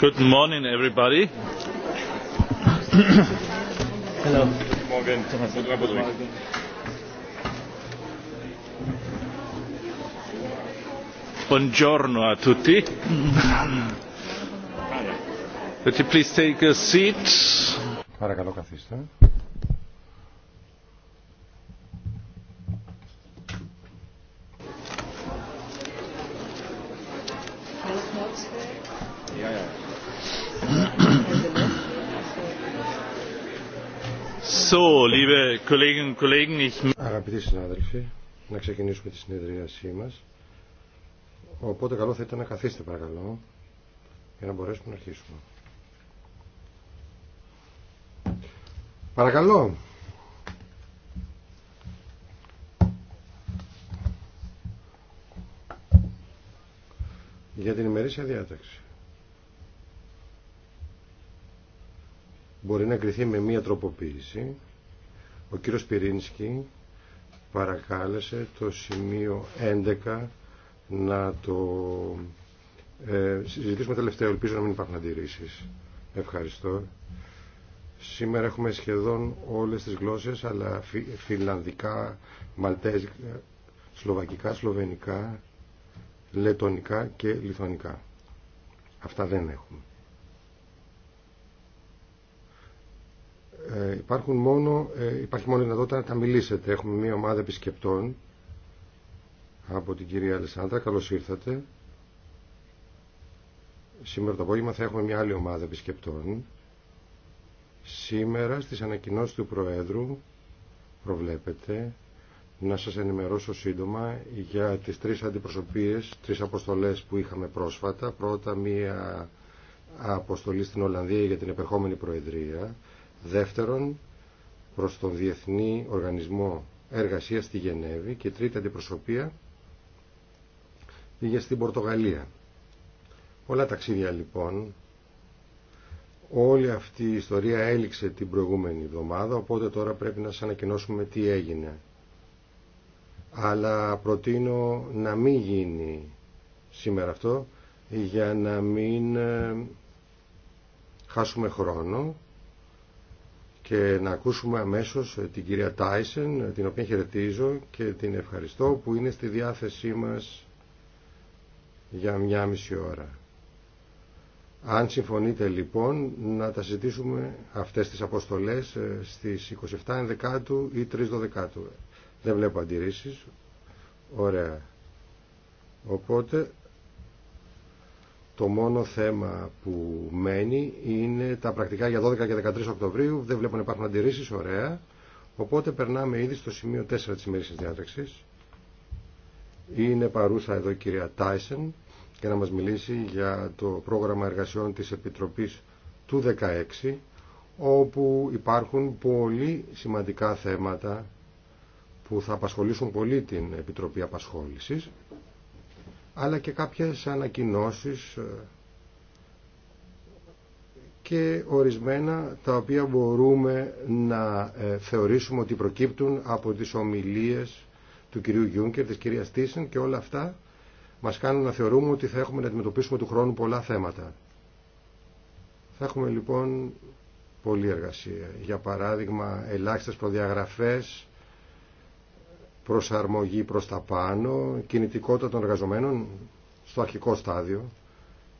Good morning, everybody. Hello. Buongiorno a tutti. Would you please take a seat? Παρακαλώ καθίστε. Yeah, yeah. So, Αγαπητοί συνάδελφοι, να ξεκινήσουμε τη συνεδρίασή μας. Οπότε καλό θα ήταν να καθίσετε παρακαλώ, για να μπορέσουμε να αρχίσουμε. Παρακαλώ. Για την ημερήσια διάταξη. μπορεί να κρυθεί με μία τροποποίηση ο κύριος Πυρίνσκι παρακάλεσε το σημείο 11 να το ε, συζητήσουμε τελευταίο. Ελπίζω να μην υπάρχουν αντιρρήσεις. Ευχαριστώ. Σήμερα έχουμε σχεδόν όλες τις γλώσσες, αλλά φιλανδικά, μαλτέζικα, σλοβακικά, σλοβενικά, λετονικά και λιθωνικά. Αυτά δεν έχουμε. Ε, υπάρχουν μόνο, ε, υπάρχει μόνο δυνατότητα να τα μιλήσετε. Έχουμε μία ομάδα επισκεπτών από την κυρία Αλεσάνδρα. Καλώς ήρθατε. Σήμερα το απόγευμα θα έχουμε μια άλλη ομάδα επισκεπτών. Σήμερα στις ανακοινώσεις του Προέδρου προβλέπετε να σας ενημερώσω σύντομα για τις τρεις αντιπροσωπείες, τρεις αποστολές που είχαμε πρόσφατα. Πρώτα μία αποστολή στην Ολλανδία για την επερχόμενη Προεδρία Δεύτερον, προς τον Διεθνή Οργανισμό Εργασίας στη Γενέβη και τρίτη αντιπροσωπεία πήγε στην Πορτογαλία. Πολλά ταξίδια λοιπόν. Όλη αυτή η ιστορία έληξε την προηγούμενη εβδομάδα, οπότε τώρα πρέπει να σας ανακοινώσουμε τι έγινε. Αλλά προτείνω να μην γίνει σήμερα αυτό, για να μην ε, χάσουμε χρόνο και να ακούσουμε αμέσως ε, την κυρία Τάισεν, ε, την οποία χαιρετίζω και την ευχαριστώ που είναι στη διάθεσή μας για μια μισή ώρα. Αν συμφωνείτε λοιπόν να τα συζητήσουμε αυτές τις αποστολές ε, στις 27 Ενδεκάτου ή 3 Δωδεκάτου. Δεν βλέπω αντιρρήσεις. Ωραία. Οπότε το μόνο θέμα που μένει είναι τα πρακτικά για 12 και 13 Οκτωβρίου. Δεν βλέπω να υπάρχουν αντιρρήσεις. Ωραία. Οπότε περνάμε ήδη στο σημείο 4 της ημερήσιας διάταξης. Είναι παρούσα εδώ η κυρία Τάισεν για να μας μιλήσει για το πρόγραμμα εργασιών της Επιτροπής του 16 όπου υπάρχουν πολύ σημαντικά θέματα που θα απασχολήσουν πολύ την Επιτροπή Απασχόλησης αλλά και κάποιες ανακοινώσεις ε, και ορισμένα τα οποία μπορούμε να ε, θεωρήσουμε ότι προκύπτουν από τις ομιλίες του κυρίου Γιούνκερ, της κυρίας Τίσεν και όλα αυτά μας κάνουν να θεωρούμε ότι θα έχουμε να αντιμετωπίσουμε του χρόνου πολλά θέματα. Θα έχουμε λοιπόν πολλή εργασία. Για παράδειγμα, ελάχιστες προδιαγραφές προσαρμογή προς τα πάνω, κινητικότητα των εργαζομένων στο αρχικό στάδιο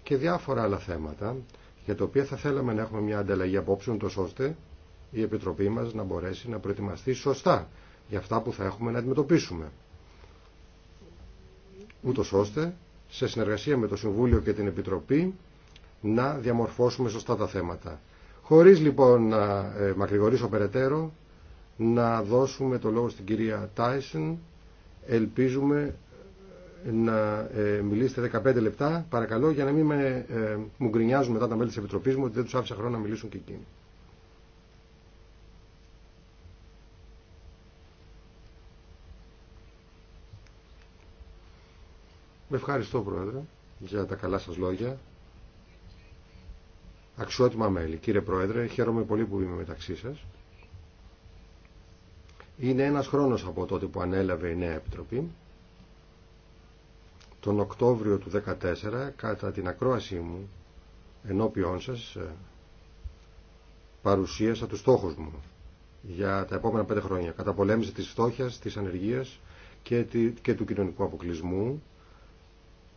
και διάφορα άλλα θέματα για τα οποία θα θέλαμε να έχουμε μια ανταλλαγή απόψεων τόσο ώστε η Επιτροπή μας να μπορέσει να προετοιμαστεί σωστά για αυτά που θα έχουμε να αντιμετωπίσουμε. Ούτω ώστε σε συνεργασία με το Συμβούλιο και την Επιτροπή να διαμορφώσουμε σωστά τα θέματα. Χωρίς λοιπόν να ε, μακρηγορήσω περαιτέρω να δώσουμε το λόγο στην κυρία Τάισεν. Ελπίζουμε να ε, μιλήσετε 15 λεπτά, παρακαλώ, για να μην με, ε, μου γκρινιάζουν μετά τα μέλη της Επιτροπής μου ότι δεν τους άφησα χρόνο να μιλήσουν και εκείνοι. Με ευχαριστώ, Πρόεδρε, για τα καλά σας λόγια. Αξιότιμα μέλη. Κύριε Πρόεδρε, χαίρομαι πολύ που είμαι μεταξύ σας. Είναι ένας χρόνος από τότε που ανέλαβε η νέα Επιτροπή. Τον Οκτώβριο του 2014, κατά την ακρόασή μου, ενώπιόν σας, ε, παρουσίασα τους στόχους μου για τα επόμενα πέντε χρόνια. Καταπολέμηση της φτώχειας, της ανεργίας και του κοινωνικού αποκλεισμού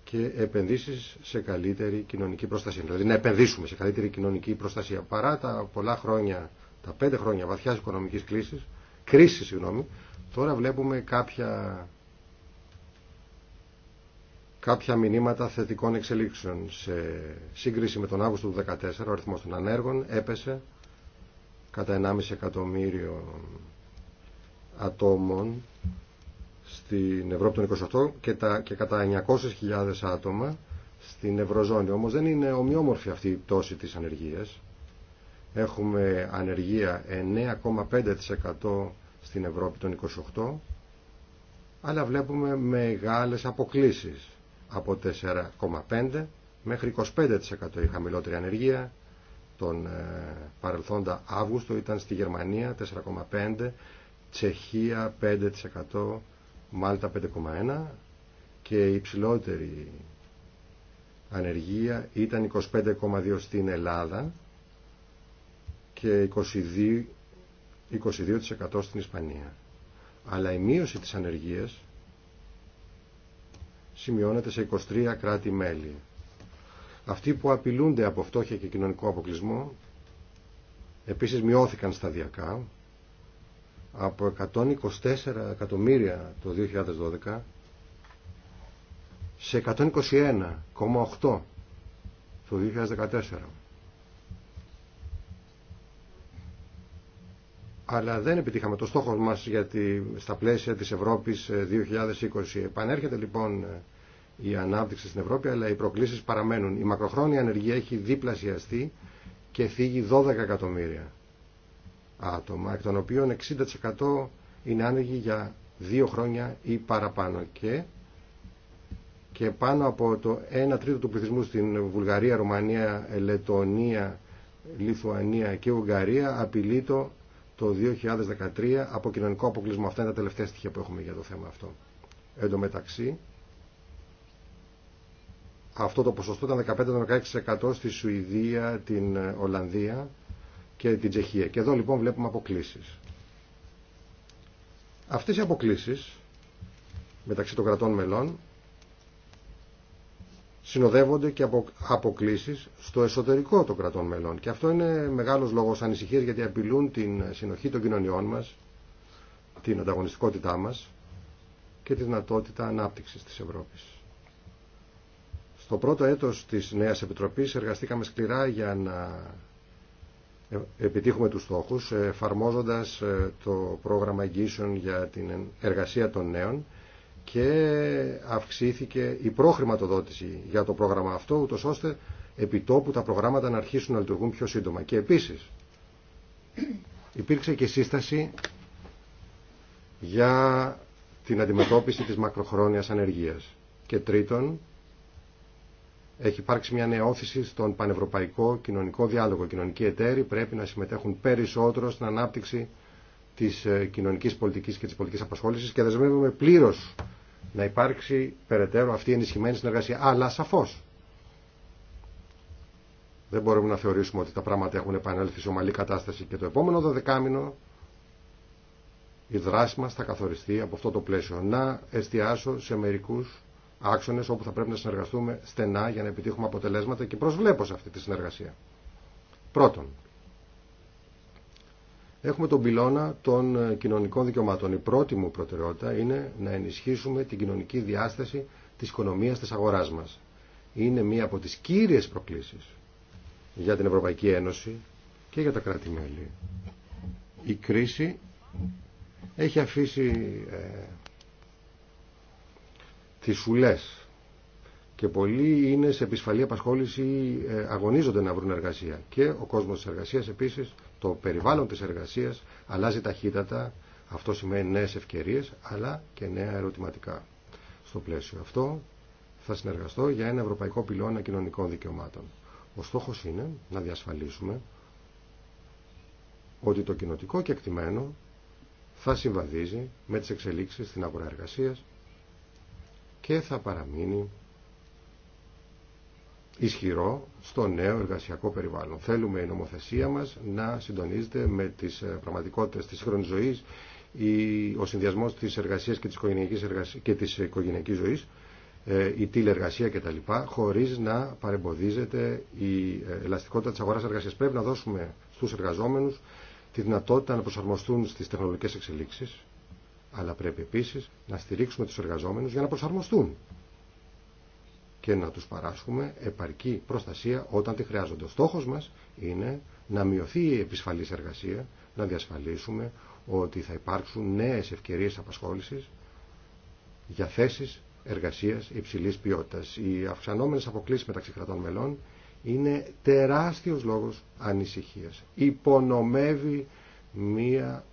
και επενδύσεις σε καλύτερη κοινωνική προστασία. Δηλαδή να επενδύσουμε σε καλύτερη κοινωνική προστασία. Παρά τα πολλά χρόνια, τα πέντε χρόνια βαθιάς οικονομικής κλίσης, κρίση, συγγνώμη, τώρα βλέπουμε κάποια, κάποια μηνύματα θετικών εξελίξεων. Σε σύγκριση με τον Αύγουστο του 2014, ο αριθμός των ανέργων έπεσε κατά 1,5 εκατομμύριο ατόμων στην Ευρώπη των 28 και, τα, και κατά 900.000 άτομα στην Ευρωζώνη. Όμως δεν είναι ομοιόμορφη αυτή η πτώση της ανεργίας. Έχουμε ανεργία 9,5% στην Ευρώπη των 28, αλλά βλέπουμε μεγάλες αποκλίσεις από 4,5% μέχρι 25% η χαμηλότερη ανεργία. Τον ε, παρελθόντα Αύγουστο ήταν στη Γερμανία 4,5%, Τσεχία 5%, Μάλτα 5,1% και η υψηλότερη ανεργία ήταν 25,2% στην Ελλάδα και 22%, 22 στην Ισπανία. Αλλά η μείωση της ανεργίας σημειώνεται σε 23 κράτη-μέλη. Αυτοί που απειλούνται από φτώχεια και κοινωνικό αποκλεισμό επίσης μειώθηκαν σταδιακά από 124 εκατομμύρια το 2012 σε 121,8 το 2014. αλλά δεν επιτύχαμε το στόχο μας γιατί στα πλαίσια της Ευρώπης 2020. Ε, Επανέρχεται λοιπόν ε, η ανάπτυξη στην Ευρώπη, αλλά οι προκλήσεις παραμένουν. Η μακροχρόνια ανεργία έχει διπλασιαστεί και θίγει 12 εκατομμύρια άτομα, εκ των οποίων 60% είναι άνεργοι για δύο χρόνια ή παραπάνω. Και, και πάνω από το 1 τρίτο του πληθυσμού στην Βουλγαρία, Ρουμανία, Λετωνία, Λιθουανία και Ουγγαρία απειλεί το το 2013 από κοινωνικό αποκλεισμό. Αυτά είναι τα τελευταία στοιχεία που έχουμε για το θέμα αυτό. Εν τω μεταξύ, αυτό το ποσοστό ήταν 15-16% στη Σουηδία, την ε, Ολλανδία και την Τσεχία. Και εδώ λοιπόν βλέπουμε αποκλήσεις. Αυτές οι αποκλήσεις μεταξύ των κρατών μελών συνοδεύονται και από αποκλήσεις στο εσωτερικό των κρατών μελών. Και αυτό είναι μεγάλος λόγος ανησυχίας γιατί απειλούν την συνοχή των κοινωνιών μας, την ανταγωνιστικότητά μας και τη δυνατότητα ανάπτυξης της Ευρώπης. Στο πρώτο έτος της νέας Επιτροπής εργαστήκαμε σκληρά για να ε, επιτύχουμε τους στόχους ε, εφαρμόζοντας ε, το πρόγραμμα εγγύσεων για την εργασία των νέων και αυξήθηκε η προχρηματοδότηση για το πρόγραμμα αυτό, ούτω ώστε επιτόπου τα προγράμματα να αρχίσουν να λειτουργούν πιο σύντομα. Και επίσης υπήρξε και σύσταση για την αντιμετώπιση της μακροχρόνιας ανεργίας. Και τρίτον, έχει υπάρξει μια νέα στον πανευρωπαϊκό κοινωνικό διάλογο. Οι κοινωνικοί εταίροι πρέπει να συμμετέχουν περισσότερο στην ανάπτυξη Τη ε, κοινωνική πολιτική και τη πολιτική απασχόληση και δεσμεύομαι πλήρω να υπάρξει περαιτέρω αυτή η ενισχυμένη συνεργασία. Αλλά σαφώ. δεν μπορούμε να θεωρήσουμε ότι τα πράγματα έχουν επανέλθει σε ομαλή κατάσταση και το επόμενο δωδεκάμινο η δράση μα θα καθοριστεί από αυτό το πλαίσιο. Να εστιάσω σε μερικού άξονε όπου θα πρέπει να συνεργαστούμε στενά για να επιτύχουμε αποτελέσματα και προσβλέπω σε αυτή τη συνεργασία. Πρώτον, Έχουμε τον πυλώνα των ε, κοινωνικών δικαιωμάτων. Η πρώτη μου προτεραιότητα είναι να ενισχύσουμε την κοινωνική διάσταση της οικονομίας της αγοράς μας. Είναι μία από τις κύριες προκλήσεις για την Ευρωπαϊκή Ένωση και για τα κράτη-μέλη. Η κρίση έχει αφήσει ε, τις σουλές και πολλοί είναι σε επισφαλή απασχόληση, ε, αγωνίζονται να βρουν εργασία. Και ο κόσμος της εργασίας επίσης το περιβάλλον της εργασίας αλλάζει ταχύτατα, αυτό σημαίνει νέες ευκαιρίες αλλά και νέα ερωτηματικά. Στο πλαίσιο αυτό θα συνεργαστώ για ένα ευρωπαϊκό πυλώνα κοινωνικών δικαιωμάτων. Ο στόχος είναι να διασφαλίσουμε ότι το κοινοτικό κεκτημένο θα συμβαδίζει με τις εξελίξεις στην αγορά εργασίας και θα παραμείνει ισχυρό στο νέο εργασιακό περιβάλλον. Θέλουμε η νομοθεσία μας να συντονίζεται με τις ε, πραγματικότητες της σύγχρονης ζωής, ο συνδυασμός της εργασίας και της οικογενειακής, εργασίας, και της οικογενειακής ζωής, ε, η τηλεργασία κτλ. χωρίς να παρεμποδίζεται η ε, ελαστικότητα της αγοράς εργασίας. Πρέπει να δώσουμε στους εργαζόμενους τη δυνατότητα να προσαρμοστούν στις τεχνολογικές εξελίξεις, αλλά πρέπει επίσης να στηρίξουμε τους εργαζόμενους για να προσαρμοστούν και να τους παράσχουμε επαρκή προστασία όταν τη χρειάζονται. Ο στόχος μας είναι να μειωθεί η επισφαλής εργασία, να διασφαλίσουμε ότι θα υπάρξουν νέες ευκαιρίες απασχόλησης για θέσεις εργασίας υψηλής ποιότητας. Οι αυξανόμενες αποκλήσεις μεταξύ κρατών μελών είναι τεράστιος λόγος ανησυχίας. Υπονομεύει μία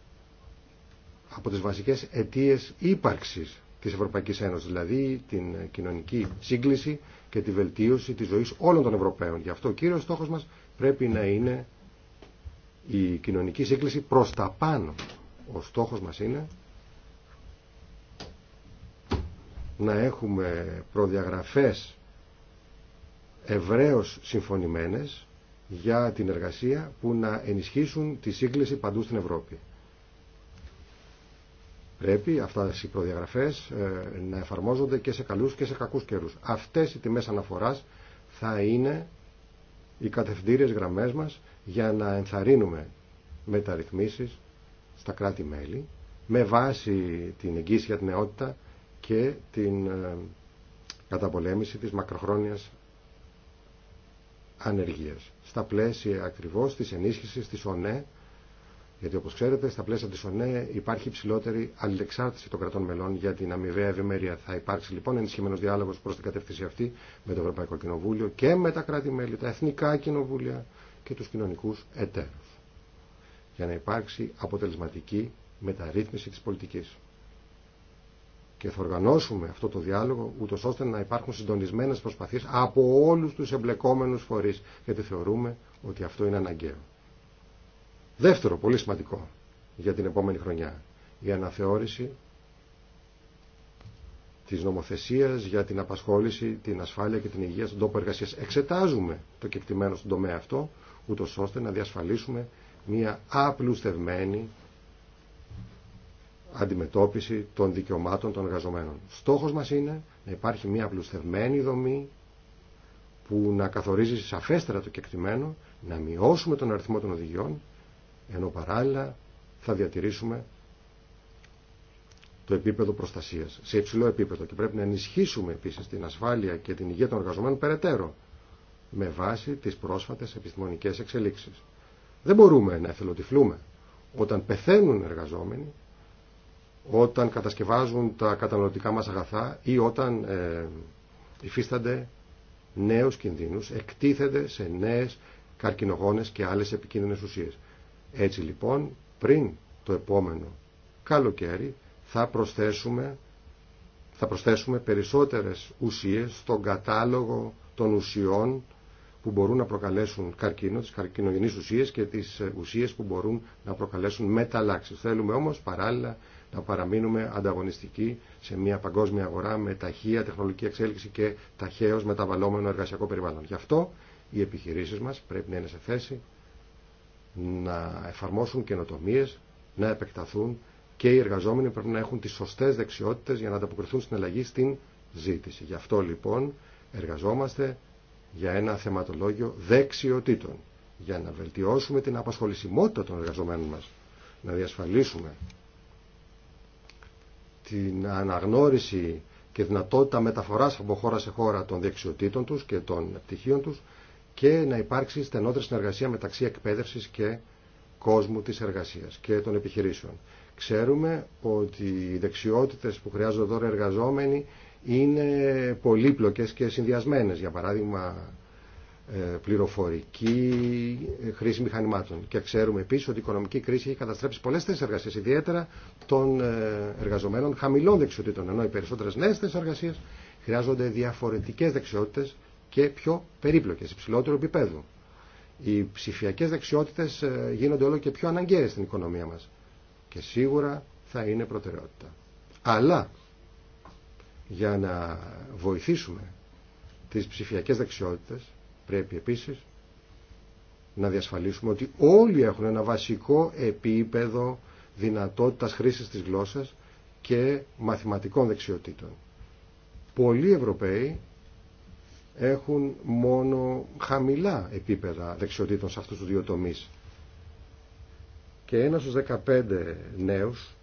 από τις βασικές αιτίες ύπαρξης της Ευρωπαϊκής Ένωσης, δηλαδή την κοινωνική σύγκληση και τη βελτίωση της ζωής όλων των Ευρωπαίων. Γι' αυτό ο κύριος στόχος μας πρέπει να είναι η κοινωνική σύγκληση προς τα πάνω. Ο στόχος μας είναι να έχουμε προδιαγραφές ευρέως συμφωνημένες για την εργασία που να ενισχύσουν τη σύγκληση παντού στην Ευρώπη. Πρέπει αυτά οι προδιαγραφές ε, να εφαρμόζονται και σε καλούς και σε κακούς καιρούς. Αυτές οι τιμέ αναφορά θα είναι οι κατευθυντήριες γραμμές μας για να ενθαρρύνουμε μεταρρυθμίσεις στα κράτη-μέλη με βάση την εγγύηση για την νεότητα και την ε, καταπολέμηση της μακροχρόνιας ανεργίας στα πλαίσια ακριβώς της ενίσχυσης της ΟΝΕ γιατί όπως ξέρετε στα πλαίσια της ΟΝΕ υπάρχει υψηλότερη αλληλεξάρτηση των κρατών μελών για την αμοιβαία ευημερία. Θα υπάρξει λοιπόν ενισχυμένο διάλογος προς την κατεύθυνση αυτή με το Ευρωπαϊκό Κοινοβούλιο και με τα κράτη-μέλη, τα εθνικά κοινοβούλια και τους κοινωνικούς εταίρους. Για να υπάρξει αποτελεσματική μεταρρύθμιση της πολιτικής. Και θα οργανώσουμε αυτό το διάλογο ούτω ώστε να υπάρχουν συντονισμένες προσπαθίε από όλους τους εμπλεκόμενους φορείς γιατί θεωρούμε ότι αυτό είναι αναγκαίο. Δεύτερο, πολύ σημαντικό για την επόμενη χρονιά, η αναθεώρηση της νομοθεσίας για την απασχόληση, την ασφάλεια και την υγεία στον τόπο εργασίας. Εξετάζουμε το κεκτημένο στον τομέα αυτό, ούτω ώστε να διασφαλίσουμε μια απλουστευμένη αντιμετώπιση των δικαιωμάτων των εργαζομένων. Στόχος μας είναι να υπάρχει μια απλουστευμένη δομή που να καθορίζει σαφέστερα το κεκτημένο, να μειώσουμε τον αριθμό των οδηγιών ενώ παράλληλα θα διατηρήσουμε το επίπεδο προστασία σε υψηλό επίπεδο και πρέπει να ενισχύσουμε επίση την ασφάλεια και την υγεία των εργαζομένων περαιτέρω με βάση τι πρόσφατες επιστημονικέ εξελίξει. Δεν μπορούμε να εθελοτυφλούμε όταν πεθαίνουν εργαζόμενοι, όταν κατασκευάζουν τα καταναλωτικά μας αγαθά ή όταν ε, υφίστανται νέους κινδύνους, εκτίθενται σε νέες καρκινογόνες και άλλες επικίνδυνες ουσίες. Έτσι λοιπόν, πριν το επόμενο καλοκαίρι θα προσθέσουμε, θα προσθέσουμε περισσότερες ουσίες στον κατάλογο των ουσιών που μπορούν να προκαλέσουν καρκίνο, τις καρκινογενείς ουσίες και τις ε, ουσίες που μπορούν να προκαλέσουν μεταλλάξεις. Θέλουμε όμως παράλληλα να παραμείνουμε ανταγωνιστικοί σε μια παγκόσμια αγορά με ταχεία τεχνολογική εξέλιξη και ταχαίως μεταβαλλόμενο εργασιακό περιβάλλον. Γι' αυτό οι επιχειρήσεις μας πρέπει να είναι σε θέση να εφαρμόσουν καινοτομίε, να επεκταθούν και οι εργαζόμενοι πρέπει να έχουν τις σωστές δεξιότητες για να ανταποκριθούν στην αλλαγή στην ζήτηση. Γι' αυτό λοιπόν εργαζόμαστε για ένα θεματολόγιο δεξιοτήτων για να βελτιώσουμε την απασχολησιμότητα των εργαζομένων μας, να διασφαλίσουμε την αναγνώριση και δυνατότητα μεταφορά από χώρα σε χώρα των δεξιοτήτων του και των πτυχίων τους και να υπάρξει στενότερη συνεργασία μεταξύ εκπαίδευση και κόσμου τη εργασία και των επιχειρήσεων. Ξέρουμε ότι οι δεξιότητε που χρειάζονται τώρα οι εργαζόμενοι είναι πολύπλοκε και συνδυασμένε, Για παράδειγμα, ε, πληροφορική ε, χρήση μηχανημάτων. Και ξέρουμε επίση ότι η οικονομική κρίση έχει καταστρέψει πολλέ θέσει εργασία, ιδιαίτερα των ε, εργαζομένων χαμηλών δεξιοτήτων, ενώ οι περισσότερε νέε θέσει εργασία χρειάζονται διαφορετικέ δεξιότητε και πιο περίπλοκες, υψηλότερο επίπεδου. Οι ψηφιακές δεξιότητες ε, γίνονται όλο και πιο αναγκαίες στην οικονομία μας και σίγουρα θα είναι προτεραιότητα. Αλλά για να βοηθήσουμε τις ψηφιακές δεξιότητε, πρέπει επίσης να διασφαλίσουμε ότι όλοι έχουν ένα βασικό επίπεδο δυνατότητας χρήσης της γλώσσας και μαθηματικών δεξιοτήτων. Πολλοί Ευρωπαίοι έχουν μόνο χαμηλά επίπεδα δεξιοτήτων σε αυτούς τους δύο τομείς. Και ένας στους 15 νέους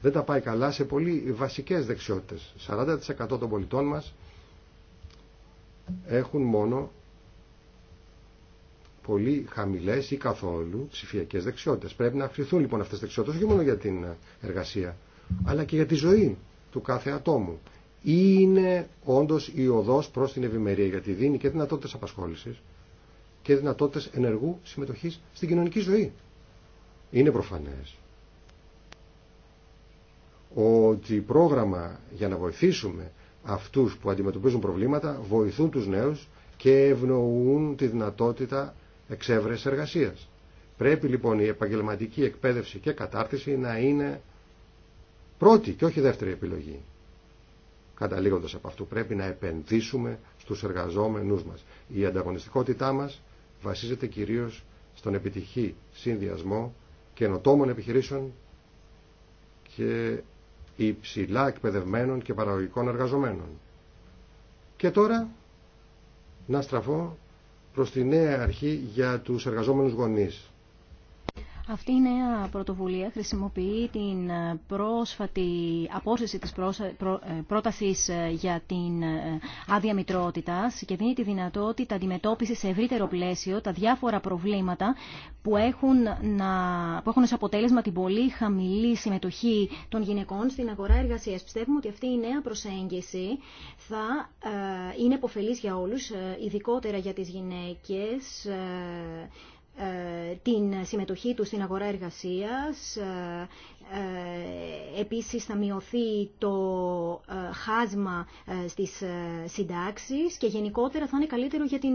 δεν τα πάει καλά σε πολύ βασικές δεξιότητες. 40% των πολιτών μας έχουν μόνο πολύ χαμηλές ή καθόλου ψηφιακές δεξιότητες. Πρέπει να αυξηθούν λοιπόν αυτές τις δεξιότητες όχι μόνο για την εργασία, αλλά και για τη ζωή του κάθε ατόμου είναι όντως η οδός προς την ευημερία γιατί δίνει και δυνατότητες απασχόλησης και δυνατότητες ενεργού συμμετοχής στην κοινωνική ζωή. Είναι προφανές ότι πρόγραμμα για να βοηθήσουμε αυτούς που αντιμετωπίζουν προβλήματα βοηθούν τους νέους και ευνοούν τη δυνατότητα εξέβρεση εργασίας. Πρέπει λοιπόν η επαγγελματική εκπαίδευση και κατάρτιση να είναι πρώτη και όχι δεύτερη επιλογή. Καταλήγοντας από αυτού πρέπει να επενδύσουμε στους εργαζόμενούς μας. Η ανταγωνιστικότητά μας βασίζεται κυρίως στον επιτυχή συνδυασμό καινοτόμων επιχειρήσεων και υψηλά εκπαιδευμένων και παραγωγικών εργαζομένων. Και τώρα να στραφώ προς τη νέα αρχή για τους εργαζόμενους γονείς. Αυτή η νέα πρωτοβουλία χρησιμοποιεί την ε, πρόσφατη απόσυρση της ε, πρότασης ε, για την άδεια μητρότητας και δίνει τη δυνατότητα αντιμετώπιση σε ευρύτερο πλαίσιο τα διάφορα προβλήματα που έχουν, να, που έχουν ως αποτέλεσμα την πολύ χαμηλή συμμετοχή των γυναικών στην αγορά εργασίας. Πιστεύουμε ότι αυτή η νέα προσέγγιση θα είναι υποφελής για όλους, ειδικότερα για τις γυναίκες ε, την συμμετοχή του στην αγορά εργασίας. Ε, ε, επίσης θα μειωθεί το χάσμα στις συντάξεις και γενικότερα θα είναι καλύτερο για την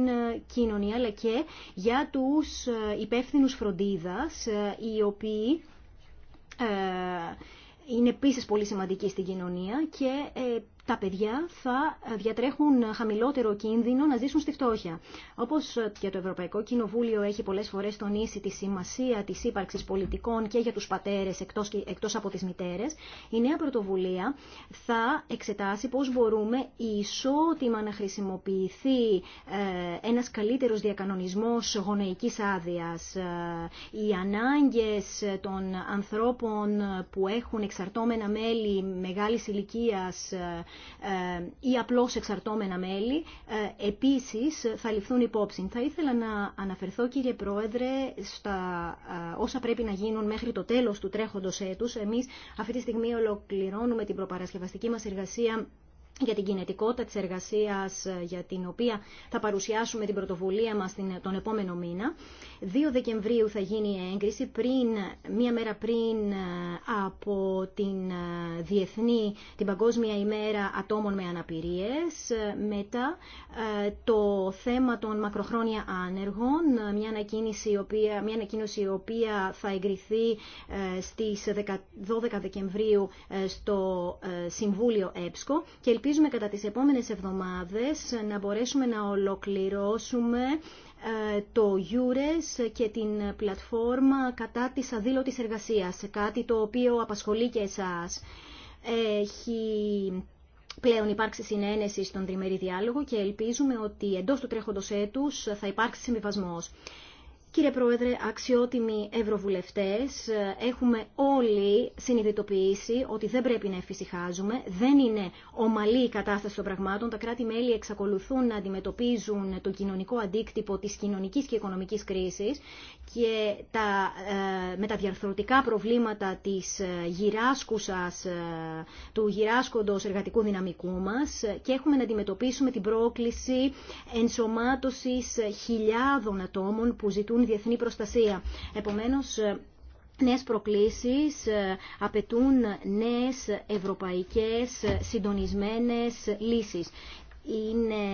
κοινωνία αλλά και για τους υπεύθυνους φροντίδας οι οποίοι είναι επίσης πολύ σημαντικοί στην κοινωνία και τα παιδιά θα ε, διατρέχουν χαμηλότερο κίνδυνο να ζήσουν στη φτώχεια. Όπω ε, και το Ευρωπαϊκό Κοινοβούλιο έχει πολλέ φορέ τονίσει τη σημασία τη ύπαρξη πολιτικών και για του πατέρε εκτός από τι μητέρε, η νέα πρωτοβουλία θα εξετάσει πώ μπορούμε ισότιμα να χρησιμοποιηθεί ε, ένα καλύτερο διακανονισμό γονεϊκή άδεια. Οι ανάγκε των ανθρώπων που έχουν εξαρτώμενα μέλη μεγάλη ηλικία. Ε, ή απλώς εξαρτώμενα μέλη, ε, επίσης θα ληφθούν υπόψη. Θα ήθελα να αναφερθώ κύριε Πρόεδρε στα ε, όσα πρέπει να γίνουν μέχρι το τέλος του τρέχοντος έτους. Εμείς αυτή τη στιγμή ολοκληρώνουμε την προπαρασκευαστική μας εργασία για την κινητικότητα της εργασίας ε, για την οποία θα παρουσιάσουμε την πρωτοβουλία μας τον επόμενο μήνα. 2 Δεκεμβρίου θα γίνει η έγκριση, πριν, μία μέρα πριν ε, από την ε, Διεθνή, την Παγκόσμια ημέρα ατόμων με αναπηρίες. Μετά το θέμα των μακροχρόνια άνεργων, μια ανακοίνωση η οποία, μια ανακοίνωση η οποία θα εγκριθεί στις 12 Δεκεμβρίου στο Συμβούλιο ΕΠΣΚΟ και ελπίζουμε κατά τις επόμενες εβδομάδες να μπορέσουμε να ολοκληρώσουμε ε, το Eures και την πλατφόρμα κατά της αδήλωτης εργασίας, κάτι το οποίο απασχολεί και εσάς. Έχει πλέον υπάρξει συνένεση στον τριμερή διάλογο και ελπίζουμε ότι εντός του τρέχοντος έτους θα υπάρξει συμβιβασμός. Κύριε Πρόεδρε, αξιότιμοι ευρωβουλευτές, έχουμε όλοι συνειδητοποιήσει ότι δεν πρέπει να εφησυχάζουμε, δεν είναι ομαλή η κατάσταση των πραγμάτων, τα κράτη-μέλη εξακολουθούν να αντιμετωπίζουν το κοινωνικό αντίκτυπο της κοινωνικής και οικονομικής κρίσης και τα, ε, με τα διαρθρωτικά προβλήματα της ε, γυράσκουσας, ε, του γυράσκοντος εργατικού δυναμικού μας και έχουμε να αντιμετωπίσουμε την πρόκληση ενσωμάτωσης χιλιάδων ατόμων που ζητούν διεθνή προστασία. Επομένως, ε, Νέες προκλήσεις ε, απαιτούν νέες ευρωπαϊκές ε, συντονισμένες λύσεις είναι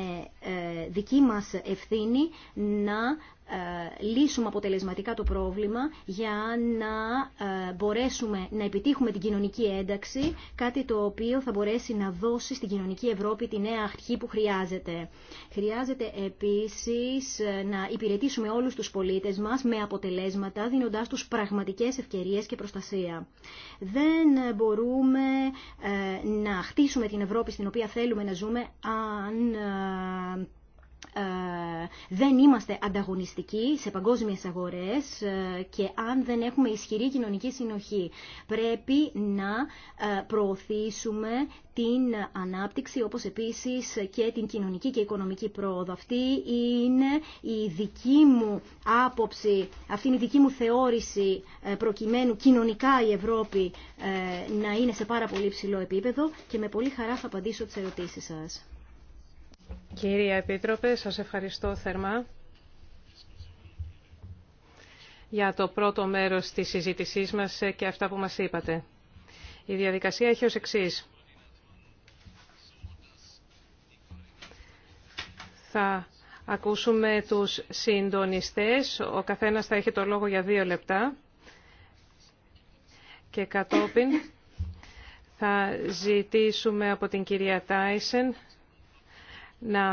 δική μας ευθύνη να ε, λύσουμε αποτελεσματικά το πρόβλημα για να ε, μπορέσουμε να επιτύχουμε την κοινωνική ένταξη, κάτι το οποίο θα μπορέσει να δώσει στην κοινωνική Ευρώπη τη νέα αρχή που χρειάζεται. Χρειάζεται επίσης ε, να υπηρετήσουμε όλους τους πολίτες μας με αποτελέσματα, δίνοντάς τους πραγματικές ευκαιρίες και προστασία. Δεν μπορούμε να χτίσουμε την Ευρώπη στην οποία θέλουμε να ζούμε αν ε, δεν είμαστε ανταγωνιστικοί σε παγκόσμιες αγορές ε, και αν δεν έχουμε ισχυρή κοινωνική συνοχή. Πρέπει να ε, προωθήσουμε την ανάπτυξη όπως επίσης και την κοινωνική και οικονομική πρόοδο. Αυτή είναι η δική μου άποψη, αυτή είναι η δική μου θεώρηση προκειμένου κοινωνικά η Ευρώπη να είναι σε πάρα πολύ ψηλό επίπεδο και με πολύ χαρά θα απαντήσω τις ερωτήσεις σας. Κυρία Επίτροπε, σας ευχαριστώ θερμά για το πρώτο μέρος της συζήτησής μας και αυτά που μας είπατε. Η διαδικασία έχει ως εξής. Θα ακούσουμε τους συντονιστές. Ο καθένας θα έχει το λόγο για δύο λεπτά. Και κατόπιν θα ζητήσουμε από την κυρία Τάισεν να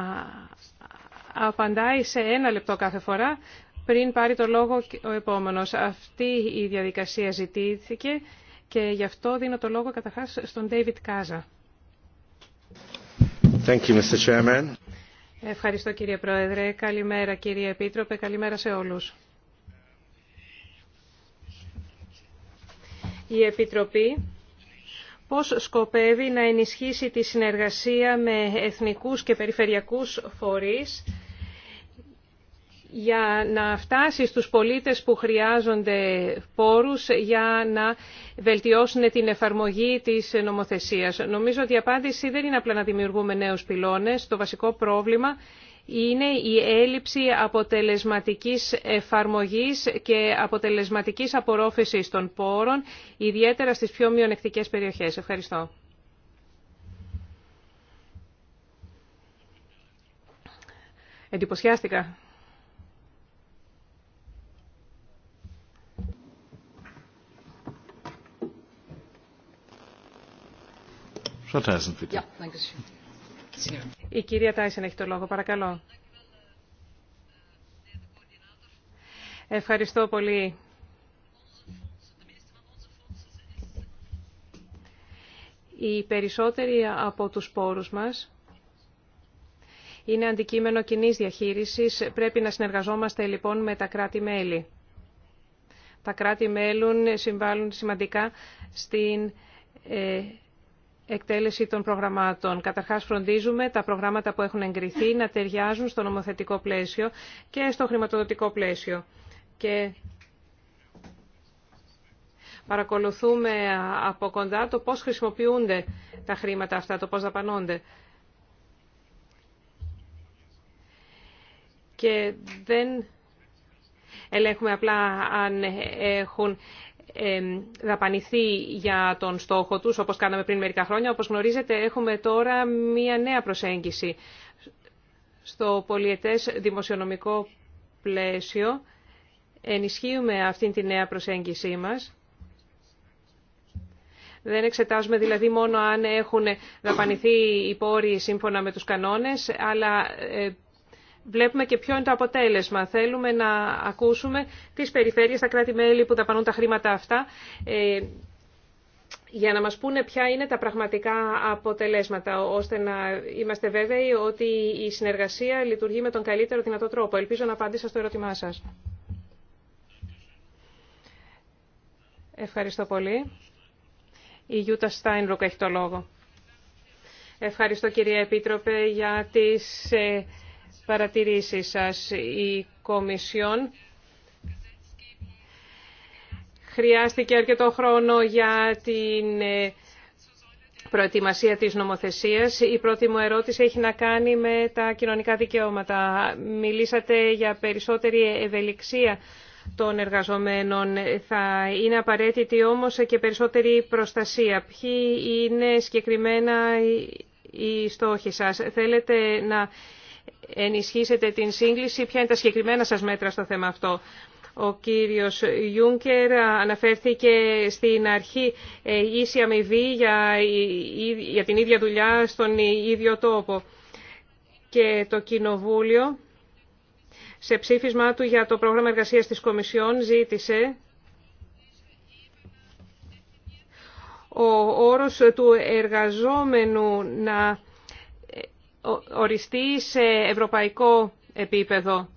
απαντάει σε ένα λεπτό κάθε φορά πριν πάρει το λόγο ο επόμενος. Αυτή η διαδικασία ζητήθηκε και γι' αυτό δίνω το λόγο καταρχάς στον David Κάζα. Thank you, Mr. Chairman. Ευχαριστώ κύριε Πρόεδρε. Καλημέρα κύριε Επίτροπε. Καλημέρα σε όλους. Η Επιτροπή πώς σκοπεύει να ενισχύσει τη συνεργασία με εθνικούς και περιφερειακούς φορείς για να φτάσει στους πολίτες που χρειάζονται πόρους για να βελτιώσουν την εφαρμογή της νομοθεσίας. Νομίζω ότι η απάντηση δεν είναι απλά να δημιουργούμε νέους πυλώνες. Το βασικό πρόβλημα είναι η έλλειψη αποτελεσματικής εφαρμογής και αποτελεσματικής απορρόφησης των πόρων, ιδιαίτερα στις πιο μειονεκτικές περιοχές. Ευχαριστώ. Εντυπωσιάστηκα. Ja, danke schön. Η κυρία Τάισεν έχει το λόγο, παρακαλώ. Ευχαριστώ πολύ. Οι περισσότεροι από τους πόρους μας είναι αντικείμενο κοινή διαχείρισης. Πρέπει να συνεργαζόμαστε λοιπόν με τα κράτη-μέλη. Τα κρατη μελη συμβάλλουν σημαντικά στην ε, εκτέλεση των προγραμμάτων. Καταρχάς φροντίζουμε τα προγράμματα που έχουν εγκριθεί να ταιριάζουν στο νομοθετικό πλαίσιο και στο χρηματοδοτικό πλαίσιο. Και παρακολουθούμε από κοντά το πώς χρησιμοποιούνται τα χρήματα αυτά, το πώς δαπανώνται. Και δεν ελέγχουμε απλά αν έχουν δαπανηθεί για τον στόχο τους, όπως κάναμε πριν μερικά χρόνια. Όπως γνωρίζετε, έχουμε τώρα μία νέα προσέγγιση στο πολιετές δημοσιονομικό πλαίσιο. Ενισχύουμε αυτήν τη νέα προσέγγιση μας. Δεν εξετάζουμε δηλαδή μόνο αν έχουν δαπανηθεί οι πόροι σύμφωνα με τους κανόνες, αλλά ε, βλέπουμε και ποιο είναι το αποτέλεσμα. Θέλουμε να ακούσουμε τις περιφέρειες, τα κράτη-μέλη που δαπανούν τα χρήματα αυτά, ε, για να μας πούνε ποια είναι τα πραγματικά αποτελέσματα, ώστε να είμαστε βέβαιοι ότι η συνεργασία λειτουργεί με τον καλύτερο δυνατό τρόπο. Ελπίζω να απάντησα στο ερώτημά σας. Ευχαριστώ πολύ. Η Γιούτα Στάινρουκ έχει το λόγο. Ευχαριστώ κυρία Επίτροπε για τις ε, παρατηρήσεις σας. Η Κομισιόν χρειάστηκε αρκετό χρόνο για την ε, προετοιμασία της νομοθεσίας. Η πρώτη μου ερώτηση έχει να κάνει με τα κοινωνικά δικαιώματα. Μιλήσατε για περισσότερη ευελιξία των εργαζομένων. Θα είναι απαραίτητη όμως και περισσότερη προστασία. Ποιοι είναι συγκεκριμένα οι στόχοι σας. Θέλετε να ενισχύσετε την σύγκληση. Ποια είναι τα συγκεκριμένα σας μέτρα στο θέμα αυτό. Ο κύριος Γιούνκερ αναφέρθηκε στην αρχή ε, ίση αμοιβή για, για την ίδια δουλειά στον ίδιο τόπο. Και το Κοινοβούλιο σε ψήφισμα του για το πρόγραμμα εργασίας της Κομισιόν ζήτησε ο όρος του εργαζόμενου να οριστεί σε ευρωπαϊκό επίπεδο.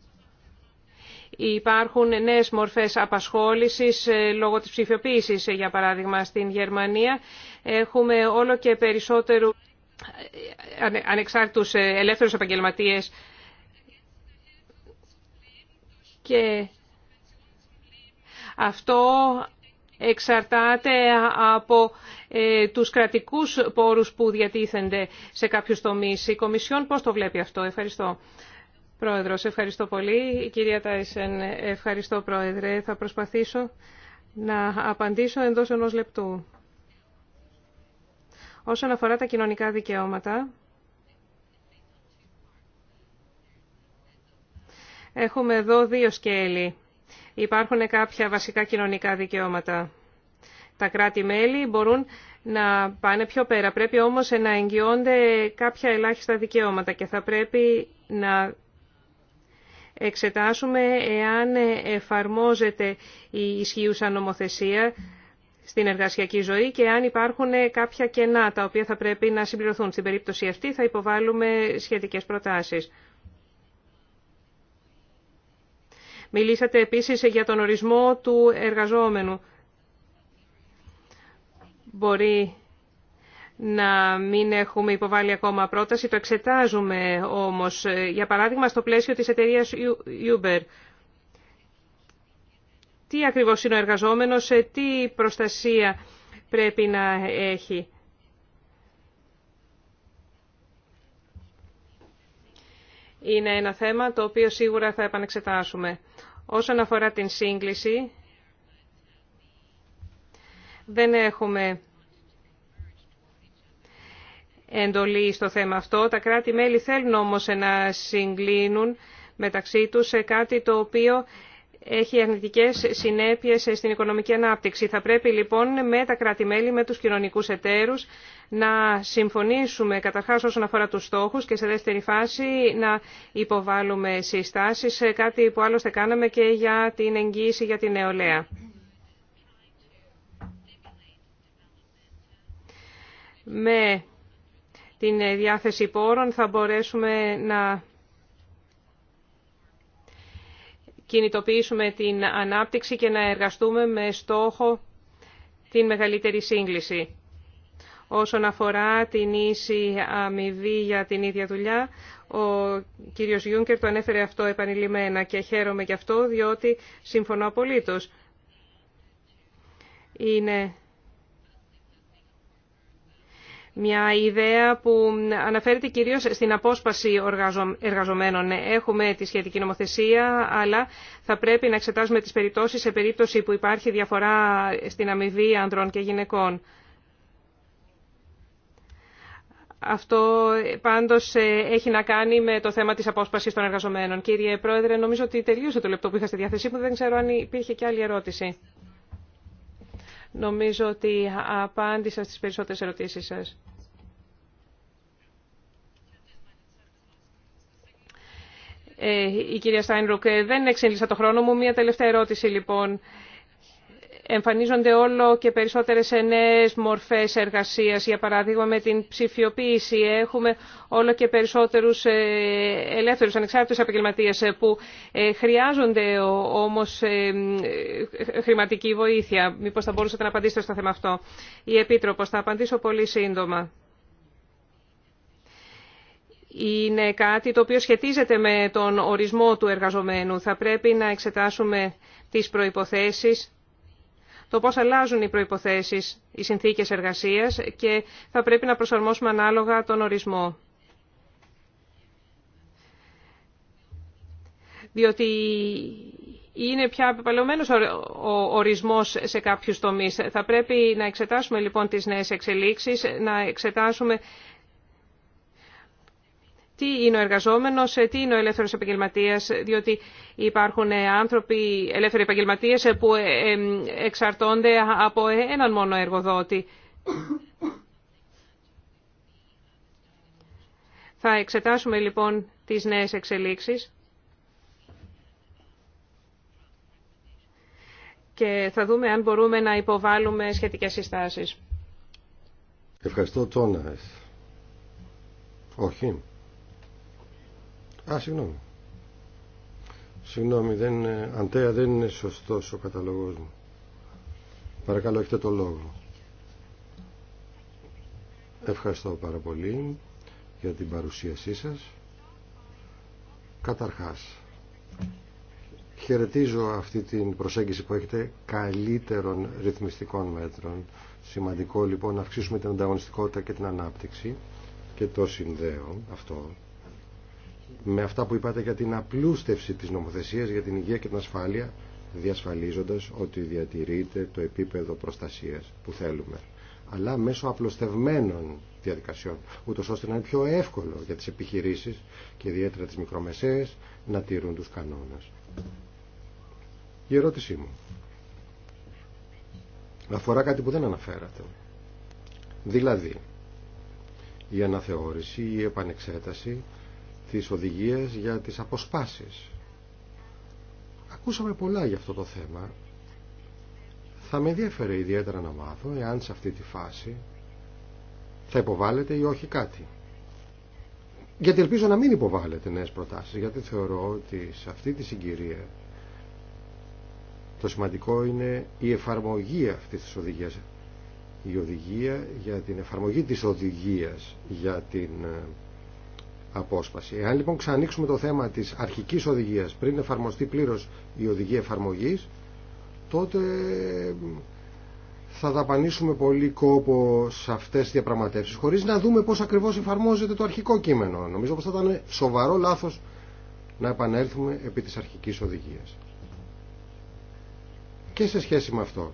Υπάρχουν νέες μορφές απασχόλησης ε, λόγω της ψηφιοποίησης, ε, για παράδειγμα, στην Γερμανία. Έχουμε όλο και περισσότερου ε, ανεξάρτητους ελεύθερους επαγγελματίες και αυτό εξαρτάται από ε, τους κρατικούς πόρους που διατίθενται σε κάποιους τομείς. Η Κομισιόν πώς το βλέπει αυτό. Ευχαριστώ. Πρόεδρος, ευχαριστώ πολύ. Η κυρία Τάισεν, ευχαριστώ Πρόεδρε. Θα προσπαθήσω να απαντήσω εντός ενός λεπτού. Όσον αφορά τα κοινωνικά δικαιώματα, έχουμε εδώ δύο σκέλη υπάρχουν κάποια βασικά κοινωνικά δικαιώματα. Τα κράτη-μέλη μπορούν να πάνε πιο πέρα. Πρέπει όμως να εγγυώνται κάποια ελάχιστα δικαιώματα και θα πρέπει να εξετάσουμε εάν εφαρμόζεται η ισχύουσα νομοθεσία στην εργασιακή ζωή και αν υπάρχουν κάποια κενά τα οποία θα πρέπει να συμπληρωθούν. Στην περίπτωση αυτή θα υποβάλουμε σχετικές προτάσεις. Μιλήσατε επίσης για τον ορισμό του εργαζόμενου. Μπορεί να μην έχουμε υποβάλει ακόμα πρόταση, το εξετάζουμε όμως. Για παράδειγμα, στο πλαίσιο της εταιρείας Uber. Τι ακριβώς είναι ο εργαζόμενος, τι προστασία πρέπει να έχει. είναι ένα θέμα το οποίο σίγουρα θα επανεξετάσουμε. Όσον αφορά την σύγκληση, δεν έχουμε εντολή στο θέμα αυτό. Τα κράτη-μέλη θέλουν όμως να συγκλίνουν μεταξύ τους σε κάτι το οποίο έχει αρνητικέ συνέπειες στην οικονομική ανάπτυξη. Θα πρέπει λοιπόν με τα κράτη-μέλη, με τους κοινωνικού εταίρους να συμφωνήσουμε καταρχάς όσον αφορά τους στόχου και σε δεύτερη φάση να υποβάλουμε συστάσεις, ε, κάτι που άλλωστε κάναμε και για την εγγύηση για την νεολαία. Με την διάθεση πόρων θα μπορέσουμε να κινητοποιήσουμε την ανάπτυξη και να εργαστούμε με στόχο την μεγαλύτερη σύγκληση. Όσον αφορά την ίση αμοιβή για την ίδια δουλειά, ο κύριος Γιούνκερ το ανέφερε αυτό επανειλημμένα και χαίρομαι γι' αυτό, διότι συμφωνώ απολύτως. Είναι μια ιδέα που αναφέρεται κυρίως στην απόσπαση εργαζομένων. Έχουμε τη σχετική νομοθεσία, αλλά θα πρέπει να εξετάσουμε τις περιπτώσεις σε περίπτωση που υπάρχει διαφορά στην αμοιβή ανδρών και γυναικών. Αυτό πάντως ε, έχει να κάνει με το θέμα της απόσπασης των εργαζομένων. Κύριε Πρόεδρε, νομίζω ότι τελείωσε το λεπτό που είχα στη διάθεσή μου. Δεν ξέρω αν υπήρχε και άλλη ερώτηση. Νομίζω ότι απάντησα στις περισσότερες ερωτήσεις σας. Ε, η κυρία Στάινρουκ, ε, δεν εξέλιξα το χρόνο μου. Μία τελευταία ερώτηση λοιπόν εμφανίζονται όλο και περισσότερες νέες μορφές εργασίας, για παράδειγμα με την ψηφιοποίηση. Έχουμε όλο και περισσότερους ε, ελεύθερους ανεξάρτητους επαγγελματίε, ε, που ε, χρειάζονται όμως χρηματική βοήθεια. Μήπως θα μπορούσατε να απαντήσετε στο θέμα αυτό. Η Επίτροπος, θα απαντήσω πολύ σύντομα είναι κάτι το οποίο σχετίζεται με τον ορισμό του εργαζομένου. Θα πρέπει να εξετάσουμε τις προϋποθέσεις το πώς αλλάζουν οι προϋποθέσεις, οι συνθήκες εργασίας και θα πρέπει να προσαρμόσουμε ανάλογα τον ορισμό. Διότι είναι πια απεπαλαιωμένος ο ορισμός σε κάποιους τομείς. Θα πρέπει να εξετάσουμε λοιπόν τις νέες εξελίξεις, να εξετάσουμε τι είναι ο εργαζόμενος, ε, τι είναι ο ελεύθερο επαγγελματίας, διότι υπάρχουν ε, άνθρωποι, ελεύθεροι επαγγελματίε ε, που εξαρτώνται από έναν μόνο εργοδότη. Θα εξετάσουμε λοιπόν τις νέες εξελίξεις και θα δούμε αν μπορούμε να υποβάλουμε σχετικές συστάσεις. Ευχαριστώ Τόνας. Όχι. Α, συγγνώμη. Συγγνώμη, δεν Αντέα δεν είναι σωστός ο καταλογός μου. Παρακαλώ, έχετε το λόγο. Ευχαριστώ πάρα πολύ για την παρουσίασή σας. Καταρχάς, χαιρετίζω αυτή την προσέγγιση που έχετε καλύτερων ρυθμιστικών μέτρων. Σημαντικό λοιπόν να αυξήσουμε την ανταγωνιστικότητα και την ανάπτυξη και το συνδέω αυτό με αυτά που είπατε για την απλούστευση της νομοθεσίας για την υγεία και την ασφάλεια διασφαλίζοντας ότι διατηρείται το επίπεδο προστασίας που θέλουμε αλλά μέσω απλωστευμένων διαδικασιών ούτως ώστε να είναι πιο εύκολο για τις επιχειρήσεις και ιδιαίτερα τις μικρομεσαίες να τηρούν τους κανόνες. Η ερώτησή μου αφορά κάτι που δεν αναφέρατε. Δηλαδή, η αναθεώρηση, η επανεξέταση τις οδηγίες για τις αποσπάσεις. Ακούσαμε πολλά για αυτό το θέμα. Θα με ενδιαφέρε ιδιαίτερα να μάθω εάν σε αυτή τη φάση θα υποβάλλεται ή όχι κάτι. Γιατί ελπίζω να μην υποβάλλεται νέες προτάσεις, γιατί θεωρώ ότι σε αυτή τη συγκυρία το σημαντικό είναι η εφαρμογή αυτής της οδηγίας. Η οδηγία για την εφαρμογή της οδηγίας για την ε, απόσπαση. Εάν λοιπόν ξανοίξουμε το θέμα της αρχικής οδηγίας πριν εφαρμοστεί πλήρως η οδηγία εφαρμογής, τότε θα δαπανίσουμε πολύ κόπο σε αυτές τις διαπραγματεύσεις χωρίς να δούμε πώς ακριβώς εφαρμόζεται το αρχικό κείμενο. Νομίζω πως θα ήταν σοβαρό λάθος να επανέλθουμε επί της αρχικής οδηγίας. Και σε σχέση με αυτό,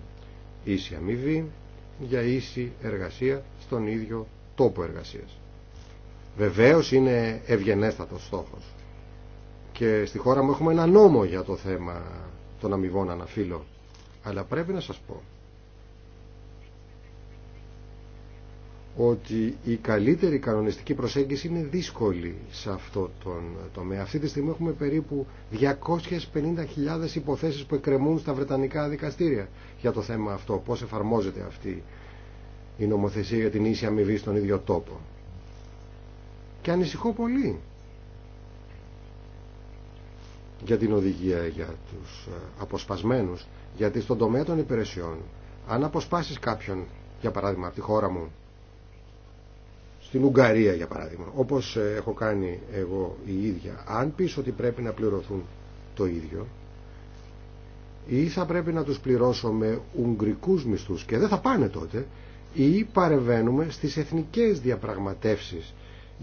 ίση αμοιβή για ίση εργασία στον ίδιο τόπο εργασίας. Βεβαίως είναι ευγενέστατος στόχος. Και στη χώρα μου έχουμε ένα νόμο για το θέμα των αμοιβών αναφύλων. Αλλά πρέπει να σας πω ότι η καλύτερη κανονιστική προσέγγιση είναι δύσκολη σε αυτό τον τομέα. Αυτή τη στιγμή έχουμε περίπου 250.000 υποθέσεις που εκκρεμούν στα Βρετανικά δικαστήρια για το θέμα αυτό. Πώς εφαρμόζεται αυτή η νομοθεσία για την ίση αμοιβή στον ίδιο τόπο και ανησυχώ πολύ για την οδηγία για τους ε, αποσπασμένους γιατί στον τομέα των υπηρεσιών αν αποσπάσεις κάποιον για παράδειγμα από τη χώρα μου στην Ουγγαρία για παράδειγμα όπως ε, έχω κάνει εγώ η ίδια αν πεις ότι πρέπει να πληρωθούν το ίδιο ή θα πρέπει να τους πληρώσω με ουγγρικούς μισθούς και δεν θα πάνε τότε ή παρεβαίνουμε στις εθνικές διαπραγματεύσεις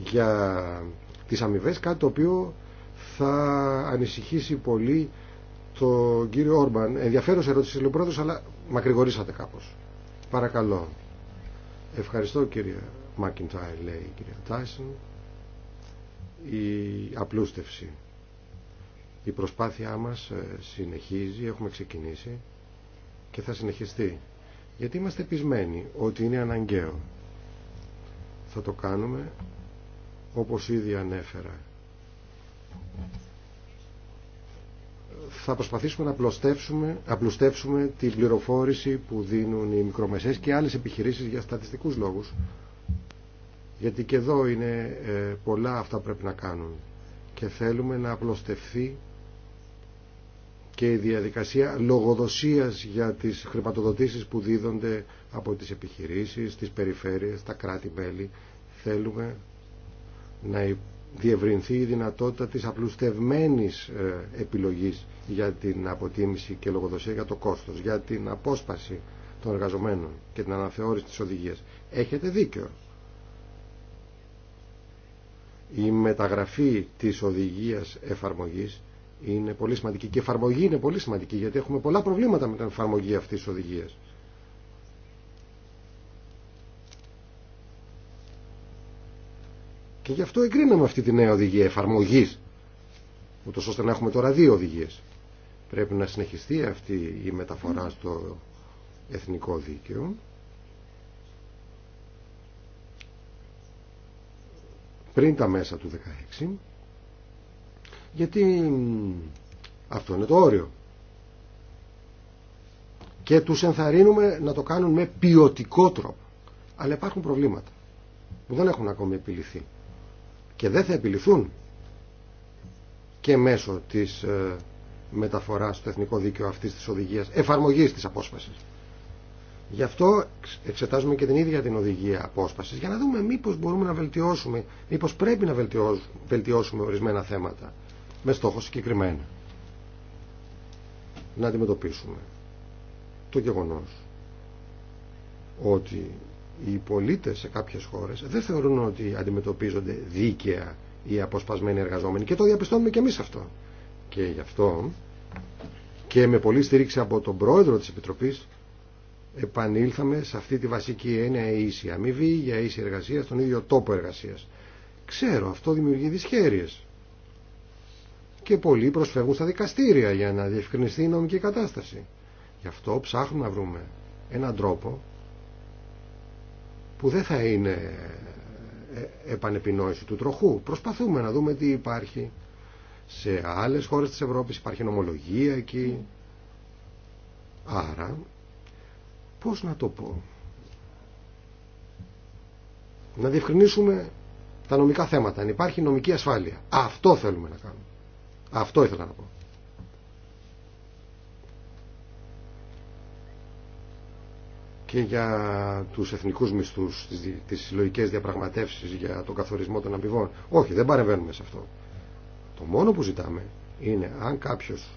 για τις αμοιβέ, κάτι το οποίο θα ανησυχήσει πολύ τον κύριο Όρμπαν. Ενδιαφέρον ερώτηση, λέει πρόεδρος αλλά μακρηγορήσατε κάπως. Παρακαλώ. Ευχαριστώ κύριε Μακιντάιρ λέει η κυρία Τάισον. Η απλούστευση. Η προσπάθειά μας ε, συνεχίζει, έχουμε ξεκινήσει και θα συνεχιστεί. Γιατί είμαστε πεισμένοι ότι είναι αναγκαίο. Θα το κάνουμε όπως ήδη ανέφερα. Θα προσπαθήσουμε να απλουστεύσουμε, απλουστεύσουμε την πληροφόρηση που δίνουν οι μικρομεσαίες και άλλες επιχειρήσεις για στατιστικούς λόγους. Γιατί και εδώ είναι ε, πολλά αυτά που πρέπει να κάνουν. Και θέλουμε να απλωστευθεί και η διαδικασία λογοδοσίας για τις χρηματοδοτήσεις που δίδονται από τις επιχειρήσεις, τις περιφέρειες, τα κράτη-μέλη. Θέλουμε να διευρυνθεί η δυνατότητα της απλουστευμένης ε, επιλογής για την αποτίμηση και λογοδοσία για το κόστος, για την απόσπαση των εργαζομένων και την αναθεώρηση της οδηγίας. Έχετε δίκιο. Η μεταγραφή της οδηγίας εφαρμογής είναι πολύ σημαντική και η εφαρμογή είναι πολύ σημαντική γιατί έχουμε πολλά προβλήματα με την εφαρμογή αυτής της οδηγίας. Και γι' αυτό εγκρίναμε αυτή τη νέα οδηγία εφαρμογή, ούτω ώστε να έχουμε τώρα δύο οδηγίες. Πρέπει να συνεχιστεί αυτή η μεταφορά στο εθνικό δίκαιο. πριν τα μέσα του 16 γιατί αυτό είναι το όριο και τους ενθαρρύνουμε να το κάνουν με ποιοτικό τρόπο αλλά υπάρχουν προβλήματα που δεν έχουν ακόμη επιληθεί και δεν θα επιληθούν και μέσω της ε, μεταφοράς στο εθνικό δίκαιο αυτής της οδηγίας, εφαρμογής της απόσπασης. Γι' αυτό εξετάζουμε και την ίδια την οδηγία απόσπασης για να δούμε μήπως μπορούμε να βελτιώσουμε, μήπως πρέπει να βελτιώσουμε ορισμένα θέματα με στόχο συγκεκριμένα. Να αντιμετωπίσουμε το γεγονός ότι οι πολίτες σε κάποιες χώρες δεν θεωρούν ότι αντιμετωπίζονται δίκαια οι αποσπασμένοι εργαζόμενοι και το διαπιστώνουμε και εμείς αυτό. Και γι' αυτό και με πολλή στήριξη από τον πρόεδρο της Επιτροπής επανήλθαμε σε αυτή τη βασική έννοια η ίση αμοιβή για ίση εργασία στον ίδιο τόπο εργασίας. Ξέρω, αυτό δημιουργεί δυσχέρειες. Και πολλοί προσφεύγουν στα δικαστήρια για να διευκρινιστεί η νομική κατάσταση. Γι' αυτό ψάχνουμε να βρούμε έναν τρόπο που δεν θα είναι ε, επανεπινόηση του τροχού. Προσπαθούμε να δούμε τι υπάρχει σε άλλες χώρες της Ευρώπης, υπάρχει νομολογία εκεί. Άρα, πώς να το πω, να διευκρινίσουμε τα νομικά θέματα, αν υπάρχει νομική ασφάλεια. Αυτό θέλουμε να κάνουμε. Αυτό ήθελα να πω. και για τους εθνικούς μισθούς, τις συλλογικέ διαπραγματεύσεις για τον καθορισμό των αμοιβών. Όχι, δεν παρεμβαίνουμε σε αυτό. Το μόνο που ζητάμε είναι αν κάποιος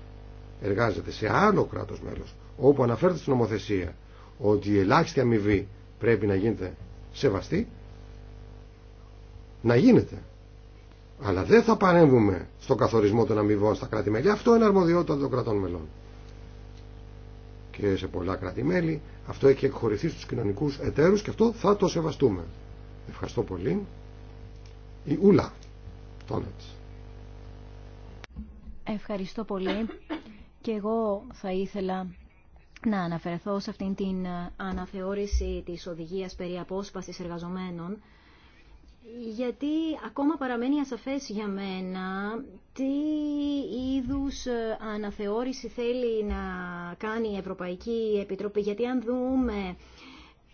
εργάζεται σε άλλο κράτος μέλος, όπου αναφέρεται στην νομοθεσία ότι η ελάχιστη αμοιβή πρέπει να γίνεται σεβαστή, να γίνεται. Αλλά δεν θα παρέμβουμε στον καθορισμό των αμοιβών στα κράτη-μέλη. Αυτό είναι αρμοδιότητα των κρατών μελών. Και σε πολλά κράτη-μέλη αυτό έχει εκχωρηθεί στους κοινωνικούς εταίρους και αυτό θα το σεβαστούμε. Ευχαριστώ πολύ. Η Ούλα Τόνετς. Ευχαριστώ πολύ. Και εγώ θα ήθελα να αναφερθώ σε αυτήν την αναθεώρηση της οδηγίας περί απόσπασης εργαζομένων γιατί ακόμα παραμένει ασαφές για μένα τι είδους ε, αναθεώρηση θέλει να κάνει η Ευρωπαϊκή Επιτροπή. Γιατί αν δούμε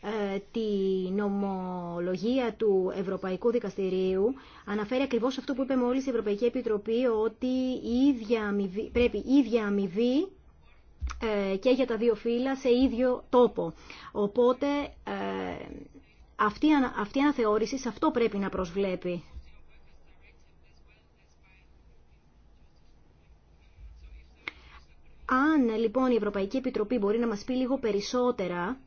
ε, τη νομολογία του Ευρωπαϊκού Δικαστηρίου αναφέρει ακριβώς αυτό που είπε μόλις η Ευρωπαϊκή Επιτροπή ότι η ίδια πρέπει η ίδια αμοιβή ε, και για τα δύο φύλλα σε ίδιο τόπο. Οπότε αυτή, αυτή η αναθεώρηση σε αυτό πρέπει να προσβλέπει. Αν λοιπόν η Ευρωπαϊκή Επιτροπή μπορεί να μας πει λίγο περισσότερα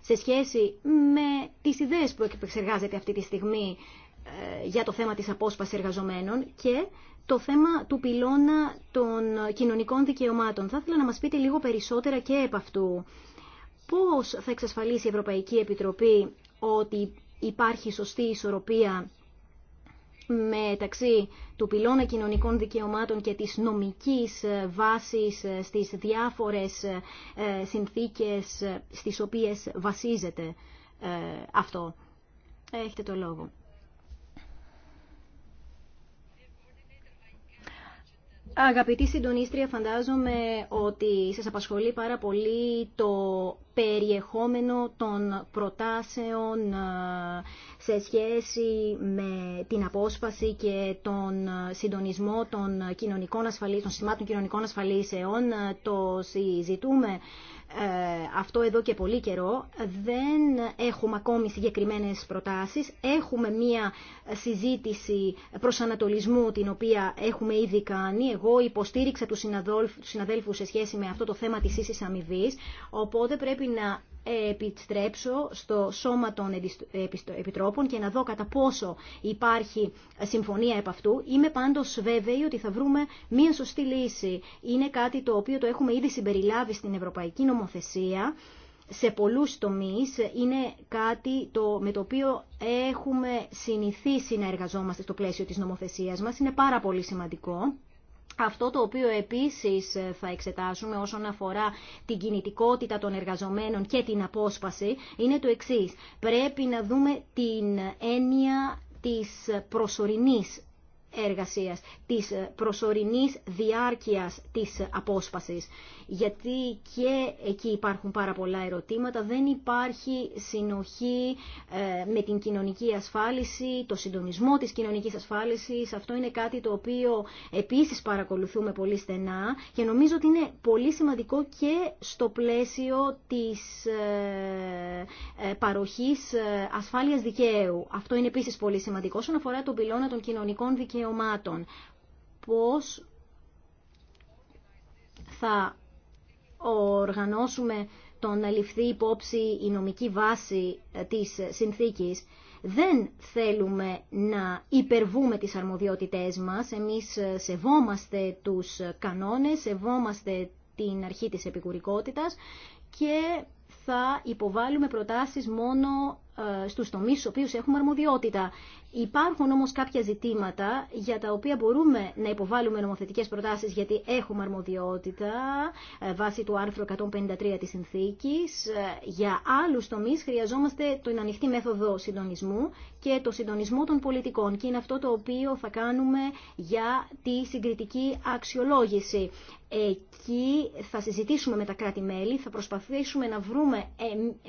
σε σχέση με τις ιδέες που εξεργάζεται αυτή τη στιγμή ε, για το θέμα της απόσπασης εργαζομένων και το θέμα του πυλώνα των κοινωνικών δικαιωμάτων. Θα ήθελα να μας πείτε λίγο περισσότερα και επ' αυτού πώς θα εξασφαλίσει η Ευρωπαϊκή Επιτροπή ότι υπάρχει σωστή ισορροπία μεταξύ του πυλώνα κοινωνικών δικαιωμάτων και της νομικής βάσης στις διάφορες ε, συνθήκες στις οποίες βασίζεται ε, αυτό. Έχετε το λόγο. Αγαπητή συντονίστρια, φαντάζομαι ότι σας απασχολεί πάρα πολύ το περιεχόμενο των προτάσεων ε, σε σχέση με την απόσπαση και τον συντονισμό των, κοινωνικών ασφαλίσεων, των συστημάτων κοινωνικών ασφαλίσεων. Ε, το συζητούμε ε, αυτό εδώ και πολύ καιρό. Δεν έχουμε ακόμη συγκεκριμένες προτάσεις. Έχουμε μία συζήτηση προς ανατολισμού την οποία έχουμε ήδη κάνει. Εγώ υποστήριξα τους συναδέλφους σε σχέση με αυτό το θέμα της ίσης αμοιβή, οπότε πρέπει να επιστρέψω στο σώμα των επιτρόπων και να δω κατά πόσο υπάρχει συμφωνία επ' αυτού. Είμαι πάντως βέβαιη ότι θα βρούμε μία σωστή λύση. Είναι κάτι το οποίο το έχουμε ήδη συμπεριλάβει στην Ευρωπαϊκή Νομοθεσία σε πολλούς τομείς είναι κάτι το, με το οποίο έχουμε συνηθίσει να εργαζόμαστε στο πλαίσιο της νομοθεσίας μας. Είναι πάρα πολύ σημαντικό. Αυτό το οποίο επίσης ε, θα εξετάσουμε όσον αφορά την κινητικότητα των εργαζομένων και την απόσπαση είναι το εξής. Πρέπει να δούμε την έννοια της προσωρινής εργασίας, της προσωρινής διάρκειας της απόσπασης. Γιατί και εκεί υπάρχουν πάρα πολλά ερωτήματα, δεν υπάρχει συνοχή ε, με την κοινωνική ασφάλιση, το συντονισμό της κοινωνικής ασφάλισης. Αυτό είναι κάτι το οποίο επίσης παρακολουθούμε πολύ στενά και νομίζω ότι είναι πολύ σημαντικό και στο πλαίσιο της ε, ε, παροχής ασφάλειας δικαίου. Αυτό είναι επίσης πολύ σημαντικό όσον αφορά τον πυλώνα των κοινωνικών δικαίων Πώ Πώς θα οργανώσουμε το να ληφθεί υπόψη η νομική βάση ε, της συνθήκης. Δεν θέλουμε να υπερβούμε τις αρμοδιότητές μας. Εμείς ε, σεβόμαστε τους κανόνες, σεβόμαστε την αρχή της επικουρικότητας και θα υποβάλουμε προτάσεις μόνο ε, στους τομείς στους οποίους έχουμε αρμοδιότητα. Υπάρχουν όμως κάποια ζητήματα για τα οποία μπορούμε να υποβάλουμε νομοθετικές προτάσεις γιατί έχουμε αρμοδιότητα ε, βάσει του άρθρου 153 της συνθήκης. Ε, για άλλους τομείς χρειαζόμαστε την ανοιχτή μέθοδο συντονισμού και το συντονισμό των πολιτικών και είναι αυτό το οποίο θα κάνουμε για τη συγκριτική αξιολόγηση. Εκεί θα συζητήσουμε με τα κράτη-μέλη, θα προσπαθήσουμε να βρούμε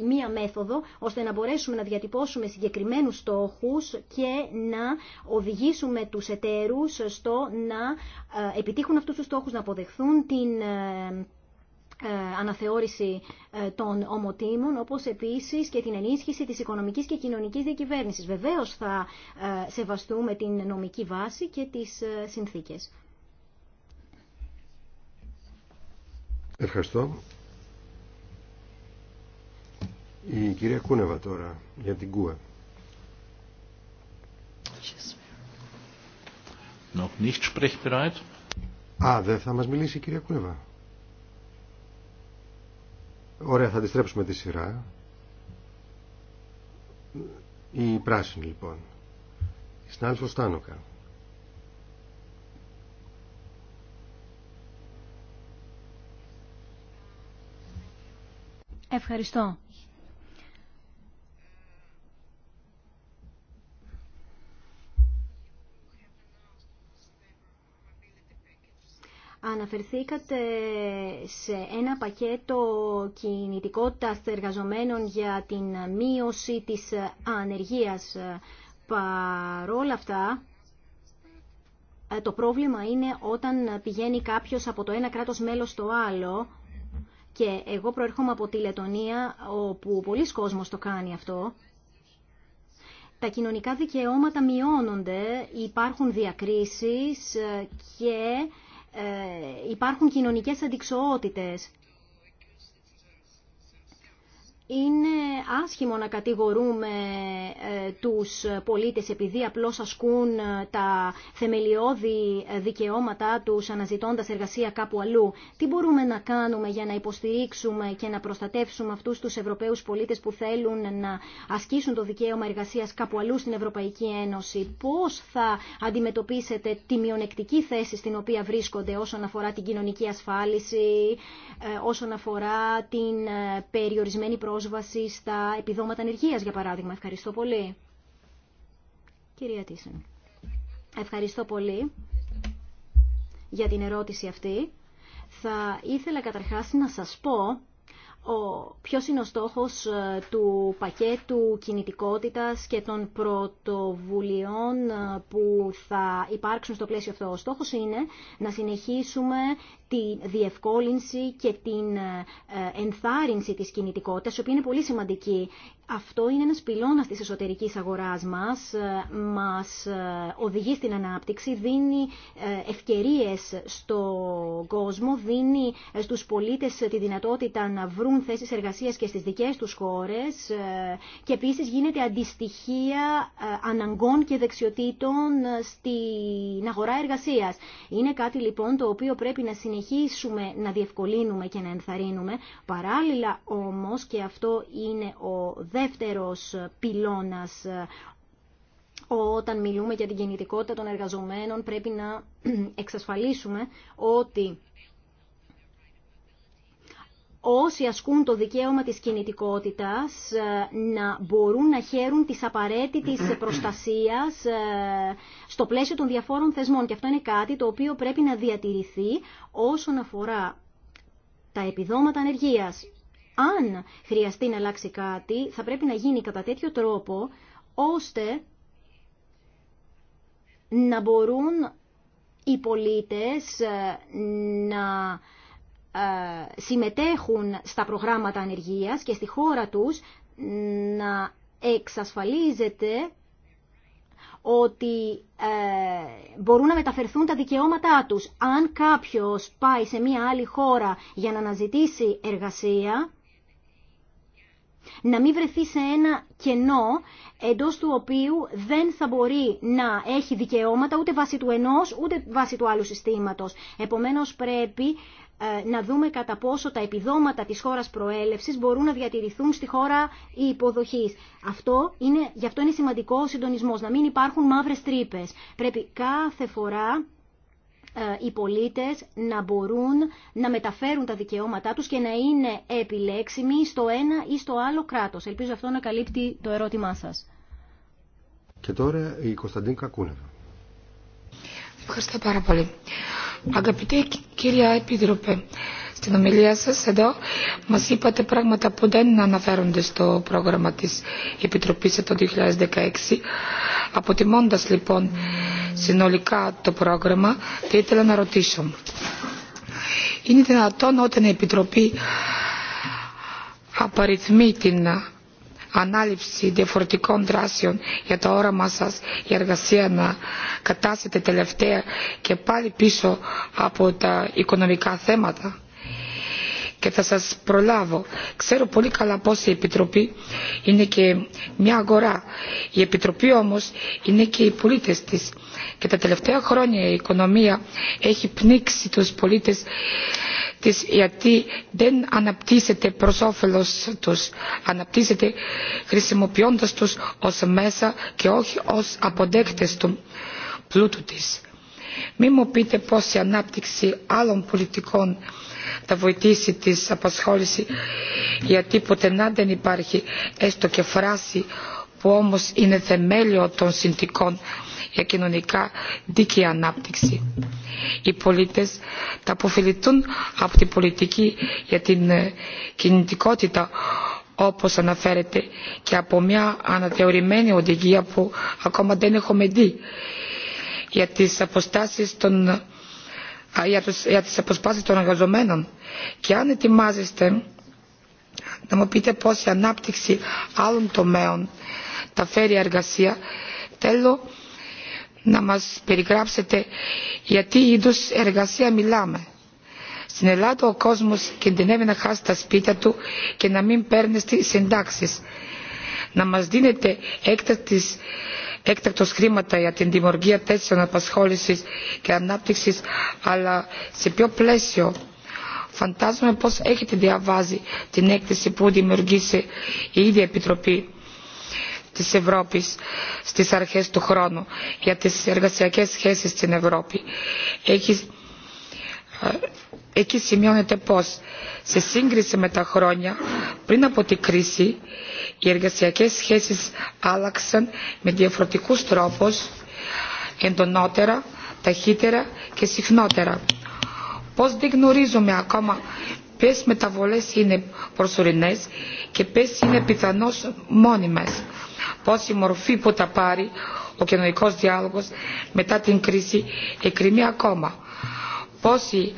μία μέθοδο ώστε να μπορέσουμε να διατυπώσουμε συγκεκριμένους στόχους και να οδηγήσουμε τους εταίρους στο να ε, επιτύχουν αυτούς τους στόχους, να αποδεχθούν την ε, ε, αναθεώρηση των ομοτήμων, όπως επίσης και την ενίσχυση της οικονομικής και κοινωνικής διακυβέρνησης. Βεβαίως θα σεβαστούμε την νομική βάση και τις συνθήκες. Ευχαριστώ. Η κυρία Κούνεβα τώρα για την ΚΟΥΑ. Α, δεν θα μας μιλήσει η κυρία Κούνεβα. Ωραία, θα αντιστρέψουμε τη σειρά. Η πράσινη λοιπόν. Η συνάδελφος Στάνοκα. Ευχαριστώ. Αναφερθήκατε σε ένα πακέτο κινητικότητας εργαζομένων για την μείωση της ανεργίας. Παρόλα αυτά, το πρόβλημα είναι όταν πηγαίνει κάποιος από το ένα κράτος μέλος στο άλλο και εγώ προέρχομαι από τη Λετωνία όπου πολλοί κόσμος το κάνει αυτό. Τα κοινωνικά δικαιώματα μειώνονται, υπάρχουν διακρίσεις και ε, υπάρχουν κοινωνικές αντικσοότητες είναι άσχημο να κατηγορούμε ε, τους πολίτες επειδή απλώς ασκούν ε, τα θεμελιώδη ε, δικαιώματά τους αναζητώντας εργασία κάπου αλλού. Τι μπορούμε να κάνουμε για να υποστηρίξουμε και να προστατεύσουμε αυτούς τους Ευρωπαίους πολίτες που θέλουν να ασκήσουν το δικαίωμα εργασίας κάπου αλλού στην Ευρωπαϊκή Ένωση. Πώς θα αντιμετωπίσετε τη μειονεκτική θέση στην οποία βρίσκονται όσον αφορά την κοινωνική ασφάλιση, όσον αφορά την περιορισμένη πρόσβαση στα επιδόματα ανεργίας, για παράδειγμα. Ευχαριστώ πολύ. Κυρία Τίσεν. Ευχαριστώ πολύ για την ερώτηση αυτή. Θα ήθελα καταρχάς να σας πω ο, ποιος είναι ο στόχος ε, του πακέτου κινητικότητας και των πρωτοβουλειών ε, που θα υπάρξουν στο πλαίσιο αυτό. Ο στόχος είναι να συνεχίσουμε τη διευκόλυνση και την ε, ε, ενθάρρυνση της κινητικότητας, η οποία είναι πολύ σημαντική. Αυτό είναι ένας πυλώνας της εσωτερικής αγοράς μας, ε, μας οδηγεί στην ανάπτυξη, δίνει ευκαιρίες στον κόσμο, δίνει στους πολίτες τη δυνατότητα να βρουν θέσεις εργασίας και στις δικές τους χώρες και επίσης γίνεται αντιστοιχεία αναγκών και δεξιοτήτων στην αγορά εργασίας. Είναι κάτι λοιπόν το οποίο πρέπει να συνεχίσουμε συνεχίσουμε να διευκολύνουμε και να ενθαρρύνουμε. Παράλληλα όμως, και αυτό είναι ο δεύτερος πυλώνας ε, όταν μιλούμε για την κινητικότητα των εργαζομένων, πρέπει να εξασφαλίσουμε ότι όσοι ασκούν το δικαίωμα της κινητικότητας ε, να μπορούν να χαίρουν της απαραίτητης προστασίας ε, στο πλαίσιο των διαφόρων θεσμών. Και αυτό είναι κάτι το οποίο πρέπει να διατηρηθεί όσον αφορά τα επιδόματα ανεργίας. Αν χρειαστεί να αλλάξει κάτι, θα πρέπει να γίνει κατά τέτοιο τρόπο, ώστε να μπορούν οι πολίτες ε, να ε, συμμετέχουν στα προγράμματα ανεργίας και στη χώρα τους να εξασφαλίζεται ότι ε, μπορούν να μεταφερθούν τα δικαιώματά τους. Αν κάποιος πάει σε μία άλλη χώρα για να αναζητήσει εργασία, να μην βρεθεί σε ένα κενό εντός του οποίου δεν θα μπορεί να έχει δικαιώματα ούτε βάσει του ενός ούτε βάσει του άλλου συστήματος. Επομένως πρέπει ε, να δούμε κατά πόσο τα επιδόματα της χώρας προέλευσης μπορούν να διατηρηθούν στη χώρα υποδοχής. Αυτό είναι, γι' αυτό είναι σημαντικό ο συντονισμός, να μην υπάρχουν μαύρες τρύπες. Πρέπει κάθε φορά ε, οι πολίτες να μπορούν να μεταφέρουν τα δικαιώματά τους και να είναι επιλέξιμοι στο ένα ή στο άλλο κράτος. Ελπίζω αυτό να καλύπτει το ερώτημά σας. Και τώρα η Κωνσταντίν Κακούνευα. Ευχαριστώ πάρα πολύ. Αγαπητέ κυρία Επίτροπε, στην ομιλία σας εδώ μας είπατε πράγματα που δεν αναφέρονται στο πρόγραμμα της Επιτροπής το 2016. Αποτιμώντας λοιπόν συνολικά το πρόγραμμα, θα ήθελα να ρωτήσω. Είναι δυνατόν όταν η Επιτροπή απαριθμεί την ανάληψη διαφορετικών δράσεων για το όραμά σας η εργασία να κατάσετε τελευταία και πάλι πίσω από τα οικονομικά θέματα και θα σας προλάβω. Ξέρω πολύ καλά πως η Επιτροπή είναι και μια αγορά. Η Επιτροπή όμως είναι και οι πολίτες της. Και τα τελευταία χρόνια η οικονομία έχει πνίξει τους πολίτες της γιατί δεν αναπτύσσεται προς όφελος τους. Αναπτύσσεται χρησιμοποιώντας τους ως μέσα και όχι ως αποδέκτες του πλούτου της. Μη μου πείτε πως η ανάπτυξη άλλων πολιτικών θα βοηθήσει της απασχόληση γιατί να δεν υπάρχει έστω και φράση που όμως είναι θεμέλιο των συνθηκών για κοινωνικά δίκαιη ανάπτυξη. Οι πολίτες θα αποφυληθούν από την πολιτική για την ε, κινητικότητα όπως αναφέρεται και από μια αναθεωρημένη οδηγία που ακόμα δεν έχουμε δει για τις αποστάσεις των για τις αποσπάσεις των εργαζομένων και αν ετοιμάζεστε να μου πείτε πώς η ανάπτυξη άλλων τομέων τα φέρει εργασία θέλω να μας περιγράψετε γιατί τι είδους εργασία μιλάμε. Στην Ελλάδα ο κόσμος κινδυνεύει να χάσει τα σπίτια του και να μην παίρνει στις συντάξεις να μας δίνετε έκτακτης χρήματα για την δημιουργία θέσεων απασχόλησης και ανάπτυξης αλλά σε ποιο πλαίσιο φαντάζομαι πως έχετε διαβάσει την έκθεση που δημιουργήσε η ίδια επιτροπή της Ευρώπης στις αρχές του χρόνου για τις εργασιακές σχέσεις στην Ευρώπη. Ε, εκεί σημειώνεται πως σε σύγκριση με τα χρόνια πριν από την κρίση οι εργασιακές σχέσεις άλλαξαν με διαφορετικούς τρόπους εντονότερα, ταχύτερα και συχνότερα. Πώς δεν γνωρίζουμε ακόμα ποιες μεταβολές είναι προσωρινές και ποιες είναι πιθανώς μόνιμες. Πώς η μορφή που τα πάρει ο κοινωνικός διάλογος μετά την κρίση εκκρεμεί ακόμα αποτυπώσει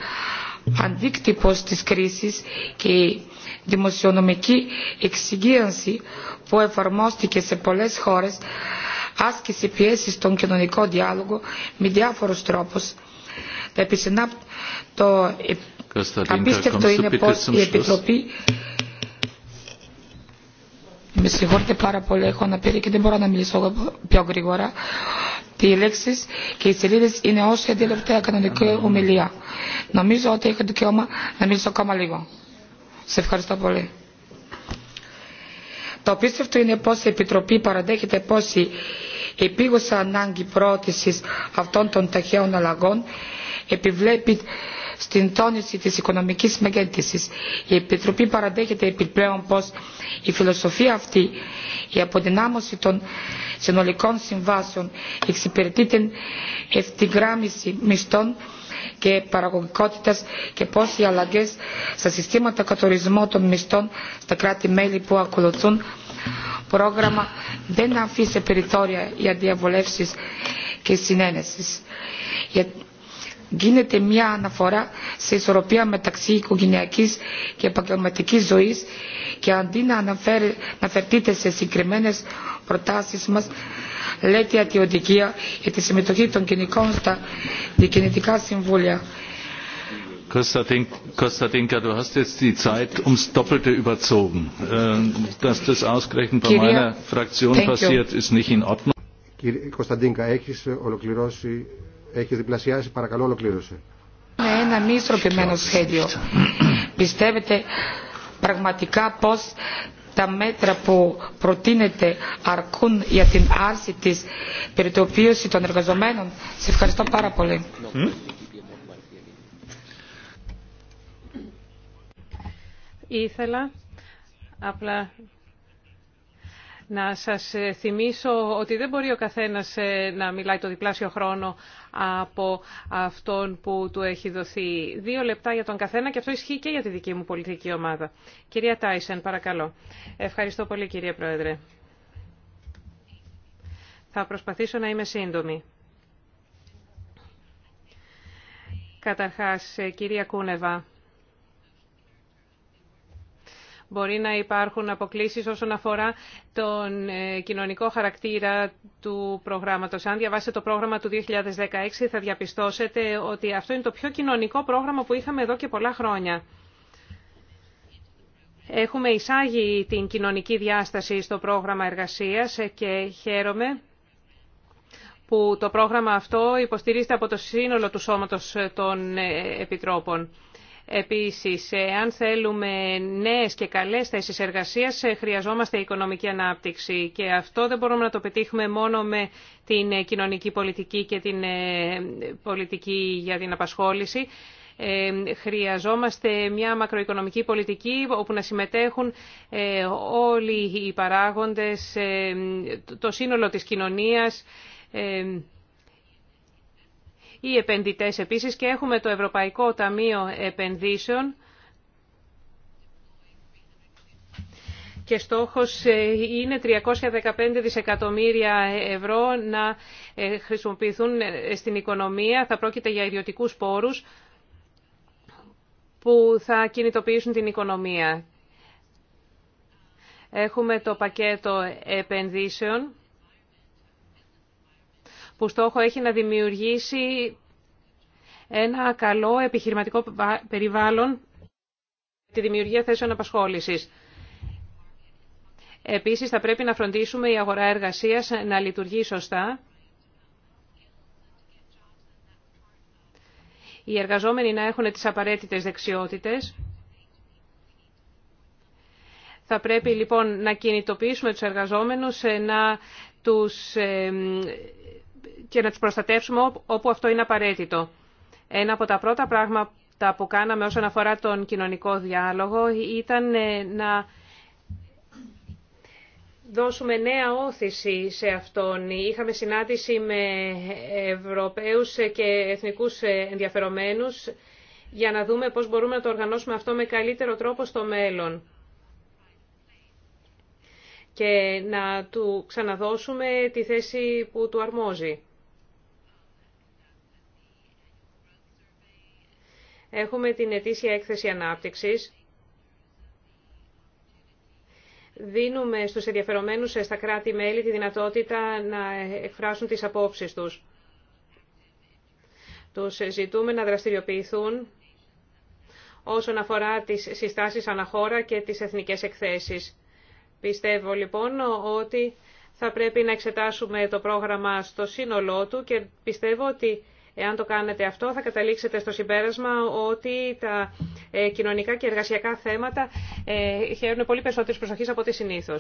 αντίκτυπος της κρίσης και η δημοσιονομική εξυγίανση που εφαρμόστηκε σε πολλές χώρες άσκησε πιέσει στον κοινωνικό διάλογο με διάφορους τρόπους. Τα επισυνά το απίστευτο είναι πως η Επιτροπή με συγχωρείτε πάρα πολύ, έχω αναπήρει και δεν μπορώ να μιλήσω πιο γρήγορα λέξει και οι σελίδε είναι όσο η τελευταία κανονική ομιλία. Νομίζω ότι έχω δικαίωμα να μιλήσω ακόμα λίγο. Σε ευχαριστώ πολύ. Το απίστευτο είναι πω η Επιτροπή παραδέχεται πώ η επίγουσα ανάγκη πρόθεση αυτών των ταχαίων αλλαγών επιβλέπει στην τόνιση της οικονομικής μεγέθυνσης. Η Επιτροπή παραδέχεται επιπλέον πως η φιλοσοφία αυτή, η αποδυνάμωση των συνολικών συμβάσεων εξυπηρετεί την ευθυγράμμιση μισθών και παραγωγικότητας και πως οι αλλαγές στα συστήματα κατορισμού των μισθών στα κράτη-μέλη που ακολουθούν πρόγραμμα δεν αφήσει περιθώρια για διαβολεύσεις και συνένεση γίνεται μια αναφορά σε ισορροπία μεταξύ οικογενειακής και επαγγελματικής ζωής και αντί να αναφερθείτε σε συγκεκριμένες προτάσεις μας λέτε ατιοδικία για τη συμμετοχή των κοινικών στα διοικητικά συμβούλια. Kostatinka, du hast jetzt die Zeit ums Doppelte überzogen. Äh, dass das ausgerechnet bei meiner Fraktion passiert, ist nicht in Ordnung. Κωνσταντίνκα, έχεις ολοκληρώσει έχει διπλασιάσει. Παρακαλώ, ολοκλήρωσε. Είναι ένα μη ισορροπημένο σχέδιο. Πιστεύετε πραγματικά πως τα μέτρα που προτείνετε αρκούν για την άρση της περιτοποίηση των εργαζομένων. Σε ευχαριστώ πάρα πολύ. Ήθελα απλά να σας ε, θυμίσω ότι δεν μπορεί ο καθένας ε, να μιλάει το διπλάσιο χρόνο από αυτόν που του έχει δοθεί. Δύο λεπτά για τον καθένα και αυτό ισχύει και για τη δική μου πολιτική ομάδα. Κυρία Τάισεν, παρακαλώ. Ευχαριστώ πολύ κυρία Πρόεδρε. Θα προσπαθήσω να είμαι σύντομη. Καταρχάς, ε, κυρία Κούνεβα, Μπορεί να υπάρχουν αποκλήσεις όσον αφορά τον ε, κοινωνικό χαρακτήρα του προγράμματος. Αν διαβάσετε το πρόγραμμα του 2016 θα διαπιστώσετε ότι αυτό είναι το πιο κοινωνικό πρόγραμμα που είχαμε εδώ και πολλά χρόνια. Έχουμε εισάγει την κοινωνική διάσταση στο πρόγραμμα εργασίας και χαίρομαι που το πρόγραμμα αυτό υποστηρίζεται από το σύνολο του σώματος των ε, επιτρόπων. Επίσης, ε, αν θέλουμε νέες και καλές θέσεις εργασίας, ε, χρειαζόμαστε οικονομική ανάπτυξη και αυτό δεν μπορούμε να το πετύχουμε μόνο με την ε, κοινωνική πολιτική και την πολιτική για την απασχόληση. Χρειαζόμαστε μια μακροοικονομική πολιτική όπου να συμμετέχουν όλοι οι παράγοντες, το σύνολο της κοινωνίας, οι επενδυτές επίσης και έχουμε το Ευρωπαϊκό Ταμείο Επενδύσεων και στόχος ε, είναι 315 δισεκατομμύρια ευρώ να ε, χρησιμοποιηθούν ε, στην οικονομία. Θα πρόκειται για ιδιωτικούς πόρους που θα κινητοποιήσουν την οικονομία. Έχουμε το πακέτο επενδύσεων που στόχο έχει να δημιουργήσει ένα καλό επιχειρηματικό περιβάλλον τη δημιουργία θέσεων απασχόλησης. Επίσης, θα πρέπει να φροντίσουμε η αγορά εργασίας να λειτουργεί σωστά. Οι εργαζόμενοι να έχουν τις απαραίτητες δεξιότητες. Θα πρέπει λοιπόν να κινητοποιήσουμε τους εργαζόμενους, ε, να τους ε, και να τους προστατεύσουμε όπου αυτό είναι απαραίτητο. Ένα από τα πρώτα πράγματα που κάναμε όσον αφορά τον κοινωνικό διάλογο ήταν ε, να δώσουμε νέα όθηση σε αυτόν. Είχαμε συνάντηση με Ευρωπαίους και εθνικούς ενδιαφερομένους για να δούμε πώς μπορούμε να το οργανώσουμε αυτό με καλύτερο τρόπο στο μέλλον και να του ξαναδώσουμε τη θέση που του αρμόζει. Έχουμε την ετήσια έκθεση ανάπτυξης. Δίνουμε στους ενδιαφερομένους στα κράτη-μέλη τη δυνατότητα να εκφράσουν τις απόψεις τους. Τους ζητούμε να δραστηριοποιηθούν όσον αφορά τις συστάσεις αναχώρα και τις εθνικές εκθέσεις. Πιστεύω λοιπόν ότι θα πρέπει να εξετάσουμε το πρόγραμμα στο σύνολό του και πιστεύω ότι Εάν το κάνετε αυτό θα καταλήξετε στο συμπέρασμα ότι τα ε, κοινωνικά και εργασιακά θέματα ε, χαίρουν πολύ περισσότερη προσοχή από ό,τι συνήθω.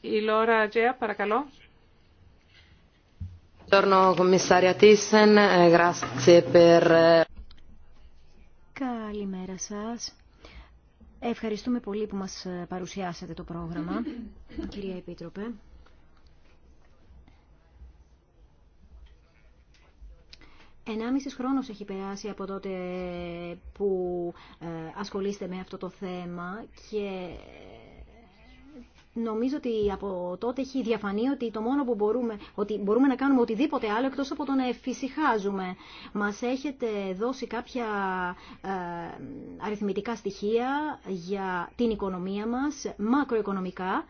Η Λόρα Τζέα, παρακαλώ. Ε, Καλημέρα σας. Ευχαριστούμε πολύ που μας παρουσιάσατε το πρόγραμμα, κυρία Επίτροπε. Ενάμισης χρόνος έχει περάσει από τότε που ε, ασχολείστε με αυτό το θέμα και ε, νομίζω ότι από τότε έχει διαφανεί ότι το μόνο που μπορούμε, ότι μπορούμε να κάνουμε οτιδήποτε άλλο εκτός από το να εφησυχάζουμε. Μας έχετε δώσει κάποια ε, αριθμητικά στοιχεία για την οικονομία μας, μακροοικονομικά,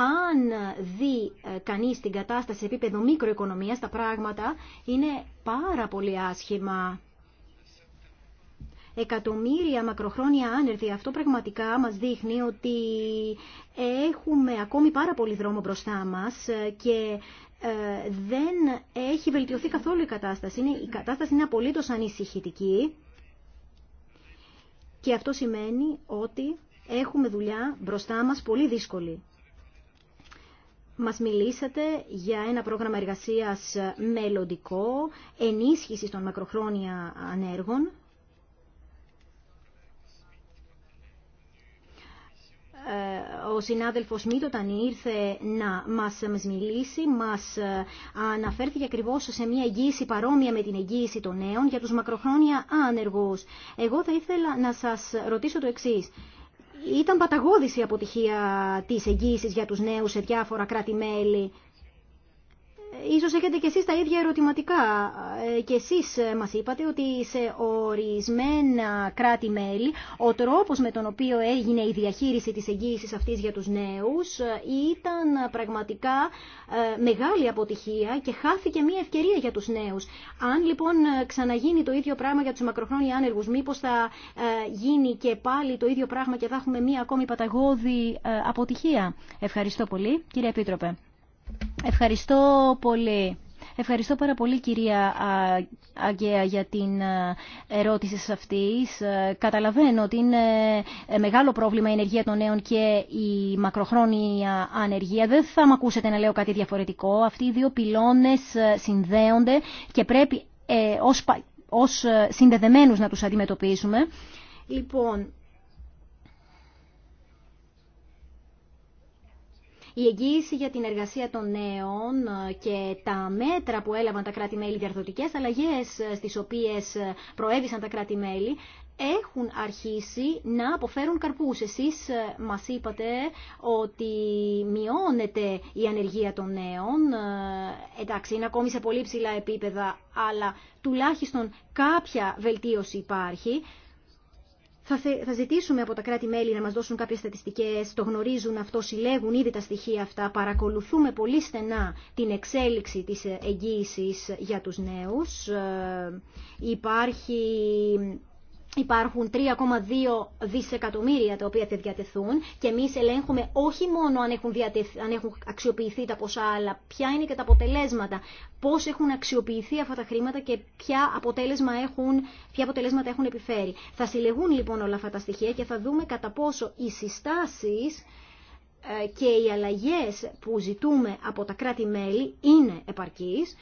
αν δει ε, κανείς την κατάσταση σε επίπεδο μικροοικονομίας, τα πράγματα είναι πάρα πολύ άσχημα. Εκατομμύρια μακροχρόνια άνερθη. Αυτό πραγματικά μας δείχνει ότι έχουμε ακόμη πάρα πολύ δρόμο μπροστά μας ε, και ε, δεν έχει βελτιωθεί καθόλου η κατάσταση. Η κατάσταση είναι απολύτως ανησυχητική και αυτό σημαίνει ότι έχουμε δουλειά μπροστά μας πολύ δύσκολη μας μιλήσατε για ένα πρόγραμμα εργασίας μελλοντικό, ενίσχυσης των μακροχρόνια ανέργων. Ε, ο συνάδελφος Μίτοταν ήρθε να μας μιλήσει, μας ε, αναφέρθηκε ακριβώς σε μια εγγύηση παρόμοια με την εγγύηση των νέων για τους μακροχρόνια άνεργους. Εγώ θα ήθελα να σας ρωτήσω το εξής. Ήταν παταγώδηση η αποτυχία της εγγύησης για τους νέους σε διάφορα κράτη-μέλη Ίσως έχετε και εσείς τα ίδια ερωτηματικά. Ε, και εσείς ε, μας είπατε ότι σε ορισμένα κράτη-μέλη ο τρόπος με τον οποίο έγινε η διαχείριση της εγγύησης αυτής για τους νέους ε, ήταν πραγματικά μεγάλη αποτυχία και χάθηκε μια ευκαιρία για τους νέους. Αν λοιπόν ξαναγίνει το ίδιο πράγμα για τους μακροχρόνια άνεργους, μήπως θα γίνει και πάλι το ίδιο πράγμα και θα έχουμε μια ακόμη παταγώδη αποτυχία. Ευχαριστώ πολύ κύριε Επίτροπε. Ευχαριστώ πολύ. Ευχαριστώ πάρα πολύ κυρία Αγκαία για την ε, ερώτηση σας αυτής. Ε, καταλαβαίνω ότι είναι ε, μεγάλο πρόβλημα η ενεργεία των νέων και η μακροχρόνια ανεργία. Δεν θα μ' ακούσετε να λέω κάτι διαφορετικό. Αυτοί οι δύο πυλώνες συνδέονται και πρέπει ε, ως, ως συνδεδεμένους να τους αντιμετωπίσουμε. Λοιπόν, Η εγγύηση για την εργασία των νέων ε, και τα μέτρα που έλαβαν τα κράτη-μέλη, διαρθρωτικές αλλαγές ε, στις οποίες ε, προέβησαν τα κράτη-μέλη, έχουν αρχίσει να αποφέρουν καρπούς. Εσείς μας είπατε ότι μειώνεται η ανεργία των νέων. Εντάξει, είναι ακόμη σε πολύ ψηλά επίπεδα, αλλά τουλάχιστον κάποια βελτίωση υπάρχει. Θα, ζητήσουμε από τα κράτη-μέλη να μας δώσουν κάποιες στατιστικές, το γνωρίζουν αυτό, συλλέγουν ήδη τα στοιχεία αυτά, παρακολουθούμε πολύ στενά την εξέλιξη της εγγύησης για τους νέους. Ε, υπάρχει Υπάρχουν 3,2 δισεκατομμύρια τα οποία θα διατεθούν και εμείς ελέγχουμε όχι μόνο αν έχουν, διατεθ, αν έχουν αξιοποιηθεί τα ποσά, αλλά ποια είναι και τα αποτελέσματα, πώς έχουν αξιοποιηθεί αυτά τα χρήματα και ποια, αποτέλεσμα έχουν, ποια αποτελέσματα έχουν επιφέρει. Θα συλλεγούν λοιπόν όλα αυτά τα στοιχεία και θα δούμε κατά πόσο οι συστάσεις ε, και οι αλλαγές που ζητούμε από τα κράτη-μέλη είναι επαρκείς,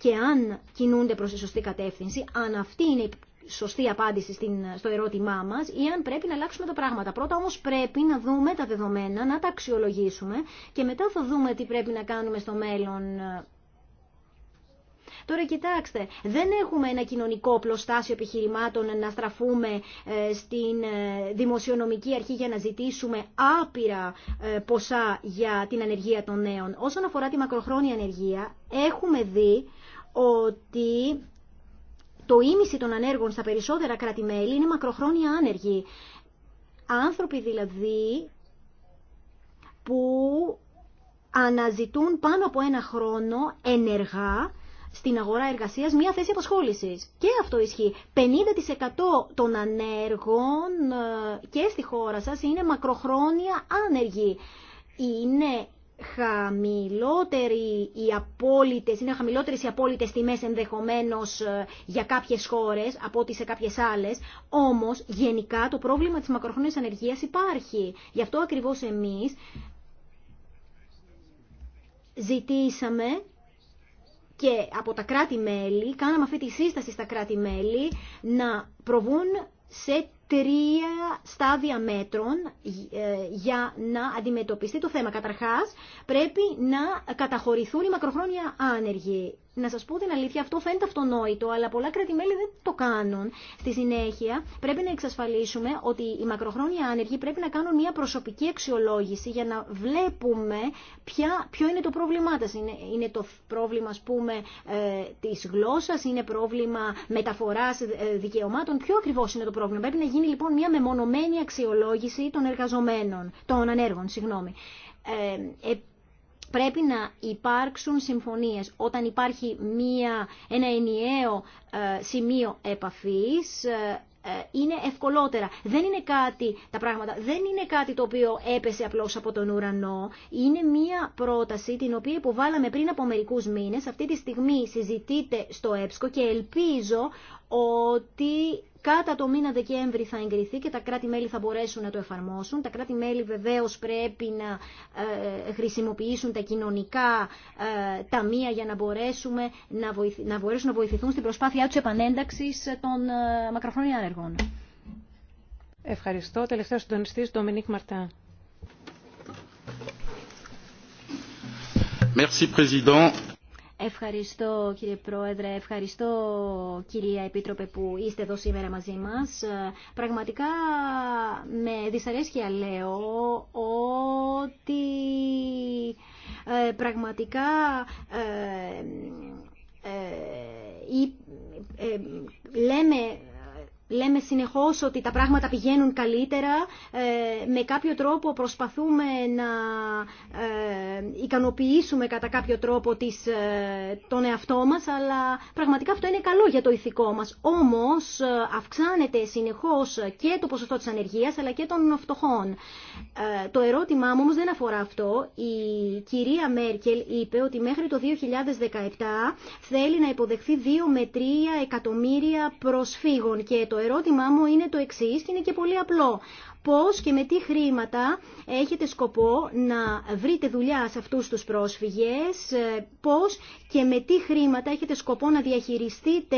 και αν κινούνται προς τη σωστή κατεύθυνση, αν αυτή είναι σωστή απάντηση στην, στο ερώτημά μας ή αν πρέπει να αλλάξουμε τα πράγματα. Πρώτα όμως πρέπει να δούμε τα δεδομένα, να τα αξιολογήσουμε και μετά θα δούμε τι πρέπει να κάνουμε στο μέλλον. Τώρα κοιτάξτε, δεν έχουμε ένα κοινωνικό πλωστάσιο επιχειρημάτων να στραφούμε ε, στην ε, δημοσιονομική αρχή για να ζητήσουμε άπειρα ε, ποσά για την ανεργία των νέων. Όσον αφορά τη μακροχρόνια ανεργία, έχουμε δει ότι το ίμιση των ανέργων στα περισσότερα κράτη-μέλη είναι μακροχρόνια άνεργοι. Άνθρωποι δηλαδή που αναζητούν πάνω από ένα χρόνο ενεργά στην αγορά εργασίας μία θέση απασχόλησης. Και αυτό ισχύει. 50% των ανέργων ε, και στη χώρα σας είναι μακροχρόνια άνεργοι. Είναι χαμηλότεροι οι απόλυτες, είναι χαμηλότερες οι απόλυτες τιμές ενδεχομένως ε, για κάποιες χώρες από ό,τι σε κάποιες άλλες, όμως γενικά το πρόβλημα της μακροχρόνιας ανεργίας υπάρχει. Γι' αυτό ακριβώς εμείς ζητήσαμε και από τα κράτη-μέλη, κάναμε αυτή τη σύσταση στα κράτη-μέλη να προβούν σε τρία στάδια μέτρων ε, για να αντιμετωπιστεί το θέμα. Καταρχάς, πρέπει να καταχωρηθούν οι μακροχρόνια άνεργοι. Να σας πω την αλήθεια, αυτό φαίνεται αυτονόητο, αλλά πολλά κρατημέλη δεν το κάνουν. Στη συνέχεια, πρέπει να εξασφαλίσουμε ότι οι μακροχρόνια άνεργοι πρέπει να κάνουν μια προσωπική αξιολόγηση για να βλέπουμε ποια, ποιο είναι το πρόβλημά τους. Είναι, το πρόβλημα, ας πούμε, ε, της γλώσσας, είναι πρόβλημα μεταφοράς ε, δικαιωμάτων. Ποιο ακριβώς είναι το πρόβλημα. Πρέπει να είναι λοιπόν μια μεμονωμένη αξιολόγηση των εργαζομένων, των ανέργων, συγγνώμη. Ε, ε πρέπει να υπάρξουν συμφωνίες. Όταν υπάρχει μια, ένα ενιαίο ε, σημείο επαφής, ε, είναι ευκολότερα. Δεν είναι κάτι, τα πράγματα, δεν είναι κάτι το οποίο έπεσε απλώς από τον ουρανό. Είναι μία πρόταση την οποία υποβάλαμε πριν από μερικούς μήνες. Αυτή τη στιγμή συζητείται στο ΕΠΣΚΟ και ελπίζω ότι Κάτα το μήνα Δεκέμβρη θα εγκριθεί και τα κράτη-μέλη θα μπορέσουν να το εφαρμόσουν. Τα κράτη-μέλη βεβαίως πρέπει να ε, χρησιμοποιήσουν τα κοινωνικά ε, ταμεία για να, μπορέσουμε να, να μπορέσουν να βοηθηθούν στην προσπάθειά τους επανένταξης των ε, μακροχρόνια ανεργών. Ευχαριστώ. Τελευταίο συντονιστής, Ντομινίκ Μαρτά. Merci, Ευχαριστώ κύριε Πρόεδρε, ευχαριστώ κυρία Επίτροπε που είστε εδώ σήμερα μαζί μας. Ε, πραγματικά με δυσαρέσκεια λέω ότι ε, πραγματικά ε, ε λέμε Λέμε συνεχώς ότι τα πράγματα πηγαίνουν καλύτερα, ε, με κάποιο τρόπο προσπαθούμε να ε, ικανοποιήσουμε κατά κάποιο τρόπο τις, ε, τον εαυτό μας, αλλά πραγματικά αυτό είναι καλό για το ηθικό μας. Όμως αυξάνεται συνεχώς και το ποσοστό της ανεργίας, αλλά και των φτωχών. Το ερώτημά μου όμως δεν αφορά αυτό. Η κυρία Μέρκελ είπε ότι μέχρι το 2017 θέλει να υποδεχθεί 2 με 3 εκατομμύρια προσφύγων και το το ερώτημά μου είναι το εξή. και είναι και πολύ απλό. Πώς και με τι χρήματα έχετε σκοπό να βρείτε δουλειά σε αυτούς τους πρόσφυγες, ε, πώς και με τι χρήματα έχετε σκοπό να διαχειριστείτε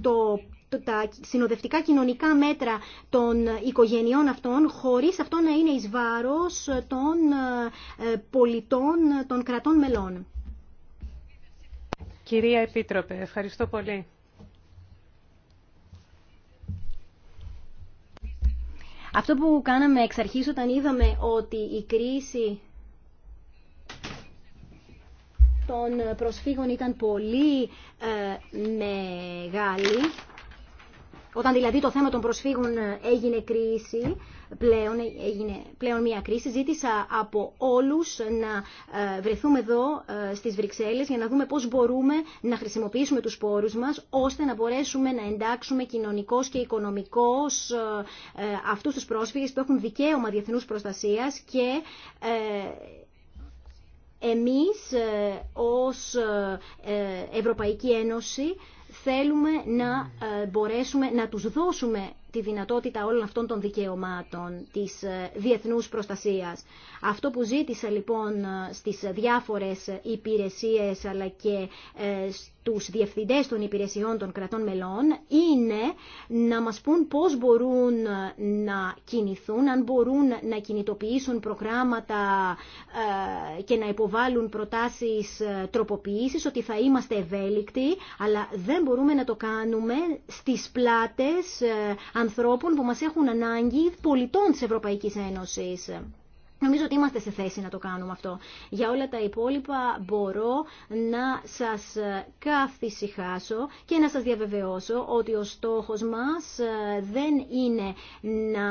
το, τα συνοδευτικά κοινωνικά μέτρα των οικογενειών αυτών χωρίς αυτό να είναι εις βάρος των ε, πολιτών των κρατών μελών. Κυρία Επίτροπε, ευχαριστώ πολύ. Αυτό που κάναμε εξ αρχής όταν είδαμε ότι η κρίση των προσφύγων ήταν πολύ ε, μεγάλη, όταν δηλαδή το θέμα των προσφύγων ε, έγινε κρίση, πλέον, έγινε πλέον μια κρίση. Ζήτησα από όλους να ε, βρεθούμε εδώ ε, στις Βρυξέλλες για να δούμε πώς μπορούμε να χρησιμοποιήσουμε τους πόρους μας ώστε να μπορέσουμε να εντάξουμε κοινωνικός και οικονομικός ε, αυτούς τους πρόσφυγες που έχουν δικαίωμα διεθνούς προστασίας και εμείς ως Ευρωπαϊκή Ένωση θέλουμε να μπορέσουμε να τους δώσουμε τη δυνατότητα όλων αυτών των δικαιωμάτων της ε, διεθνούς προστασίας. Αυτό που ζήτησα λοιπόν ε, στις διάφορες υπηρεσίες αλλά και ε, στους διευθυντές των υπηρεσιών των κρατών μελών είναι να μας πούν πώς μπορούν να κινηθούν, αν μπορούν να κινητοποιήσουν προγράμματα και να υποβάλουν προτάσεις τροποποίησης, ότι θα είμαστε ευέλικτοι, αλλά δεν μπορούμε να το κάνουμε στις πλάτες ανθρώπων που μας έχουν ανάγκη πολιτών της Ευρωπαϊκής Ένωσης. Νομίζω ότι είμαστε σε θέση να το κάνουμε αυτό. Για όλα τα υπόλοιπα μπορώ να σας καθησυχάσω και να σας διαβεβαιώσω ότι ο στόχος μας ε, δεν είναι να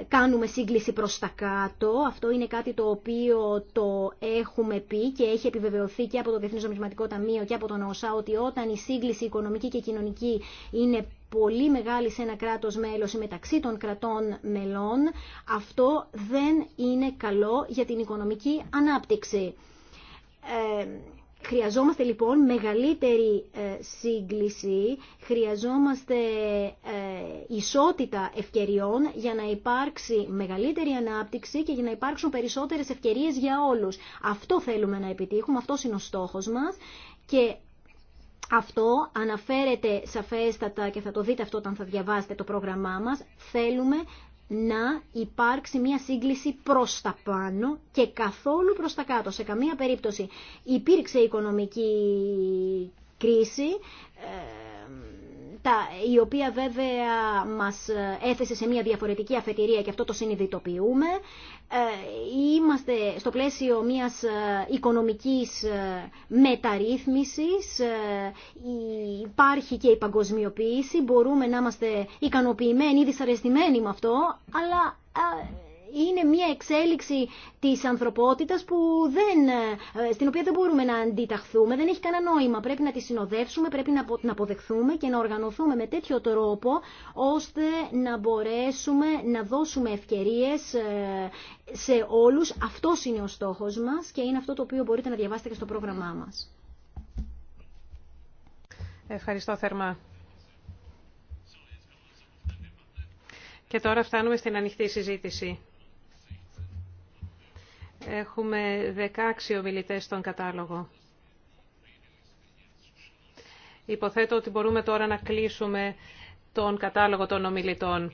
ε, κάνουμε σύγκληση προς τα κάτω. Αυτό είναι κάτι το οποίο το έχουμε πει και έχει επιβεβαιωθεί και από το Διεθνές Ταμείο και από τον ΟΣΑ ότι όταν η σύγκληση οικονομική και κοινωνική είναι πολύ μεγάλη σε ένα κράτος μέλος ή μεταξύ των κρατών μελών, αυτό δεν είναι καλό για την οικονομική ανάπτυξη. Ε, χρειαζόμαστε λοιπόν μεγαλύτερη ε, σύγκληση, χρειαζόμαστε ε, ισότητα ευκαιριών για να υπάρξει μεγαλύτερη ανάπτυξη και για να υπάρξουν περισσότερες ευκαιρίες για όλους. Αυτό θέλουμε να επιτύχουμε, αυτό είναι ο στόχος μας και αυτό αναφέρεται σαφέστατα και θα το δείτε αυτό όταν θα διαβάζετε το πρόγραμμά μας. Θέλουμε να υπάρξει μια σύγκληση προς τα πάνω και καθόλου προς τα κάτω. Σε καμία περίπτωση υπήρξε οικονομική κρίση ε, η οποία βέβαια μας έθεσε σε μια διαφορετική αφετηρία και αυτό το συνειδητοποιούμε. Ε, είμαστε στο πλαίσιο μιας ε, οικονομικής ε, μεταρρύθμισης, υπάρχει και η παγκοσμιοποίηση, μπορούμε να είμαστε ικανοποιημένοι ή δυσαρεστημένοι με αυτό, αλλά είναι μια εξέλιξη της ανθρωπότητας που δεν, ε, στην οποία δεν μπορούμε να αντιταχθούμε, δεν έχει κανένα νόημα. Πρέπει να τη συνοδεύσουμε, πρέπει να την αποδεχθούμε και να οργανωθούμε με τέτοιο τρόπο ώστε να μπορέσουμε να δώσουμε ευκαιρίες ε, σε όλους. Αυτό είναι ο στόχος μας και είναι αυτό το οποίο μπορείτε να διαβάσετε και στο πρόγραμμά μας. Ευχαριστώ θερμά. Και τώρα φτάνουμε στην ανοιχτή συζήτηση. Έχουμε 16 ομιλητές στον κατάλογο. Υποθέτω ότι μπορούμε τώρα να κλείσουμε τον κατάλογο των ομιλητών.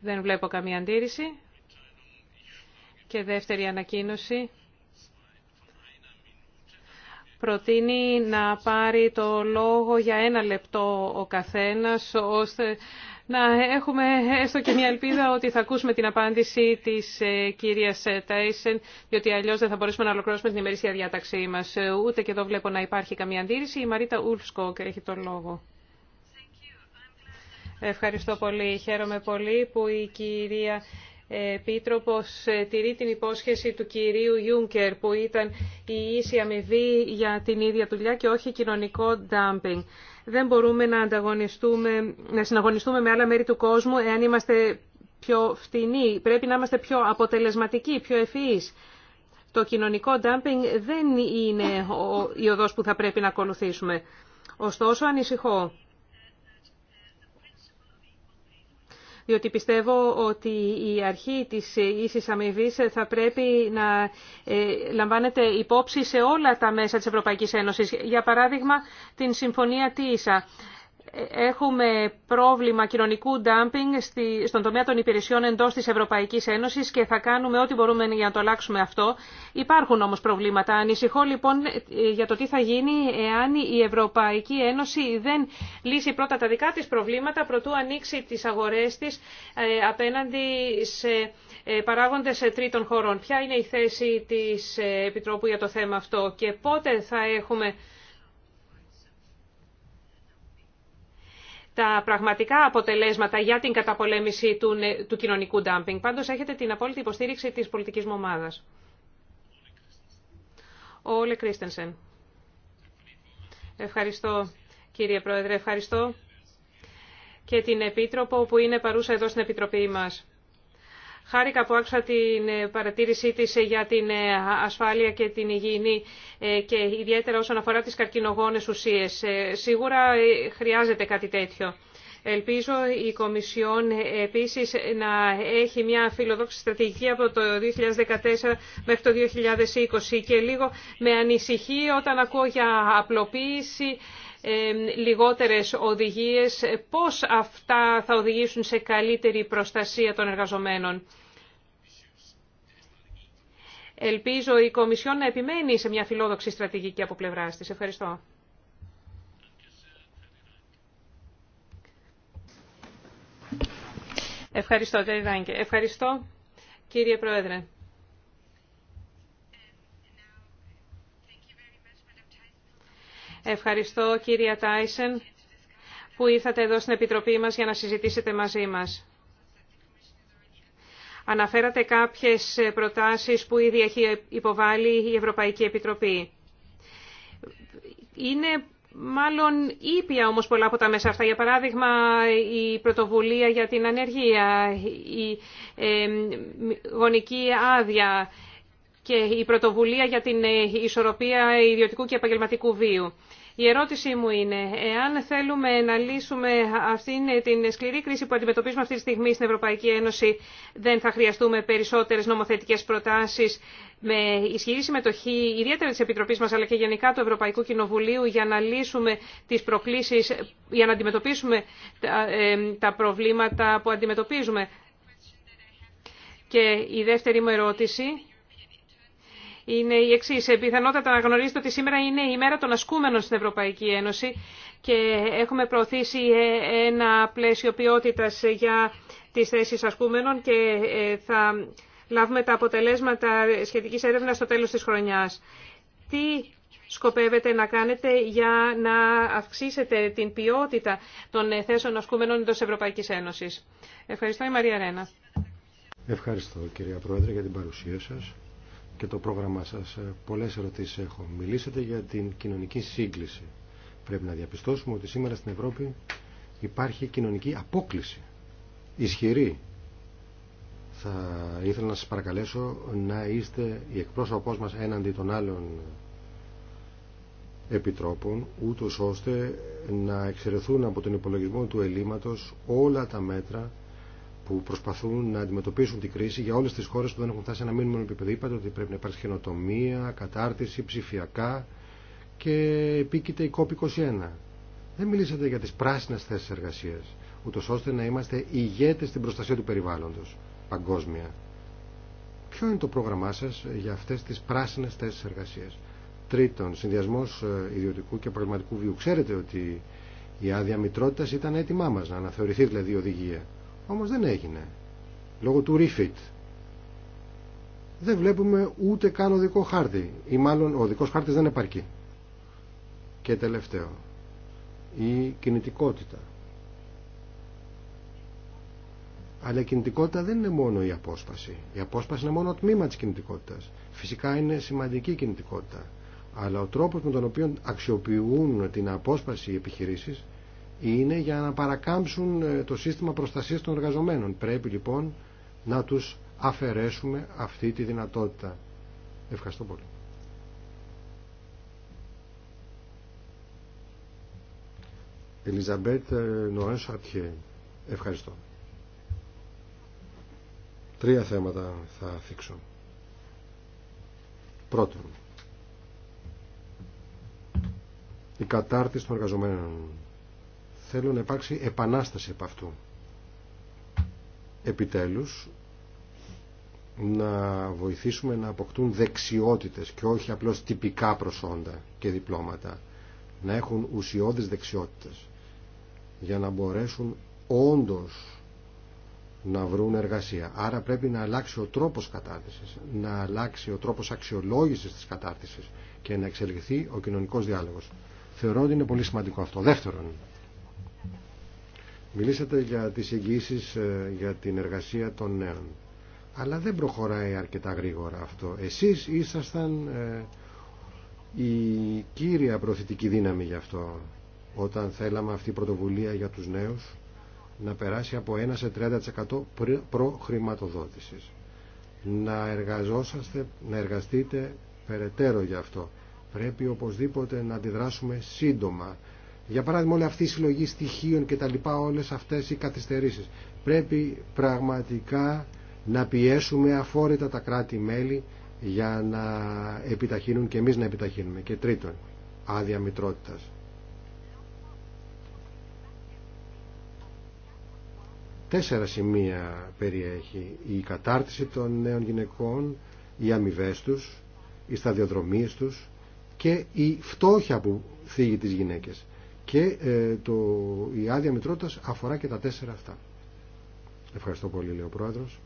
Δεν βλέπω καμία αντίρρηση. Και δεύτερη ανακοίνωση. Προτείνει να πάρει το λόγο για ένα λεπτό ο καθένας, ώστε να έχουμε έστω και μια ελπίδα ότι θα ακούσουμε την απάντηση της ε, κυρίας ε, Τάισεν, διότι αλλιώς δεν θα μπορέσουμε να ολοκληρώσουμε την ημερήσια διάταξή μας. Ε, ούτε και εδώ βλέπω να υπάρχει καμία αντίρρηση. Η Μαρίτα και έχει τον λόγο. Ευχαριστώ πολύ. Χαίρομαι πολύ που η κυρία πίτροπος τηρεί την υπόσχεση του κυρίου Ιούνκερ που ήταν η ίση αμοιβή για την ίδια δουλειά και όχι κοινωνικό ντάμπινγκ. Δεν μπορούμε να, ανταγωνιστούμε, να συναγωνιστούμε με άλλα μέρη του κόσμου εάν είμαστε πιο φτηνοί. Πρέπει να είμαστε πιο αποτελεσματικοί, πιο ευφυείς. Το κοινωνικό ντάμπινγκ δεν είναι η οδός που θα πρέπει να ακολουθήσουμε. Ωστόσο, ανησυχώ. διότι πιστεύω ότι η αρχή της ίσης αμοιβή θα πρέπει να ε, λαμβάνεται υπόψη σε όλα τα μέσα της Ευρωπαϊκής Ένωσης. Για παράδειγμα, την Συμφωνία ΤΙΣΑ έχουμε πρόβλημα κοινωνικού ντάμπινγκ στον τομέα των υπηρεσιών εντός της Ευρωπαϊκής Ένωσης και θα κάνουμε ό,τι μπορούμε για να το αλλάξουμε αυτό. Υπάρχουν όμως προβλήματα. Ανησυχώ λοιπόν για το τι θα γίνει εάν η Ευρωπαϊκή Ένωση δεν λύσει πρώτα τα δικά της προβλήματα προτού ανοίξει τις αγορές της ε, απέναντι σε ε, παράγοντες ε, τρίτων χωρών. Ποια είναι η θέση της Επιτρόπου για το θέμα αυτό και πότε θα έχουμε τα πραγματικά αποτελέσματα για την καταπολέμηση του, του κοινωνικού ντάμπινγκ. Πάντως έχετε την απόλυτη υποστήριξη τη πολιτική μου Ο Όλε Κρίστενσεν. Ευχαριστώ κύριε Πρόεδρε, ευχαριστώ και την Επίτροπο που είναι παρούσα εδώ στην Επιτροπή μας. Χάρηκα που άκουσα την ε, παρατήρησή τη ε, για την ε, ασφάλεια και την υγιεινή και ιδιαίτερα όσον αφορά τις καρκινογόνες ουσίες. Σίγουρα χρειάζεται κάτι τέτοιο. Ελπίζω η Κομισιόν επίσης να έχει μια φιλοδόξη στρατηγική από το 2014 μέχρι το 2020 και λίγο με ανησυχεί όταν ακούω για απλοποίηση λιγότερες οδηγίες, πώς αυτά θα οδηγήσουν σε καλύτερη προστασία των εργαζομένων. Ελπίζω η Κομισιόν να επιμένει σε μια φιλόδοξη στρατηγική από πλευρά τη. Ευχαριστώ. Ευχαριστώ, Ευχαριστώ, κύριε Πρόεδρε. Ευχαριστώ κυρία Τάισεν που ήρθατε εδώ στην Επιτροπή μας για να συζητήσετε μαζί μας. Αναφέρατε κάποιες προτάσεις που ήδη έχει υποβάλει η Ευρωπαϊκή Επιτροπή. Είναι μάλλον ήπια όμως πολλά από τα μέσα αυτά. Για παράδειγμα, η πρωτοβουλία για την ανεργία, η ε, γονική άδεια, και η πρωτοβουλία για την ε, ισορροπία ιδιωτικού και επαγγελματικού βίου. Η ερώτησή μου είναι, εάν θέλουμε να λύσουμε αυτήν ε, την σκληρή κρίση που αντιμετωπίζουμε αυτή τη στιγμή στην Ευρωπαϊκή Ένωση, δεν θα χρειαστούμε περισσότερε νομοθετικέ προτάσει με ισχυρή συμμετοχή, ιδιαίτερα τη Επιτροπή μα, αλλά και γενικά του Ευρωπαϊκού Κοινοβουλίου, για να λύσουμε τι προκλήσει, για να αντιμετωπίσουμε ε, τα προβλήματα που αντιμετωπίζουμε. Και η δεύτερη μου ερώτηση είναι η εξή. Επιθανότατα να γνωρίζετε ότι σήμερα είναι η μέρα των ασκούμενων στην Ευρωπαϊκή Ένωση και έχουμε προωθήσει ε, ένα πλαίσιο ποιότητα για τι θέσει ασκούμενων και ε, θα λάβουμε τα αποτελέσματα σχετικής έρευνας στο τέλος της χρονιάς. Τι σκοπεύετε να κάνετε για να αυξήσετε την ποιότητα των ε, θέσεων ασκούμενων εντός Ευρωπαϊκή Ένωση. Ευχαριστώ η Μαρία Ρένα. Ευχαριστώ κυρία Πρόεδρε για την παρουσία σας και το πρόγραμμά σας. Ε, πολλές ερωτήσεις έχω. Μιλήσατε για την κοινωνική σύγκληση. Πρέπει να διαπιστώσουμε ότι σήμερα στην Ευρώπη υπάρχει κοινωνική απόκληση. Ισχυρή. Θα ήθελα να σας παρακαλέσω να είστε η εκπρόσωπός μας έναντι των άλλων επιτρόπων, ούτως ώστε να εξαιρεθούν από τον υπολογισμό του ελλείμματος όλα τα μέτρα που προσπαθούν να αντιμετωπίσουν την κρίση για όλε τι χώρε που δεν έχουν φτάσει σε ένα μήνυμα επίπεδο. Είπατε ότι πρέπει να υπάρξει καινοτομία, κατάρτιση, ψηφιακά και επίκειται η COP21. Δεν μιλήσατε για τι πράσινε θέσει εργασία, ούτω ώστε να είμαστε ηγέτε στην προστασία του περιβάλλοντο παγκόσμια. Ποιο είναι το πρόγραμμά σα για αυτέ τι πράσινε θέσει εργασία. Τρίτον, συνδυασμό ε, ιδιωτικού και πραγματικού βίου. Ξέρετε ότι η άδεια μητρότητα ήταν έτοιμά μα να αναθεωρηθεί δηλαδή η οδηγία. Όμως δεν έγινε. Λόγω του refit. Δεν βλέπουμε ούτε καν οδικό χάρτη. Ή μάλλον ο οδικός χάρτης δεν επαρκεί. Και τελευταίο. Η κινητικότητα. Αλλά η κινητικότητα δεν είναι μόνο η απόσπαση. Η απόσπαση είναι μόνο το τμήμα της κινητικότητας. Φυσικά είναι σημαντική η κινητικότητα. Αλλά ο τρόπος με τον οποίο αξιοποιούν την απόσπαση οι επιχειρήσεις είναι για να παρακάμψουν ε, το σύστημα προστασίας των εργαζομένων. Πρέπει λοιπόν να τους αφαιρέσουμε αυτή τη δυνατότητα. Ευχαριστώ πολύ. Ελιζαμπέτ ε, Νοέν Σαρτιέ. Ευχαριστώ. Τρία θέματα θα θίξω. Πρώτον, η κατάρτιση των εργαζομένων θέλω να υπάρξει επανάσταση από αυτού. Επιτέλους, να βοηθήσουμε να αποκτούν δεξιότητες και όχι απλώς τυπικά προσόντα και διπλώματα. Να έχουν ουσιώδεις δεξιότητες για να μπορέσουν όντως να βρουν εργασία. Άρα πρέπει να αλλάξει ο τρόπος κατάρτισης, να αλλάξει ο τρόπος αξιολόγησης της κατάρτισης και να εξελιχθεί ο κοινωνικός διάλογος. Θεωρώ ότι είναι πολύ σημαντικό αυτό. Δεύτερον, Μιλήσατε για τις εγγύησεις ε, για την εργασία των νέων. Αλλά δεν προχωράει αρκετά γρήγορα αυτό. Εσείς ήσασταν ε, η κύρια προθετική δύναμη γι' αυτό όταν θέλαμε αυτή η πρωτοβουλία για τους νέους να περάσει από 1 σε 30% προχρηματοδότησης. Να εργαζόσαστε, να εργαστείτε περαιτέρω γι' αυτό. Πρέπει οπωσδήποτε να αντιδράσουμε σύντομα για παράδειγμα όλη αυτή η συλλογή στοιχείων και τα λοιπά όλες αυτές οι καθυστερήσει. Πρέπει πραγματικά να πιέσουμε αφόρητα τα κράτη-μέλη για να επιταχύνουν και εμείς να επιταχύνουμε. Και τρίτον, άδεια μητρότητα. Τέσσερα σημεία περιέχει η κατάρτιση των νέων γυναικών, οι αμοιβέ του, οι σταδιοδρομίες του και η φτώχεια που θίγει τι γυναίκε και ε, το, η άδεια μητρότητας αφορά και τα τέσσερα αυτά. Ευχαριστώ πολύ, λέει ο Πρόεδρος.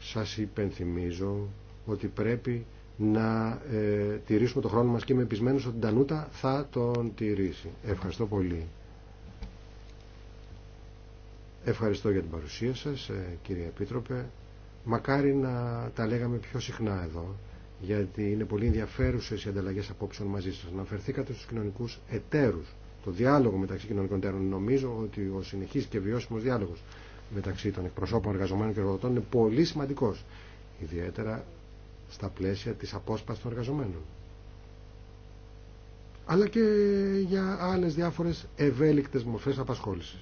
Σας υπενθυμίζω ότι πρέπει να ε, τηρήσουμε το χρόνο μας και είμαι επισμένος ότι η Τανούτα θα τον τηρήσει. Ευχαριστώ πολύ. Ευχαριστώ για την παρουσία σας, ε, κύριε Επίτροπε. Μακάρι να τα λέγαμε πιο συχνά εδώ γιατί είναι πολύ ενδιαφέρουσε οι ανταλλαγές απόψεων μαζί σα. Αναφερθήκατε στους κοινωνικού εταίρου. το διάλογο μεταξύ κοινωνικών εταίρων. Νομίζω ότι ο συνεχής και βιώσιμο διάλογο μεταξύ των εκπροσώπων εργαζομένων και εργοδοτών είναι πολύ σημαντικό. ιδιαίτερα στα πλαίσια τη απόσπαση των εργαζομένων. Αλλά και για άλλε διάφορε ευέλικτε μορφέ απασχόληση.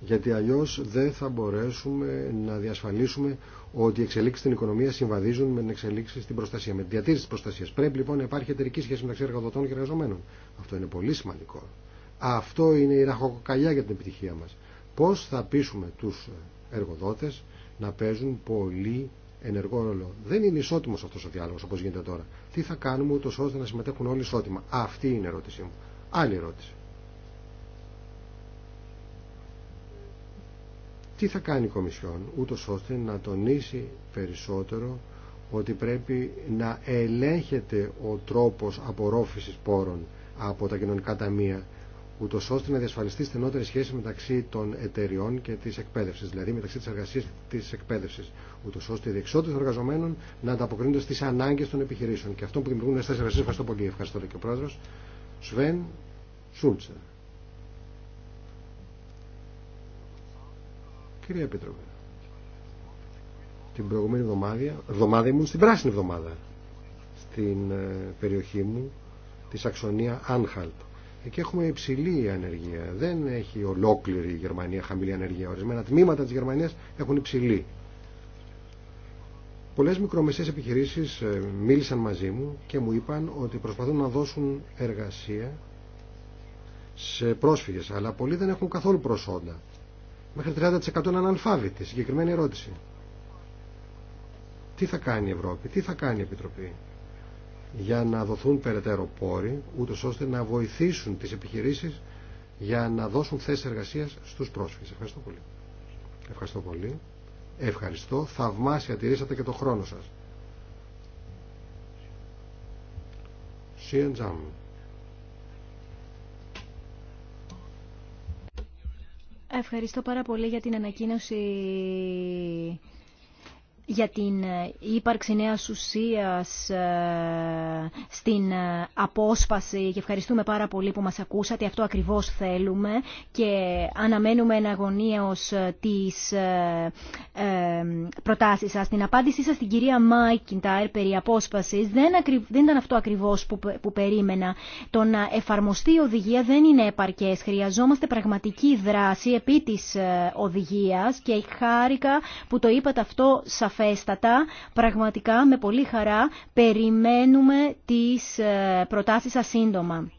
γιατί αλλιώ δεν θα μπορέσουμε να διασφαλίσουμε ότι οι εξελίξει στην οικονομία συμβαδίζουν με την εξελίξη στην προστασία, με τη διατήρηση τη προστασία. Πρέπει λοιπόν να υπάρχει εταιρική σχέση μεταξύ εργοδοτών και εργαζομένων. Αυτό είναι πολύ σημαντικό. Αυτό είναι η ραχοκοκαλιά για την επιτυχία μα. Πώ θα πείσουμε του εργοδότε να παίζουν πολύ ενεργό ρόλο. Δεν είναι ισότιμο αυτό ο διάλογο όπω γίνεται τώρα. Τι θα κάνουμε ούτω ώστε να συμμετέχουν όλοι ισότιμα. Αυτή είναι η ερώτησή μου. Άλλη ερώτηση. Τι θα κάνει η Κομισιόν ούτω ώστε να τονίσει περισσότερο ότι πρέπει να ελέγχεται ο τρόπος απορρόφησης πόρων από τα κοινωνικά ταμεία ούτω ώστε να διασφαλιστεί στενότερη σχέση μεταξύ των εταιριών και τη εκπαίδευση, δηλαδή μεταξύ της εργασία και τη εκπαίδευση, ούτω ώστε οι δεξιότητε των εργαζομένων να ανταποκρίνονται στις ανάγκες των επιχειρήσεων και αυτό που δημιουργούν νέε εργασίες Ευχαριστώ πολύ. Ευχαριστώ και ο πρόεδρο Σβέν Κύριε Επίτροπε, την προηγούμενη εβδομάδα, εβδομάδα ήμουν στην πράσινη εβδομάδα στην ε, περιοχή μου, τη Σαξονία Άνχαλτ. Εκεί έχουμε υψηλή ανεργία. Δεν έχει ολόκληρη η Γερμανία χαμηλή ανεργία. Ορισμένα τμήματα τη Γερμανία έχουν υψηλή. Πολλές μικρομεσαίες επιχειρήσεις ε, μίλησαν μαζί μου και μου είπαν ότι προσπαθούν να δώσουν εργασία σε πρόσφυγες, αλλά πολλοί δεν έχουν καθόλου προσόντα μέχρι 30% είναι αναλφάβητη. Συγκεκριμένη ερώτηση. Τι θα κάνει η Ευρώπη, τι θα κάνει η Επιτροπή για να δοθούν περαιτέρω πόροι, ούτως ώστε να βοηθήσουν τις επιχειρήσεις για να δώσουν θέσεις εργασίας στους πρόσφυγες. Ευχαριστώ πολύ. Ευχαριστώ πολύ. Ευχαριστώ. Θαυμάσια τηρήσατε και το χρόνο σας. ευχαριστώ πάρα πολύ για την ανακοίνωση για την ε, ύπαρξη νέας ουσίας ε, στην ε, απόσπαση και ευχαριστούμε πάρα πολύ που μας ακούσατε. Αυτό ακριβώς θέλουμε και αναμένουμε εναγωνίως τις προτάσεις σας. Την απάντησή σας στην κυρία Μάικιντάρ περί απόσπασης δεν ήταν αυτό ακριβώς που περίμενα. Το να εφαρμοστεί η οδηγία δεν είναι επαρκές. Χρειαζόμαστε πραγματική δράση επί της οδηγίας και χάρηκα που το είπατε αυτό σαφώς σαφέστατα. Πραγματικά με πολύ χαρά περιμένουμε τις ε, προτάσεις σας σύντομα.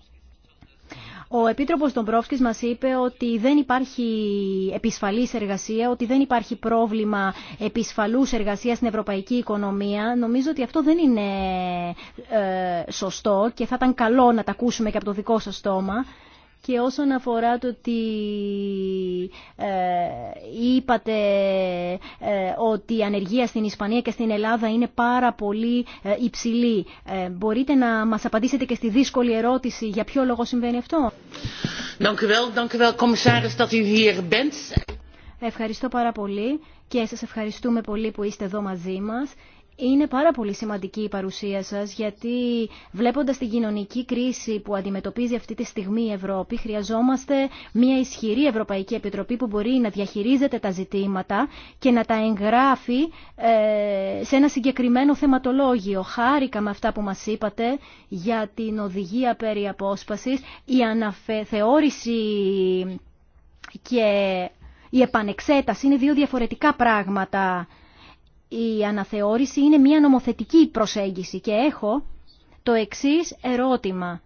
Ο Επίτροπος Ντομπρόφσκης μας είπε ότι δεν υπάρχει επισφαλής εργασία, ότι δεν υπάρχει πρόβλημα επισφαλούς εργασίας στην ευρωπαϊκή οικονομία. Νομίζω ότι αυτό δεν είναι ε, σωστό και θα ήταν καλό να τα ακούσουμε και από το δικό σας στόμα και όσον αφορά το ότι ε, είπατε ε, ότι η ανεργία στην Ισπανία και στην Ελλάδα είναι πάρα πολύ ε, υψηλή. Μπορείτε να μας απαντήσετε και στη δύσκολη ερώτηση για ποιο λόγο συμβαίνει αυτό. Ευχαριστώ πάρα πολύ και σας ευχαριστούμε πολύ που είστε εδώ μαζί μας είναι πάρα πολύ σημαντική η παρουσία σας γιατί βλέποντας την κοινωνική κρίση που αντιμετωπίζει αυτή τη στιγμή η Ευρώπη χρειαζόμαστε μια ισχυρή Ευρωπαϊκή Επιτροπή που μπορεί να διαχειρίζεται τα ζητήματα και να τα εγγράφει ε, σε ένα συγκεκριμένο θεματολόγιο. Χάρηκα με αυτά που μας είπατε για την οδηγία περί απόσπασης, η αναθεώρηση και η επανεξέταση είναι δύο διαφορετικά πράγματα η αναθεώρηση είναι μια νομοθετική προσέγγιση και έχω το εξής ερώτημα.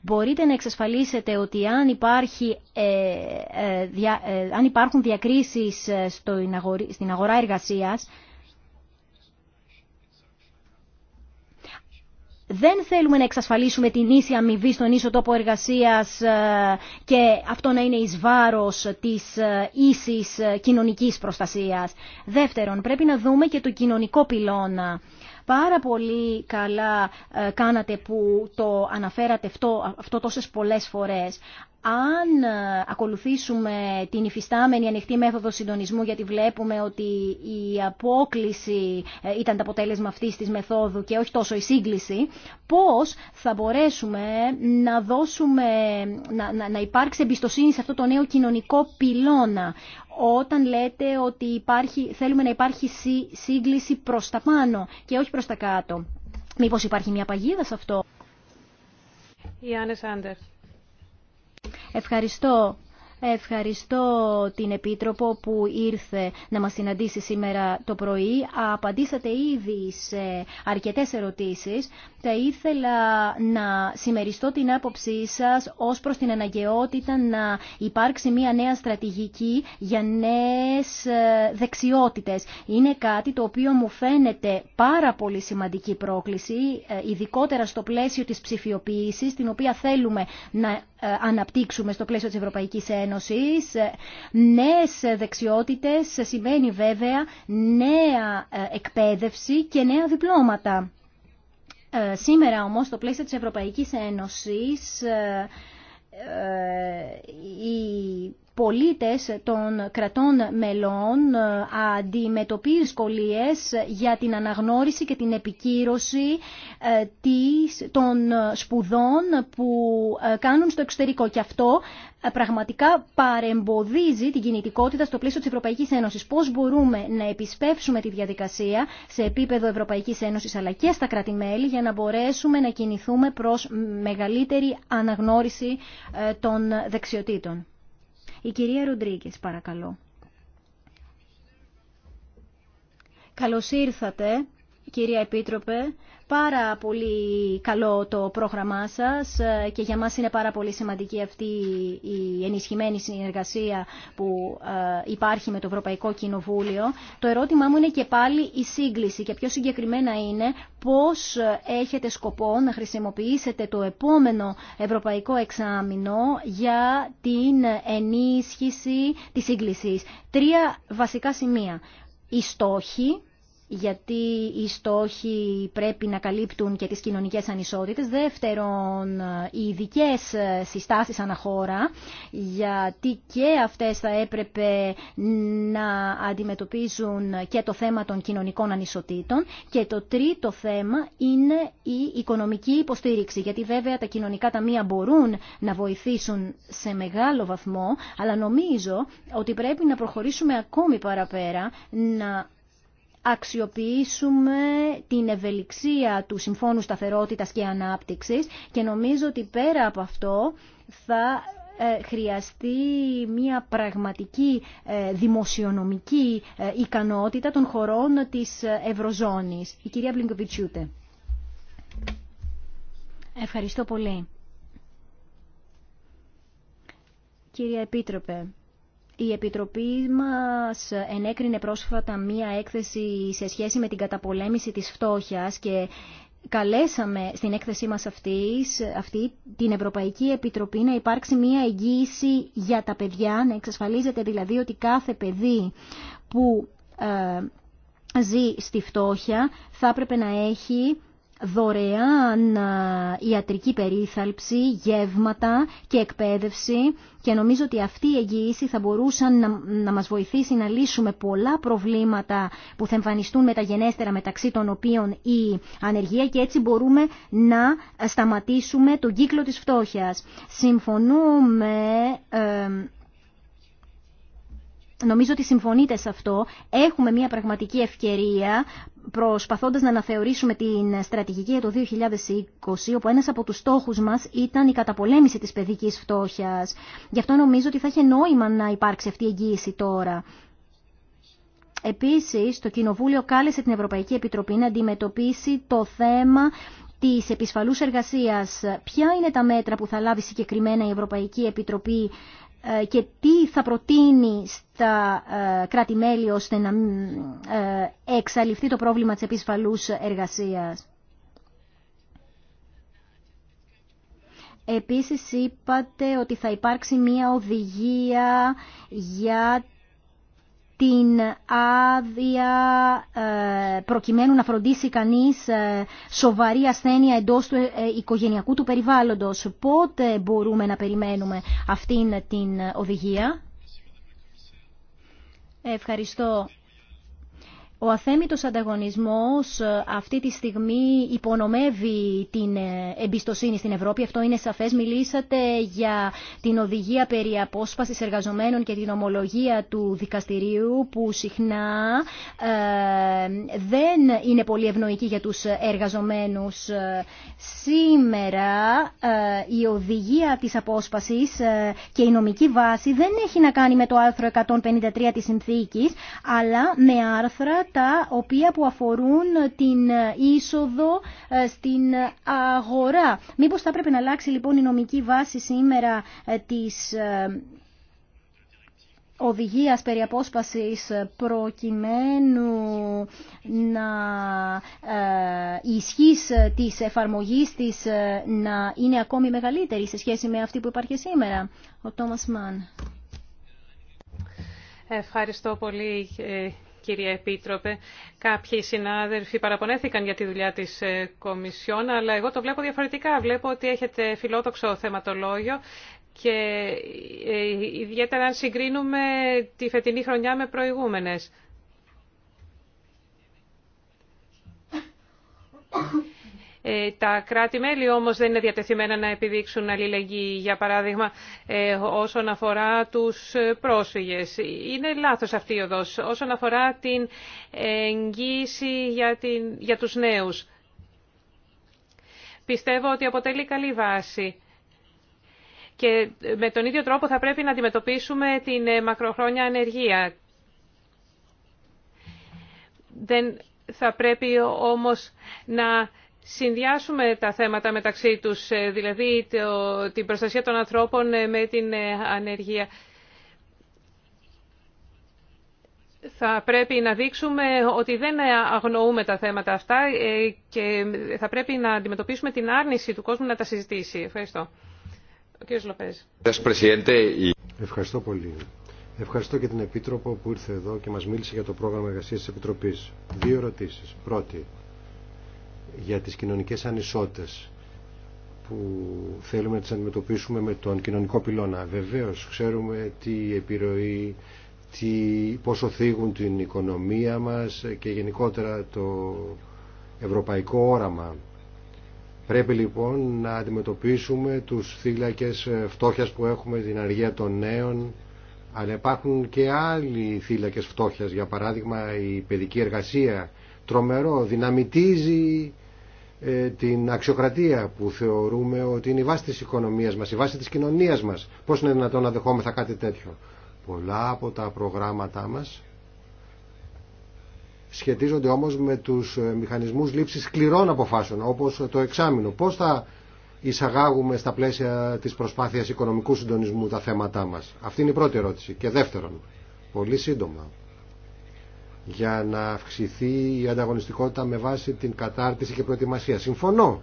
Μπορείτε να εξασφαλίσετε ότι αν, ε, ε, ε, υπάρχουν διακρίσεις στο, στην αγορά εργασίας, δεν θέλουμε να εξασφαλίσουμε την ίση αμοιβή στον ίσο τόπο εργασίας ε, και αυτό να είναι εις βάρος της ε, ίσης ε, κοινωνικής προστασίας. Δεύτερον, πρέπει να δούμε και το κοινωνικό πυλώνα. Πάρα πολύ καλά κάνατε που το αναφέρατε αυτό, αυτό τόσες πολλές φορές αν ε, ακολουθήσουμε την υφιστάμενη ανοιχτή μέθοδο συντονισμού, γιατί βλέπουμε ότι η απόκληση ε, ήταν το αποτέλεσμα αυτής της μεθόδου και όχι τόσο η σύγκληση, πώς θα μπορέσουμε να, δώσουμε, να, να, να υπάρξει εμπιστοσύνη σε αυτό το νέο κοινωνικό πυλώνα, όταν λέτε ότι υπάρχει, θέλουμε να υπάρχει σύγκληση προ τα πάνω και όχι προ τα κάτω. Μήπω υπάρχει μια παγίδα σε αυτό. Η Ευχαριστώ. Ευχαριστώ την Επίτροπο που ήρθε να μας συναντήσει σήμερα το πρωί. Απαντήσατε ήδη σε αρκετές ερωτήσεις. Θα ήθελα να συμμεριστώ την άποψή σας ως προς την αναγκαιότητα να υπάρξει μια νέα στρατηγική για νέες ε, δεξιότητες. Είναι κάτι το οποίο μου φαίνεται πάρα πολύ σημαντική πρόκληση, ε, ειδικότερα στο πλαίσιο της ψηφιοποίησης, την οποία θέλουμε να ε, αναπτύξουμε στο πλαίσιο της Ευρωπαϊκής Ένωσης. Ε, νέες δεξιότητες σημαίνει βέβαια νέα ε, εκπαίδευση και νέα διπλώματα. Σήμερα όμως στο πλαίσιο της Ευρωπαϊκής Ένωσης πολίτες των κρατών μελών ε, αντιμετωπίζουν δυσκολίε για την αναγνώριση και την επικύρωση ε, των σπουδών που ε, κάνουν στο εξωτερικό. Και αυτό πραγματικά παρεμποδίζει την κινητικότητα στο πλαίσιο της Ευρωπαϊκής Ένωσης. Πώς μπορούμε να επισπεύσουμε τη διαδικασία σε επίπεδο Ευρωπαϊκής Ένωσης αλλά και στα κράτη-μέλη για να μπορέσουμε να κινηθούμε προς μεγαλύτερη αναγνώριση των δεξιοτήτων. Η κυρία Ροντρίγκε, παρακαλώ. Καλώς ήρθατε, κυρία Επίτροπε πάρα πολύ καλό το πρόγραμμά σας ε, και για μας είναι πάρα πολύ σημαντική αυτή η ενισχυμένη συνεργασία που ε, υπάρχει με το Ευρωπαϊκό Κοινοβούλιο. Το ερώτημά μου είναι και πάλι η σύγκληση και πιο συγκεκριμένα είναι πώς ε, έχετε σκοπό να χρησιμοποιήσετε το επόμενο Ευρωπαϊκό Εξάμεινο για την ενίσχυση της σύγκλησης. Τρία βασικά σημεία. Οι στόχοι, γιατί οι στόχοι πρέπει να καλύπτουν και τις κοινωνικές ανισότητες. Δεύτερον, οι ειδικέ συστάσεις αναχώρα, γιατί και αυτές θα έπρεπε να αντιμετωπίζουν και το θέμα των κοινωνικών ανισοτήτων. Και το τρίτο θέμα είναι η οικονομική υποστήριξη, γιατί βέβαια τα κοινωνικά ταμεία μπορούν να βοηθήσουν σε μεγάλο βαθμό, αλλά νομίζω ότι πρέπει να προχωρήσουμε ακόμη παραπέρα, να αξιοποιήσουμε την ευελιξία του Συμφώνου Σταθερότητας και Ανάπτυξης και νομίζω ότι πέρα από αυτό θα ε, χρειαστεί μια πραγματική ε, δημοσιονομική ε, ικανότητα των χωρών της Ευρωζώνης. Η κυρία Μπλινκοβιτσιούτε. Ευχαριστώ πολύ. Κυρία Επίτροπε, η Επιτροπή μας ενέκρινε πρόσφατα μία έκθεση σε σχέση με την καταπολέμηση της φτώχειας και καλέσαμε στην έκθεσή μας αυτής, αυτή την Ευρωπαϊκή Επιτροπή να υπάρξει μία εγγύηση για τα παιδιά, να εξασφαλίζεται δηλαδή ότι κάθε παιδί που ε, ζει στη φτώχεια θα έπρεπε να έχει δωρεάν ιατρική περίθαλψη, γεύματα και εκπαίδευση και νομίζω ότι αυτή η εγγυήση θα μπορούσαν να, να μας βοηθήσει να λύσουμε πολλά προβλήματα που θα εμφανιστούν μεταγενέστερα μεταξύ των οποίων η ανεργία και έτσι μπορούμε να σταματήσουμε τον κύκλο της φτώχειας. Συμφωνούμε... Νομίζω ότι συμφωνείτε σε αυτό. Έχουμε μια πραγματική ευκαιρία προσπαθώντας να αναθεωρήσουμε την στρατηγική για το 2020, όπου ένας από τους στόχους μας ήταν η καταπολέμηση της παιδικής φτώχειας. Γι' αυτό νομίζω ότι θα είχε νόημα να υπάρξει αυτή η εγγύηση τώρα. Επίσης, το Κοινοβούλιο κάλεσε την Ευρωπαϊκή Επιτροπή να αντιμετωπίσει το θέμα της επισφαλούς εργασίας. Ποια είναι τα μέτρα που θα λάβει συγκεκριμένα η Ευρωπαϊκή Επιτροπή ε, και τι θα προτείνει στα ε, κράτη-μέλη ώστε να ε, εξαλειφθεί το πρόβλημα της επισφαλούς εργασίας. Επίσης είπατε ότι θα υπάρξει μία οδηγία για την άδεια ε, προκειμένου να φροντίσει κανείς ε, σοβαρή ασθένεια εντός του ε, οικογενειακού του περιβάλλοντος. Πότε μπορούμε να περιμένουμε αυτήν την οδηγία. Ευχαριστώ ο αθέμητος ανταγωνισμός ε, αυτή τη στιγμή υπονομεύει την ε, εμπιστοσύνη στην Ευρώπη. Αυτό είναι σαφές. Μιλήσατε για την οδηγία περί απόσπασης εργαζομένων και την ομολογία του δικαστηρίου που συχνά ε, δεν είναι πολύ ευνοϊκή για τους εργαζομένους. Σήμερα η οδηγία της απόσπασης και η νομική βάση δεν έχει να κάνει με το άρθρο 153 της συνθήκης αλλά με άρθρα τα οποία που αφορούν την ε, είσοδο ε, στην ε, αγορά. Μήπως θα πρέπει να αλλάξει λοιπόν η νομική βάση σήμερα της οδηγίας περί απόσπασης προκειμένου να ε, ισχύς της εφαρμογής της να είναι ακόμη μεγαλύτερη σε σχέση με αυτή που υπάρχει σήμερα. Ο Τόμας Μαν. Ευχαριστώ πολύ Κύριε Επίτροπε, κάποιοι συνάδελφοι παραπονέθηκαν για τη δουλειά της ε, Κομισιόν, αλλά εγώ το βλέπω διαφορετικά. Βλέπω ότι έχετε φιλόδοξο θεματολόγιο και ε, ιδιαίτερα αν συγκρίνουμε τη φετινή χρονιά με προηγούμενες. Ε, τα κράτη-μέλη όμως δεν είναι διατεθειμένα να επιδείξουν αλληλεγγύη, για παράδειγμα ε, όσον αφορά τους ε, πρόσφυγες. Είναι λάθος αυτή η οδός. Όσον αφορά την εγγύηση για, την, για τους νέους. Πιστεύω ότι αποτελεί καλή βάση. Και με τον ίδιο τρόπο θα πρέπει να αντιμετωπίσουμε την μακροχρόνια ανεργία. Δεν θα πρέπει όμως να συνδυάσουμε τα θέματα μεταξύ τους, ε, δηλαδή την προστασία των ανθρώπων ε, με την ε, ανεργία. Θα πρέπει να δείξουμε ότι δεν αγνοούμε τα θέματα αυτά και θα πρέπει να αντιμετωπίσουμε την άρνηση του κόσμου να τα συζητήσει. Ευχαριστώ. Ο κ. Λοπέζ. Ευχαριστώ πολύ. Ευχαριστώ και την Επίτροπο που ήρθε εδώ και μας μίλησε για το πρόγραμμα εργασίας της Επιτροπής. Δύο ερωτήσεις. Πρώτη, για τις κοινωνικές ανισότητες που θέλουμε να τις αντιμετωπίσουμε με τον κοινωνικό πυλώνα. Βεβαίως ξέρουμε τι επιρροή, τι, πόσο θίγουν την οικονομία μας και γενικότερα το ευρωπαϊκό όραμα. Πρέπει λοιπόν να αντιμετωπίσουμε τους θύλακες φτώχειας που έχουμε, την αργία των νέων, αλλά υπάρχουν και άλλοι θύλακες φτώχειας. Για παράδειγμα η παιδική εργασία τρομερό δυναμητίζει ε, την αξιοκρατία που θεωρούμε ότι είναι η βάση της οικονομίας μας, η βάση της κοινωνίας μας. Πώς είναι δυνατόν να δεχόμεθα κάτι τέτοιο. Πολλά από τα προγράμματά μας σχετίζονται όμως με τους ε, μηχανισμούς λήψης σκληρών αποφάσεων, όπως το εξάμεινο. Πώς θα εισαγάγουμε στα πλαίσια της προσπάθειας οικονομικού συντονισμού τα θέματά μας. Αυτή είναι η πρώτη ερώτηση. Και δεύτερον, πολύ σύντομα, για να αυξηθεί η ανταγωνιστικότητα με βάση την κατάρτιση και προετοιμασία. Συμφωνώ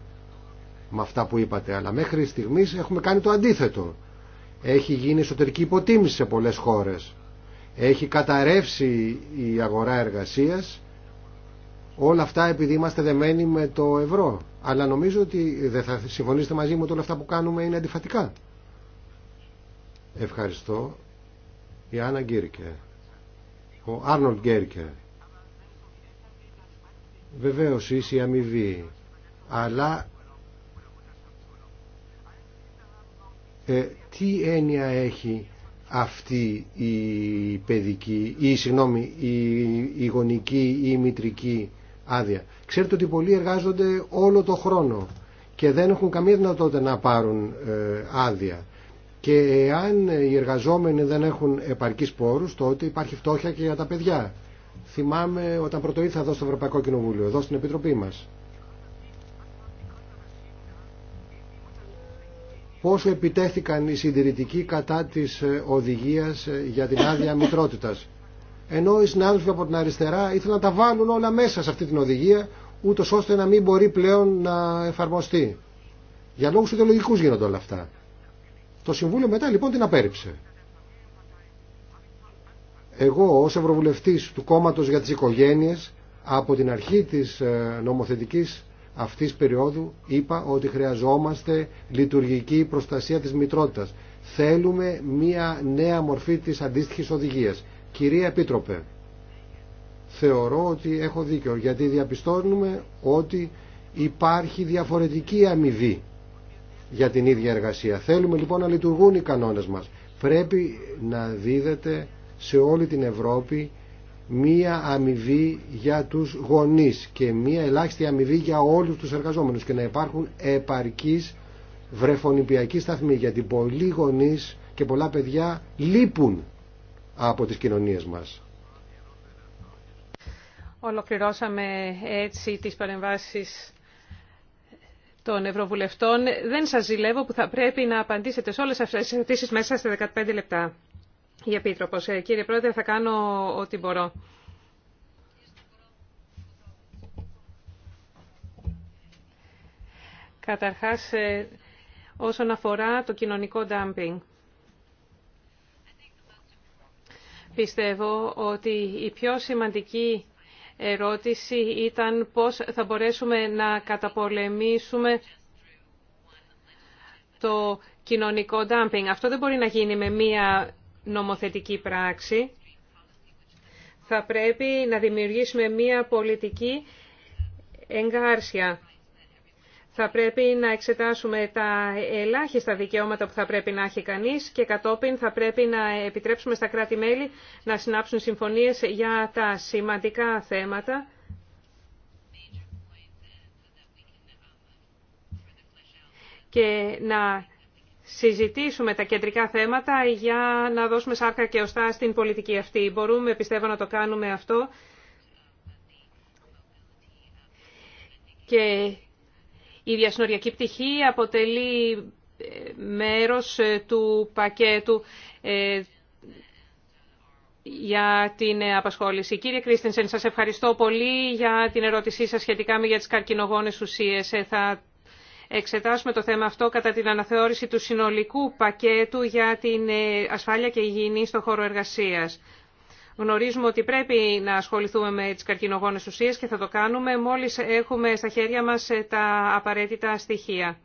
με αυτά που είπατε, αλλά μέχρι στιγμής έχουμε κάνει το αντίθετο. Έχει γίνει εσωτερική υποτίμηση σε πολλές χώρες. Έχει καταρρεύσει η αγορά εργασίας. Όλα αυτά επειδή είμαστε δεμένοι με το ευρώ. Αλλά νομίζω ότι δεν θα συμφωνήσετε μαζί μου ότι όλα αυτά που κάνουμε είναι αντιφατικά. Ευχαριστώ. Η Άννα ο Άρνολτ Γκέρκερ. Βεβαίως η αμοιβή, αλλά ε, τι έννοια έχει αυτή η παιδική, ή συγγνώμη, η, η γονική ή η μητρική άδεια. Ξέρετε ότι πολλοί εργάζονται όλο το χρόνο και δεν έχουν καμία δυνατότητα να πάρουν ε, άδεια. Και εάν οι εργαζόμενοι δεν έχουν επαρκείς πόρους, τότε υπάρχει φτώχεια και για τα παιδιά. Θυμάμαι όταν πρώτο ήρθα εδώ στο Ευρωπαϊκό Κοινοβούλιο, εδώ στην Επιτροπή μας. Πόσο επιτέθηκαν οι συντηρητικοί κατά της ε, οδηγίας ε, για την άδεια μητρότητας. Ενώ οι συνάδελφοι από την αριστερά ήθελαν να τα βάλουν όλα μέσα σε αυτή την οδηγία, ούτω ώστε να μην μπορεί πλέον να εφαρμοστεί. Για λόγους ιδεολογικούς γίνονται όλα αυτά. Το Συμβούλιο μετά λοιπόν την απέρριψε. Εγώ ως Ευρωβουλευτής του κόμματος για τις οικογένειες από την αρχή της ε, νομοθετικής αυτής περίοδου είπα ότι χρειαζόμαστε λειτουργική προστασία της μητρότητας. Θέλουμε μία νέα μορφή της αντίστοιχης οδηγίας. Κυρία Επίτροπε, θεωρώ ότι έχω δίκιο γιατί διαπιστώνουμε ότι υπάρχει διαφορετική αμοιβή για την ίδια εργασία. Θέλουμε λοιπόν να λειτουργούν οι κανόνες μας. Πρέπει να δίδεται σε όλη την Ευρώπη μία αμοιβή για τους γονείς και μία ελάχιστη αμοιβή για όλους τους εργαζόμενους και να υπάρχουν επαρκείς βρεφονιπιακοί σταθμοί γιατί πολλοί γονείς και πολλά παιδιά λείπουν από τις κοινωνίες μας. Ολοκληρώσαμε έτσι τις παρεμβάσεις των Ευρωβουλευτών, δεν σας ζηλεύω που θα πρέπει να απαντήσετε σε όλες αυτές τις ερωτήσεις μέσα σε 15 λεπτά. Η Επίτροπος, ε, κύριε Πρόεδρε, θα κάνω ό,τι μπορώ. Καταρχάς, ε, όσον αφορά το κοινωνικό ντάμπινγκ. Πιστεύω ότι η πιο σημαντική ερώτηση ήταν πώς θα μπορέσουμε να καταπολεμήσουμε το κοινωνικό ντάμπινγκ. Αυτό δεν μπορεί να γίνει με μία νομοθετική πράξη. Θα πρέπει να δημιουργήσουμε μία πολιτική εγκάρσια θα πρέπει να εξετάσουμε τα ελάχιστα δικαιώματα που θα πρέπει να έχει κανείς και κατόπιν θα πρέπει να επιτρέψουμε στα κράτη-μέλη να συνάψουν συμφωνίες για τα σημαντικά θέματα. και να συζητήσουμε τα κεντρικά θέματα για να δώσουμε σάρκα και οστά στην πολιτική αυτή. Μπορούμε, πιστεύω, να το κάνουμε αυτό. Και η διασυνοριακή πτυχή αποτελεί ε, μέρος ε, του πακέτου ε, για την απασχόληση. Κύριε Κρίστενσεν, σας ευχαριστώ πολύ για την ερώτησή σας σχετικά με για τις καρκινογόνες ουσίες. Θα εξετάσουμε το θέμα αυτό κατά την αναθεώρηση του συνολικού πακέτου για την ασφάλεια και υγιεινή στον χώρο εργασίας. Γνωρίζουμε ότι πρέπει να ασχοληθούμε με τις καρκινογόνες ουσίες και θα το κάνουμε μόλις έχουμε στα χέρια μας τα απαραίτητα στοιχεία.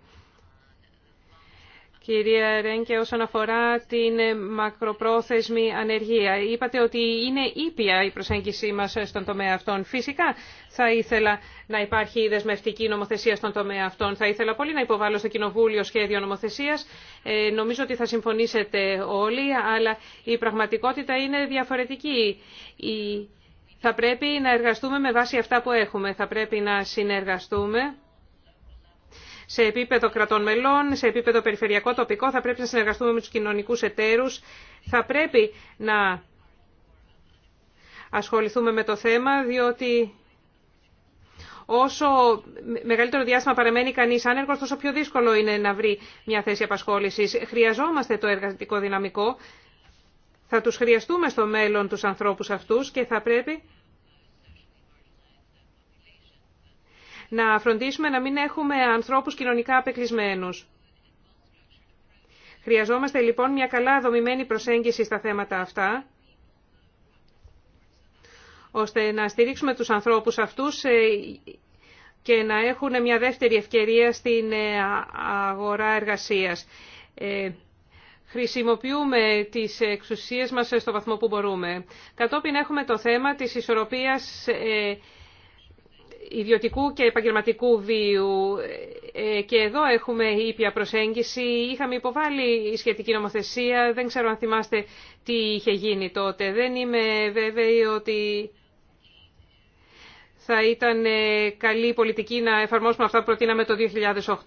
Κυρία Ρένκε, όσον αφορά την μακροπρόθεσμη ανεργία, είπατε ότι είναι ήπια η προσέγγιση μα στον τομέα αυτών. Φυσικά θα ήθελα να υπάρχει δεσμευτική νομοθεσία στον τομέα αυτών. Θα ήθελα πολύ να υποβάλω στο Κοινοβούλιο σχέδιο νομοθεσίας. Ε, νομίζω ότι θα συμφωνήσετε όλοι, αλλά η πραγματικότητα είναι διαφορετική. Θα πρέπει να εργαστούμε με βάση αυτά που έχουμε. Θα πρέπει να συνεργαστούμε σε επίπεδο κρατών μελών, σε επίπεδο περιφερειακό, τοπικό. Θα πρέπει να συνεργαστούμε με τους κοινωνικούς εταίρους. Θα πρέπει να ασχοληθούμε με το θέμα, διότι όσο μεγαλύτερο διάστημα παραμένει κανείς άνεργος, τόσο πιο δύσκολο είναι να βρει μια θέση απασχόλησης. Χρειαζόμαστε το εργατικό δυναμικό. Θα του χρειαστούμε στο μέλλον του ανθρώπου αυτού και θα πρέπει να φροντίσουμε να μην έχουμε ανθρώπους κοινωνικά απεκλεισμένους. Χρειαζόμαστε λοιπόν μια καλά δομημένη προσέγγιση στα θέματα αυτά, ώστε να στηρίξουμε τους ανθρώπους αυτούς ε, και να έχουν μια δεύτερη ευκαιρία στην ε, αγορά εργασίας. Ε, χρησιμοποιούμε τις εξουσίες μας στο βαθμό που μπορούμε. Κατόπιν έχουμε το θέμα της ισορροπίας ιδιωτικού και επαγγελματικού βίου. Ε, και εδώ έχουμε ήπια προσέγγιση. Είχαμε υποβάλει σχετική νομοθεσία. Δεν ξέρω αν θυμάστε τι είχε γίνει τότε. Δεν είμαι βέβαιη ότι θα ήταν ε, καλή πολιτική να εφαρμόσουμε αυτά που προτείναμε το 2008.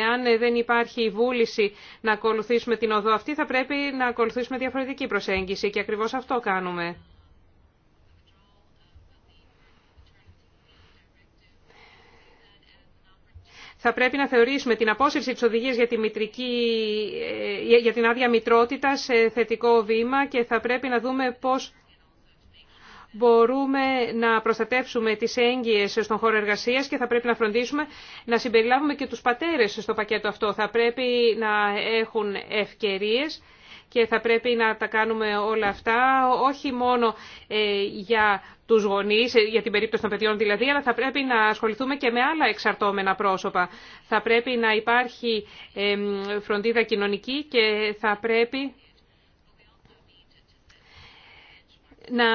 Εάν ε, δεν υπάρχει βούληση να ακολουθήσουμε την οδό αυτή, θα πρέπει να ακολουθήσουμε διαφορετική προσέγγιση. Και ακριβώς αυτό κάνουμε. θα πρέπει να θεωρήσουμε την απόσυρση της οδηγίας για, τη μητρική, ε, για την άδεια μητρότητα σε θετικό βήμα και θα πρέπει να δούμε πώς μπορούμε να προστατεύσουμε τις έγκυες στον χώρο εργασίας και θα πρέπει να φροντίσουμε να συμπεριλάβουμε και τους πατέρες στο πακέτο αυτό. Θα πρέπει να έχουν ευκαιρίες και θα πρέπει να τα κάνουμε όλα αυτά όχι μόνο ε, για του γονεί, ε, για την περίπτωση των παιδιών δηλαδή, αλλά θα πρέπει να ασχοληθούμε και με άλλα εξαρτώμενα πρόσωπα. Θα πρέπει να υπάρχει φροντίδα κοινωνική και θα πρέπει να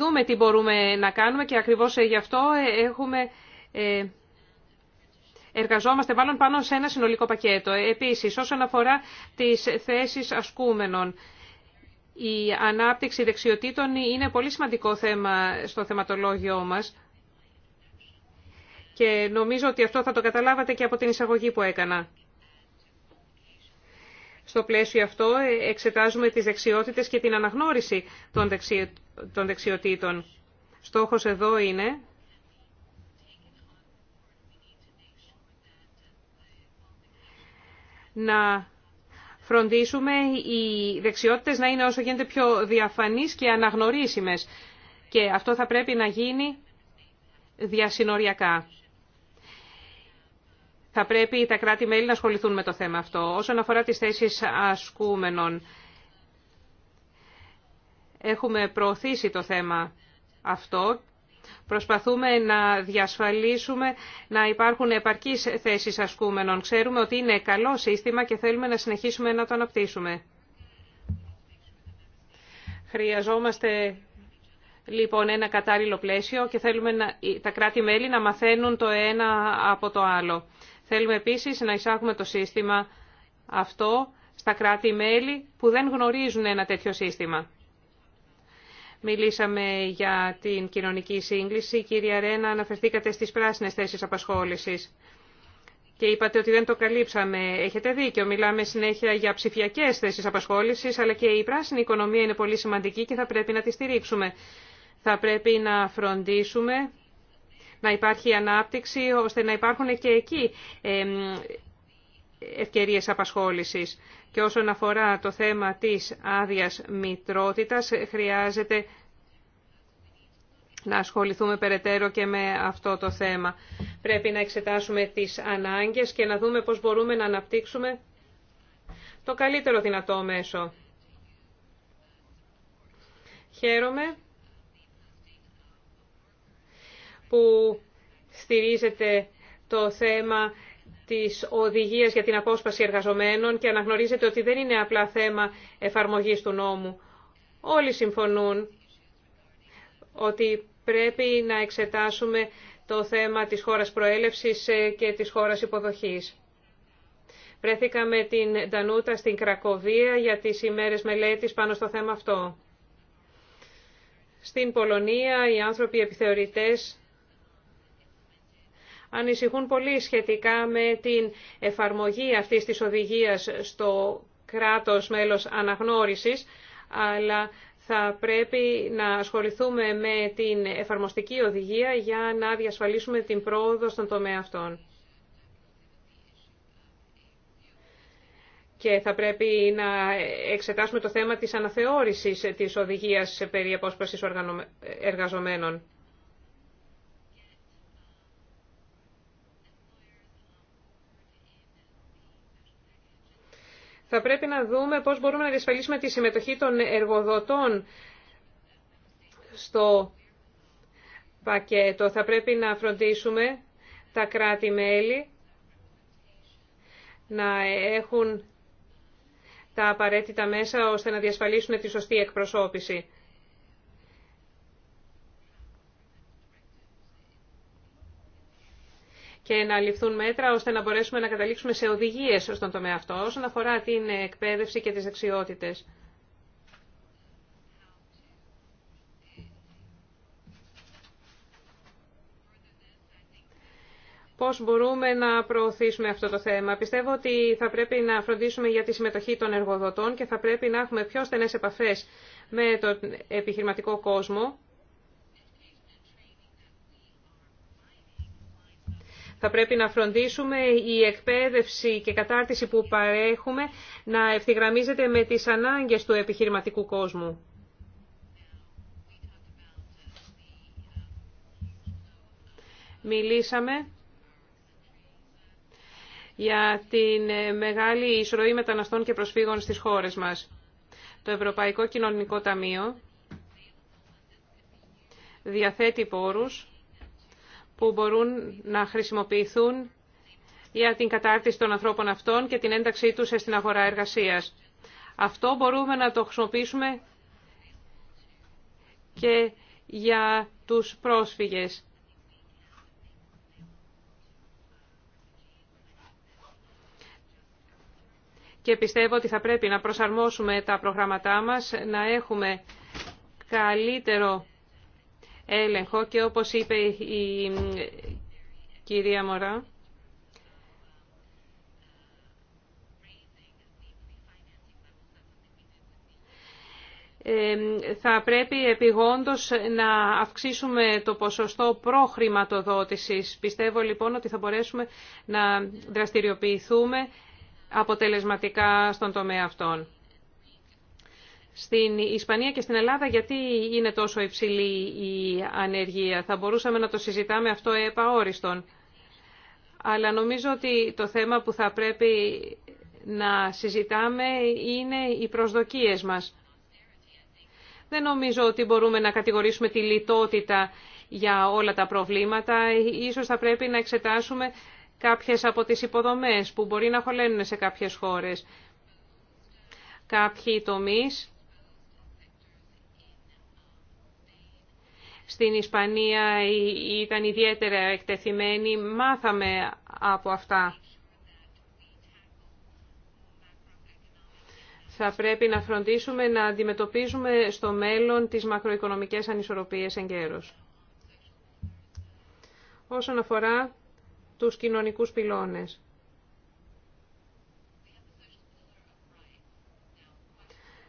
δούμε τι μπορούμε να κάνουμε και ακριβώς ε, γι' αυτό ε, έχουμε... Εργαζόμαστε πάνω σε ένα συνολικό πακέτο. Επίσης, όσον αφορά τις θέσεις ασκούμενων, η ανάπτυξη δεξιοτήτων είναι πολύ σημαντικό θέμα στο θεματολόγιο μας και νομίζω ότι αυτό θα το καταλάβατε και από την εισαγωγή που έκανα. Στο πλαίσιο αυτό εξετάζουμε τις δεξιότητες και την αναγνώριση των δεξιοτήτων. Στόχος εδώ είναι να φροντίσουμε οι δεξιότητες να είναι όσο γίνεται πιο διαφανείς και αναγνωρίσιμες. Και αυτό θα πρέπει να γίνει διασυνοριακά. Θα πρέπει τα κράτη-μέλη να ασχοληθούν με το θέμα αυτό. Όσον αφορά τις θέσεις ασκούμενων, έχουμε προωθήσει το θέμα αυτό Προσπαθούμε να διασφαλίσουμε να υπάρχουν επαρκείς θέσεις ασκούμενων. Ξέρουμε ότι είναι καλό σύστημα και θέλουμε να συνεχίσουμε να το αναπτύσσουμε. Χρειαζόμαστε λοιπόν ένα κατάλληλο πλαίσιο και θέλουμε τα κράτη-μέλη να μαθαίνουν το ένα από το άλλο. Θέλουμε επίσης να εισάγουμε το σύστημα αυτό στα κράτη-μέλη που δεν γνωρίζουν ένα τέτοιο σύστημα. Μιλήσαμε για την κοινωνική σύγκληση. Κύριε Αρένα, αναφερθήκατε στις πράσινες θέσεις απασχόλησης. Και είπατε ότι δεν το καλύψαμε. Έχετε δίκιο. Μιλάμε συνέχεια για ψηφιακέ θέσει απασχόληση, αλλά και η πράσινη οικονομία είναι πολύ σημαντική και θα πρέπει να τη στηρίξουμε. Θα πρέπει να φροντίσουμε να υπάρχει ανάπτυξη, ώστε να υπάρχουν και εκεί ευκαιρίες απασχόλησης. Και όσον αφορά το θέμα της άδεια μητρότητας, χρειάζεται να ασχοληθούμε περαιτέρω και με αυτό το θέμα. Πρέπει να εξετάσουμε τις ανάγκες και να δούμε πώς μπορούμε να αναπτύξουμε το καλύτερο δυνατό μέσο. Χαίρομαι που στηρίζεται το θέμα της οδηγίας για την απόσπαση εργαζομένων και αναγνωρίζεται ότι δεν είναι απλά θέμα εφαρμογής του νόμου. Όλοι συμφωνούν ότι πρέπει να εξετάσουμε το θέμα της χώρας προέλευσης ε, και της χώρας υποδοχής. Βρέθηκα την Ντανούτα στην Κρακοβία για τις ημέρες μελέτης πάνω στο θέμα αυτό. Στην Πολωνία οι άνθρωποι επιθεωρητές ανησυχούν πολύ σχετικά με την εφαρμογή αυτής της οδηγίας στο κράτος μέλος αναγνώρισης, αλλά θα πρέπει να ασχοληθούμε με την εφαρμοστική οδηγία για να διασφαλίσουμε την πρόοδο στον τομέα αυτών. Και θα πρέπει να εξετάσουμε το θέμα της αναθεώρησης της οδηγίας περί απόσπασης εργαζομένων. θα πρέπει να δούμε πώς μπορούμε να διασφαλίσουμε τη συμμετοχή των εργοδοτών στο πακέτο. Θα πρέπει να φροντίσουμε τα κράτη-μέλη να έχουν τα απαραίτητα μέσα ώστε να διασφαλίσουν τη σωστή εκπροσώπηση. και να ληφθούν μέτρα ώστε να μπορέσουμε να καταλήξουμε σε οδηγίες στον τομέα αυτό όσον αφορά την εκπαίδευση και τις δεξιότητε. πώς μπορούμε να προωθήσουμε αυτό το θέμα. Πιστεύω ότι θα πρέπει να φροντίσουμε για τη συμμετοχή των εργοδοτών και θα πρέπει να έχουμε πιο στενές επαφές με τον επιχειρηματικό κόσμο Θα πρέπει να φροντίσουμε η εκπαίδευση και κατάρτιση που παρέχουμε να ευθυγραμμίζεται με τις ανάγκες του επιχειρηματικού κόσμου. Μιλήσαμε για την μεγάλη ισορροή μεταναστών και προσφύγων στις χώρες μας. Το Ευρωπαϊκό Κοινωνικό Ταμείο διαθέτει πόρους που μπορούν να χρησιμοποιηθούν για την κατάρτιση των ανθρώπων αυτών και την ένταξή τους στην αγορά εργασίας. Αυτό μπορούμε να το χρησιμοποιήσουμε και για τους πρόσφυγες. Και πιστεύω ότι θα πρέπει να προσαρμόσουμε τα προγράμματά μας, να έχουμε καλύτερο έλεγχο και όπως είπε η κυρία Μωρά, θα πρέπει επιγόντως να αυξήσουμε το ποσοστό προχρηματοδότησης. Πιστεύω λοιπόν ότι θα μπορέσουμε να δραστηριοποιηθούμε αποτελεσματικά στον τομέα αυτών στην Ισπανία και στην Ελλάδα γιατί είναι τόσο υψηλή η ανεργία. Θα μπορούσαμε να το συζητάμε αυτό επαόριστον. Αλλά νομίζω ότι το θέμα που θα πρέπει να συζητάμε είναι οι προσδοκίες μας. Δεν νομίζω ότι μπορούμε να κατηγορήσουμε τη λιτότητα για όλα τα προβλήματα. Ίσως θα πρέπει να εξετάσουμε κάποιες από τις υποδομές που μπορεί να χωλένουν σε κάποιες χώρες. Κάποιοι τομείς στην Ισπανία ήταν ιδιαίτερα εκτεθειμένοι. Μάθαμε από αυτά. Θα πρέπει να φροντίσουμε να αντιμετωπίζουμε στο μέλλον τις μακροοικονομικές ανισορροπίες εγκαίρως. Όσον αφορά τους κοινωνικούς πυλώνες.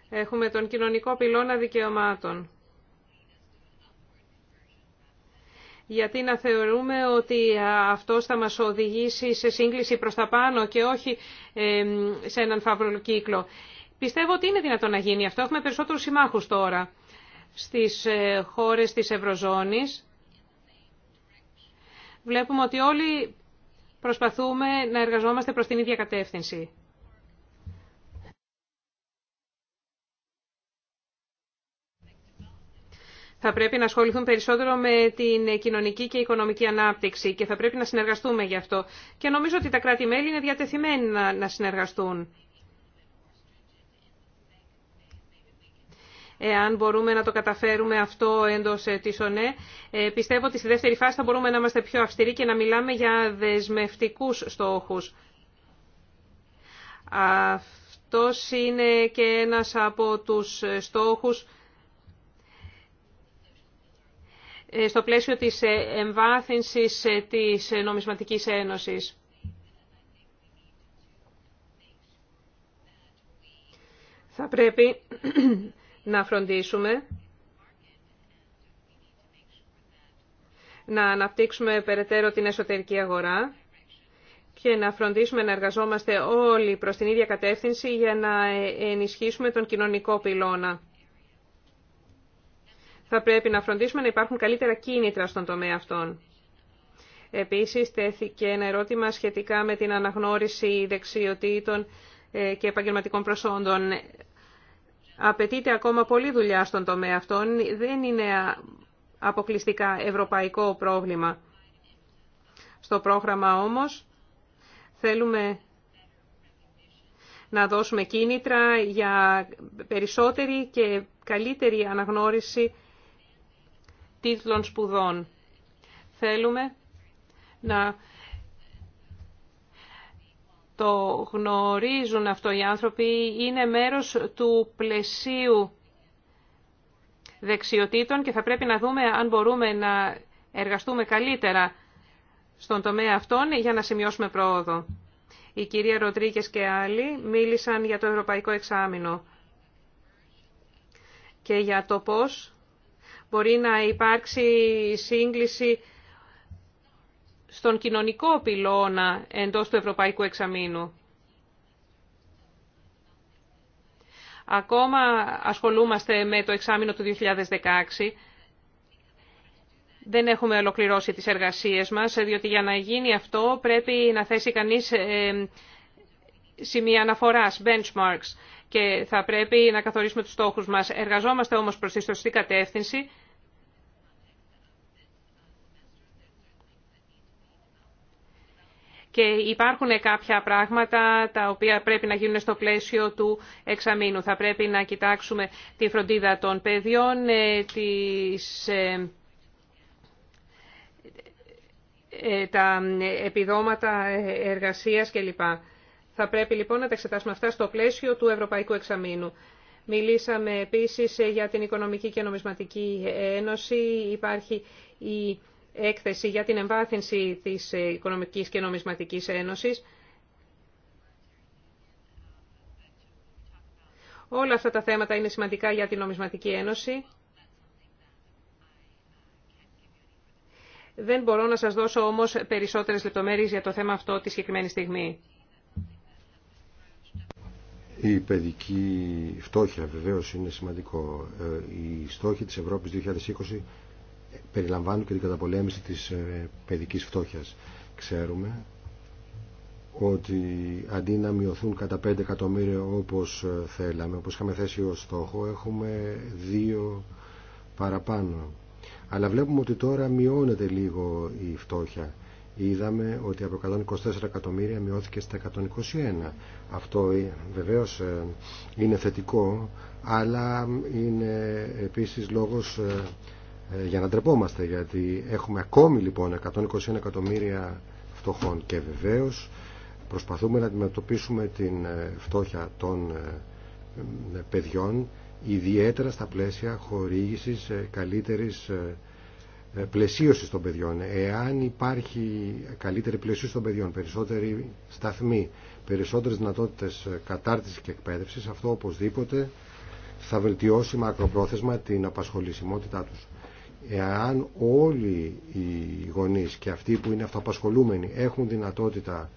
Έχουμε τον κοινωνικό πυλώνα δικαιωμάτων. γιατί να θεωρούμε ότι αυτό θα μας οδηγήσει σε σύγκληση προς τα πάνω και όχι σε έναν φαύλο κύκλο. Πιστεύω ότι είναι δυνατόν να γίνει αυτό. Έχουμε περισσότερους συμμάχους τώρα στις ε, χώρες της Ευρωζώνης. Βλέπουμε ότι όλοι προσπαθούμε να εργαζόμαστε προς την ίδια κατεύθυνση. θα πρέπει να ασχοληθούν περισσότερο με την κοινωνική και οικονομική ανάπτυξη και θα πρέπει να συνεργαστούμε γι' αυτό. Και νομίζω ότι τα κράτη-μέλη είναι διατεθειμένοι να συνεργαστούν. εάν μπορούμε να το καταφέρουμε αυτό εντό τη ΟΝΕ. Ε, πιστεύω ότι στη δεύτερη φάση θα μπορούμε να είμαστε πιο αυστηροί και να μιλάμε για δεσμευτικού στόχου. Αυτό είναι και ένα από του στόχου. Ε, στο πλαίσιο της ε, εμβάθυνσης ε, της νομισματικής ένωσης. Θα πρέπει να φροντίσουμε να αναπτύξουμε περαιτέρω την εσωτερική αγορά και να φροντίσουμε να εργαζόμαστε όλοι προς την ίδια κατεύθυνση για να ενισχύσουμε τον κοινωνικό πυλώνα θα πρέπει να φροντίσουμε να υπάρχουν καλύτερα κίνητρα στον τομέα αυτών. Επίσης, στέθηκε ένα ερώτημα σχετικά με την αναγνώριση δεξιοτήτων ε, και επαγγελματικών προσόντων. Απαιτείται ακόμα πολλή δουλειά στον τομέα αυτών. Δεν είναι αποκλειστικά ευρωπαϊκό πρόβλημα. Στο πρόγραμμα όμως θέλουμε να δώσουμε κίνητρα για περισσότερη και καλύτερη αναγνώριση τίτλων σπουδών. Θέλουμε να το γνωρίζουν αυτό οι άνθρωποι, είναι μέρος του πλαισίου δεξιοτήτων και θα πρέπει να δούμε αν μπορούμε να εργαστούμε καλύτερα στον τομέα αυτών για να σημειώσουμε πρόοδο. Η κυρία Ροντρίκες και άλλοι μίλησαν για το Ευρωπαϊκό Εξάμεινο και για το πώς Μπορεί να υπάρξει σύγκληση στον κοινωνικό πυλώνα εντός του Ευρωπαϊκού Εξαμήνου. Ακόμα ασχολούμαστε με το εξάμεινο του 2016. Δεν έχουμε ολοκληρώσει τις εργασίες μας, διότι για να γίνει αυτό πρέπει να θέσει κανείς ε, σημεία αναφοράς, benchmarks, και θα πρέπει να καθορίσουμε τους στόχους μας. Εργαζόμαστε όμως προς τη σωστή κατεύθυνση και υπάρχουν κάποια πράγματα τα οποία πρέπει να γίνουν στο πλαίσιο του εξαμήνου. Θα πρέπει να κοιτάξουμε τη φροντίδα των παιδιών, ε, τις ε, ε, τα επιδόματα εργασίας κλπ. Θα πρέπει λοιπόν να τα εξετάσουμε αυτά στο πλαίσιο του Ευρωπαϊκού Εξαμήνου. Μιλήσαμε επίσης για την Οικονομική και Νομισματική Ένωση. Υπάρχει η έκθεση για την εμβάθυνση της Οικονομικής και Νομισματικής Ένωσης. Όλα αυτά τα θέματα είναι σημαντικά για την Νομισματική Ένωση. Δεν μπορώ να σας δώσω όμως περισσότερες λεπτομέρειες για το θέμα αυτό τη συγκεκριμένη στιγμή. Η παιδική φτώχεια βεβαίως είναι σημαντικό. Η ε, στόχοι της Ευρώπης 2020 περιλαμβάνουν και την καταπολέμηση της ε, παιδικής φτώχειας. Ξέρουμε ότι αντί να μειωθούν κατά 5 εκατομμύρια όπως ε, θέλαμε, όπως είχαμε θέσει ως στόχο, έχουμε δύο παραπάνω. Αλλά βλέπουμε ότι τώρα μειώνεται λίγο η φτώχεια. Είδαμε ότι από 124 εκατομμύρια μειώθηκε στα 121. Αυτό ε, βεβαίως είναι θετικό, αλλά είναι επίσης λόγος ε, για να ντρεπόμαστε γιατί έχουμε ακόμη λοιπόν 121 εκατομμύρια φτωχών και βεβαίως προσπαθούμε να αντιμετωπίσουμε την ε, φτώχεια των ε, παιδιών ιδιαίτερα στα πλαίσια χορήγησης καλύτερης πλαισίωση των παιδιών. Εάν υπάρχει καλύτερη πλαισίωση των παιδιών, περισσότερη σταθμή, περισσότερες δυνατότητες κατάρτισης και εκπαίδευσης, αυτό οπωσδήποτε θα βελτιώσει μακροπρόθεσμα την απασχολησιμότητά τους εάν όλοι οι γονείς και αυτοί που είναι αυτοαπασχολούμενοι έχουν δυνατότητα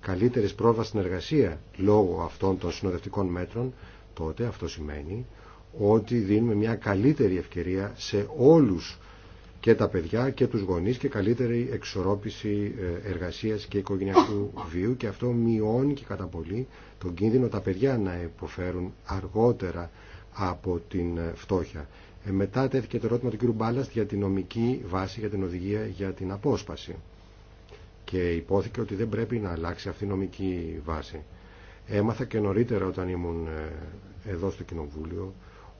καλύτερης πρόβασης στην εργασία λόγω αυτών των συνοδευτικών μέτρων, τότε αυτό σημαίνει ότι δίνουμε μια καλύτερη ευκαιρία σε όλους και τα παιδιά και τους γονείς και καλύτερη εξορρόπηση ε, εργασίας και οικογενειακού βίου και αυτό μειώνει και κατά πολύ τον κίνδυνο τα παιδιά να υποφέρουν αργότερα από την ε, φτώχεια. Ε, μετά τέθηκε το ερώτημα του κ. Μπάλαστ για την νομική βάση για την οδηγία για την απόσπαση. Και υπόθηκε ότι δεν πρέπει να αλλάξει αυτή η νομική βάση. Έμαθα και νωρίτερα όταν ήμουν ε, εδώ στο Κοινοβούλιο,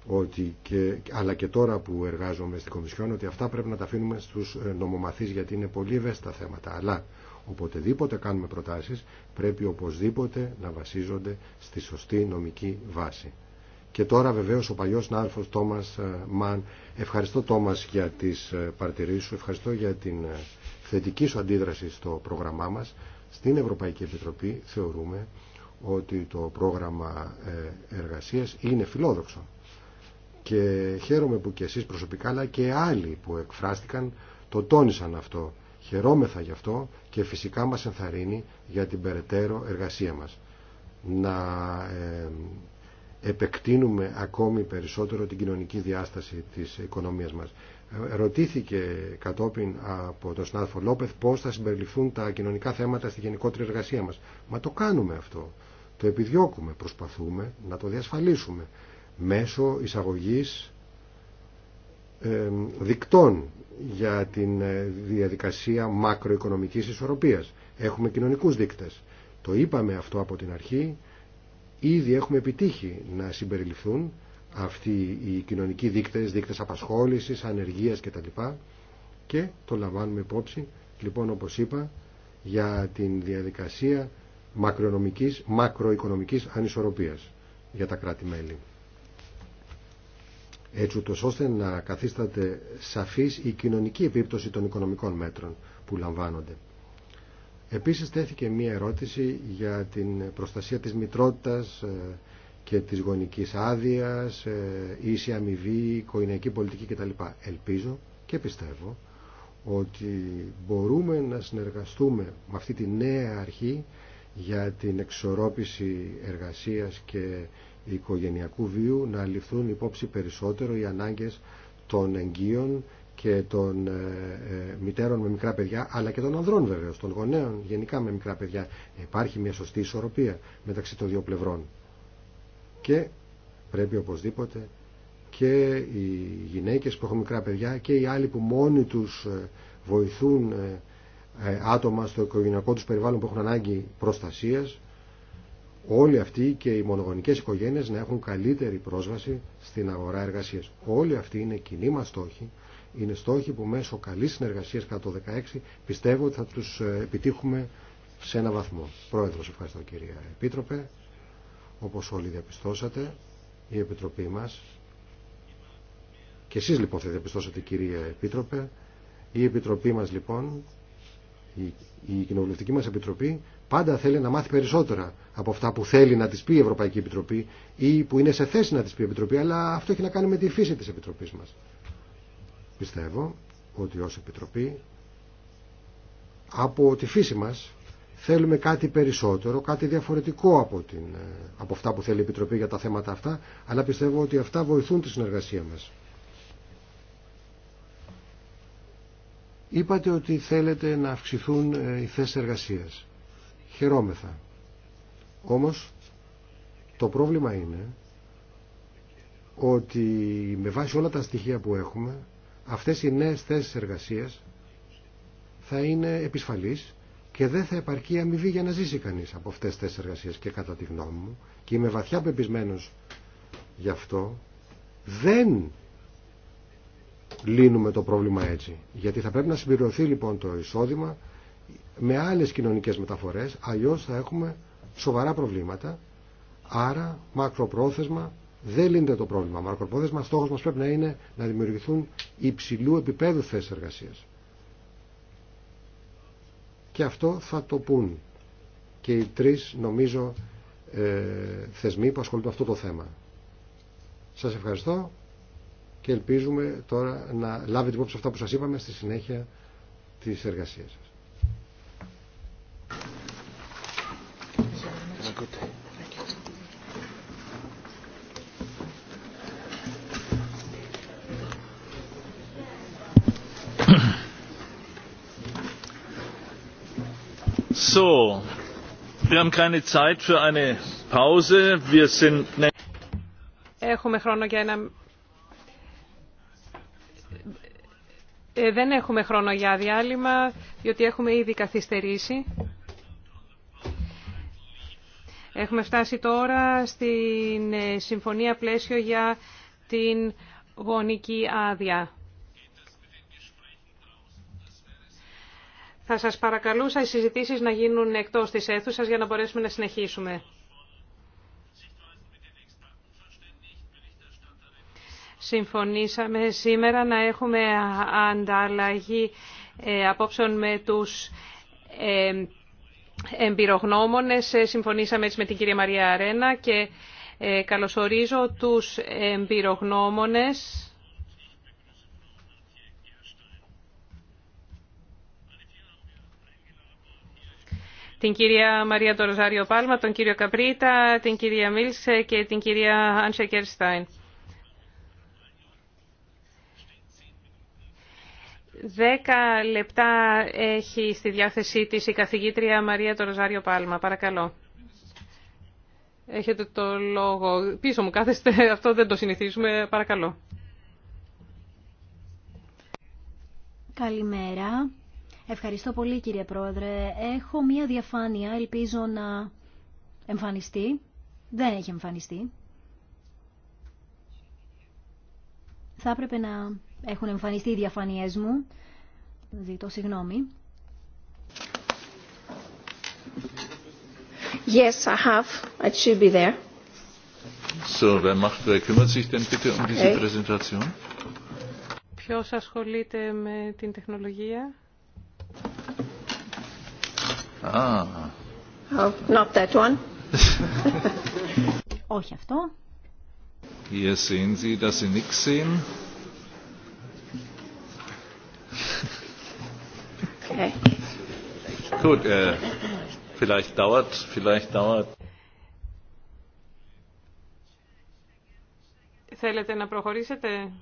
ότι και, αλλά και τώρα που εργάζομαι στην Κομισιόν, ότι αυτά πρέπει να τα αφήνουμε στους ε, νομομαθείς γιατί είναι πολύ ευαίσθητα θέματα. Αλλά οποτεδήποτε κάνουμε προτάσεις πρέπει οπωσδήποτε να βασίζονται στη σωστή νομική βάση. Και τώρα βεβαίως ο παλιός νάρφος Τόμας ε, Μαν. Ευχαριστώ Τόμας για τις ε, παρατηρήσεις σου, ευχαριστώ για την ε, θετική σου αντίδραση στο πρόγραμμά μας. Στην Ευρωπαϊκή Επιτροπή θεωρούμε ότι το πρόγραμμα εργασίας είναι φιλόδοξο. Και χαίρομαι που και εσείς προσωπικά αλλά και άλλοι που εκφράστηκαν το τόνισαν αυτό. Χαιρόμεθα γι' αυτό και φυσικά μας ενθαρρύνει για την περαιτέρω εργασία μας. Να επεκτείνουμε ακόμη περισσότερο την κοινωνική διάσταση της οικονομίας μας. Ε, ρωτήθηκε κατόπιν από τον Σνάρφο Λόπεθ πώς θα συμπεριληφθούν τα κοινωνικά θέματα στη γενικότερη εργασία μας. Μα το κάνουμε αυτό. Το επιδιώκουμε, προσπαθούμε να το διασφαλίσουμε μέσω εισαγωγής ε, δικτών για την ε, διαδικασία μακροοικονομικής ισορροπίας. Έχουμε κοινωνικούς δείκτες. Το είπαμε αυτό από την αρχή Ήδη έχουμε επιτύχει να συμπεριληφθούν αυτοί οι κοινωνικοί δείκτες, δείκτες απασχόλησης, ανεργίας κτλ. Και το λαμβάνουμε υπόψη, λοιπόν όπως είπα, για την διαδικασία μακροοικονομικής, μακροοικονομικής ανισορροπίας για τα κράτη-μέλη. Έτσι ούτως ώστε να καθίσταται σαφής η κοινωνική επίπτωση των οικονομικών μέτρων που λαμβάνονται. Επίσης τέθηκε μία ερώτηση για την προστασία της μητρότητας ε, και της γονικής άδειας, ε, ίση αμοιβή, οικογενειακή πολιτική κτλ. Ελπίζω και πιστεύω ότι μπορούμε να συνεργαστούμε με αυτή τη νέα αρχή για την εξορρόπηση εργασίας και οικογενειακού βίου να ληφθούν υπόψη περισσότερο οι ανάγκες των εγγύων και των ε, ε, μητέρων με μικρά παιδιά, αλλά και των ανδρών βεβαίω, των γονέων γενικά με μικρά παιδιά. Υπάρχει μια σωστή ισορροπία μεταξύ των δύο πλευρών. Και πρέπει οπωσδήποτε και οι γυναίκες που έχουν μικρά παιδιά και οι άλλοι που μόνοι τους ε, βοηθούν άτομα στο οικογενειακό τους περιβάλλον που έχουν ανάγκη προστασίας, όλοι αυτοί και οι μονογονικές οικογένειες να έχουν καλύτερη πρόσβαση στην αγορά εργασίας. Όλοι αυτοί είναι κοινοί μας στόχοι είναι στόχοι που μέσω καλή συνεργασία κατά το 2016 πιστεύω ότι θα του ε, επιτύχουμε σε ένα βαθμό. Πρόεδρο ευχαριστώ κυρία Επίτροπε. όπω όλοι διαπιστώσατε, η Επιτροπή μα, και εσείς λοιπόν θα διαπιστώσετε κυρία Επίτροπε, η Επιτροπή μας λοιπόν, η, η Κοινοβουλευτική μας Επιτροπή, πάντα θέλει να μάθει περισσότερα από αυτά που θέλει να της πει η Ευρωπαϊκή Επιτροπή ή που είναι σε θέση να τη πει η Επιτροπή, αλλά αυτό έχει να κάνει με τη φύση της Επιτροπής μας. Πιστεύω ότι ως Επιτροπή από τη φύση μας θέλουμε κάτι περισσότερο, κάτι διαφορετικό από, την, ε, από αυτά που θέλει η Επιτροπή για τα θέματα αυτά, αλλά πιστεύω ότι αυτά βοηθούν τη συνεργασία μας. Είπατε ότι θέλετε να αυξηθούν ε, οι θέσεις εργασίας. Χαιρόμεθα. Όμως το πρόβλημα είναι ότι με βάση όλα τα στοιχεία που έχουμε αυτές οι νέες θέσεις εργασίας θα είναι επισφαλείς και δεν θα επαρκεί αμοιβή για να ζήσει κανείς από αυτές τις θέσεις εργασίας και κατά τη γνώμη μου και είμαι βαθιά πεπισμένος γι' αυτό δεν λύνουμε το πρόβλημα έτσι γιατί θα πρέπει να συμπληρωθεί λοιπόν το εισόδημα με άλλες κοινωνικές μεταφορές αλλιώς θα έχουμε σοβαρά προβλήματα άρα μακροπρόθεσμα δεν λύνεται το πρόβλημα. Μακροπρόθεσμα στόχο μα πρέπει να είναι να δημιουργηθούν υψηλού επίπεδου θέσει εργασία. Και αυτό θα το πούν και οι τρει νομίζω ε, θεσμοί που ασχολούνται με αυτό το θέμα. Σα ευχαριστώ και ελπίζουμε τώρα να λάβετε υπόψη αυτά που σας είπαμε στη συνέχεια της εργασίας σας. Έχουμε χρόνο για ε, δεν έχουμε χρόνο για διάλειμμα, διότι έχουμε ήδη καθυστερήσει. Έχουμε φτάσει τώρα στην ε, Συμφωνία Πλαίσιο για την γονική άδεια. Θα σας παρακαλούσα οι συζητήσεις να γίνουν εκτός της αίθουσας για να μπορέσουμε να συνεχίσουμε. Συμφωνήσαμε σήμερα να έχουμε ανταλλαγή ε, απόψεων με τους ε, εμπειρογνώμονες. Ε, συμφωνήσαμε έτσι με την κυρία Μαρία Αρένα και καλωσορίζω τους εμπειρογνώμονες την κυρία Μαρία Τορζάριο Πάλμα, τον κύριο Καπρίτα, την κυρία Μίλσε και την κυρία Άντσε Κέρσταϊν. Δέκα λεπτά έχει στη διάθεσή της η καθηγήτρια Μαρία Τορζάριο Πάλμα. Παρακαλώ. Έχετε το λόγο. Πίσω μου κάθεστε, αυτό δεν το συνηθίζουμε. Παρακαλώ. Καλημέρα. Ευχαριστώ πολύ κύριε Πρόεδρε. Έχω μία διαφάνεια, ελπίζω να εμφανιστεί. Δεν έχει εμφανιστεί. Θα έπρεπε να έχουν εμφανιστεί οι διαφανειές μου. Ζητώ συγγνώμη. Yes, I have. I should be there. So, wer macht, wer kümmert sich denn bitte um diese Präsentation? Ποιος ασχολείται με την τεχνολογία? Ah. Oh, not that one. Όχι αυτό. Hier sehen Sie, dass Sie nichts sehen. Okay. Gut, äh, vielleicht dauert, vielleicht dauert. Θέλετε να προχωρήσετε.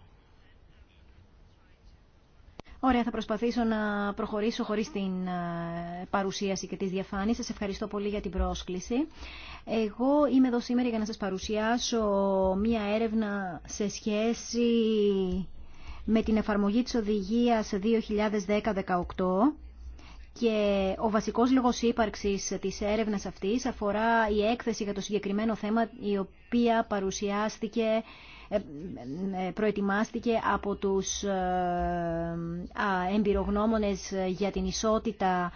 Ωραία, θα προσπαθήσω να προχωρήσω χωρίς την ε, παρουσίαση και τις διαφάνειες. Σας ευχαριστώ πολύ για την πρόσκληση. Εγώ είμαι εδώ σήμερα για να σας παρουσιάσω μία έρευνα σε σχέση με την εφαρμογή της οδηγίας 2010-18 και ο βασικός λόγος ύπαρξης της έρευνας αυτής αφορά η έκθεση για το συγκεκριμένο θέμα η οποία παρουσιάστηκε προετοιμάστηκε από τους ε, εμπειρογνώμονες για την ισότητα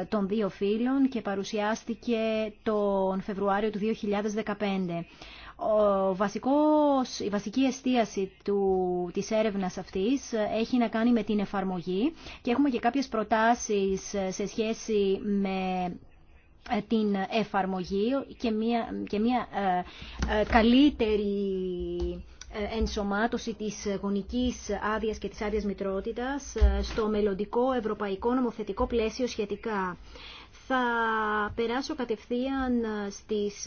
ε, των δύο φίλων και παρουσιάστηκε τον Φεβρουάριο του 2015. Ο βασικός, η βασική εστίαση του, της έρευνας αυτής έχει να κάνει με την εφαρμογή και έχουμε και κάποιες προτάσεις σε σχέση με ε, την εφαρμογή και μια, και μια ε, ε, καλύτερη ε, ενσωμάτωση της γονικής άδειας και της άδειας μητρότητας ε, στο μελλοντικό ευρωπαϊκό νομοθετικό πλαίσιο σχετικά. Θα περάσω κατευθείαν ε, στις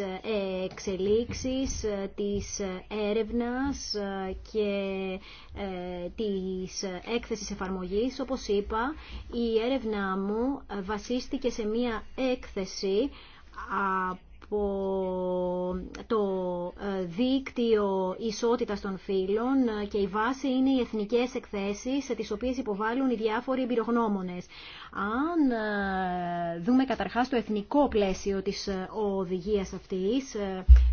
εξελίξεις της έρευνας και της έκθεσης εφαρμογής. Όπως είπα, η έρευνα μου βασίστηκε σε μία έκθεση από το ε, δίκτυο ισότητας των φύλων ε, και η βάση είναι οι εθνικές εκθέσεις ε, τις οποίες υποβάλλουν οι διάφοροι εμπειρογνώμονες. Αν δούμε καταρχάς το εθνικό πλαίσιο της οδηγίας αυτής,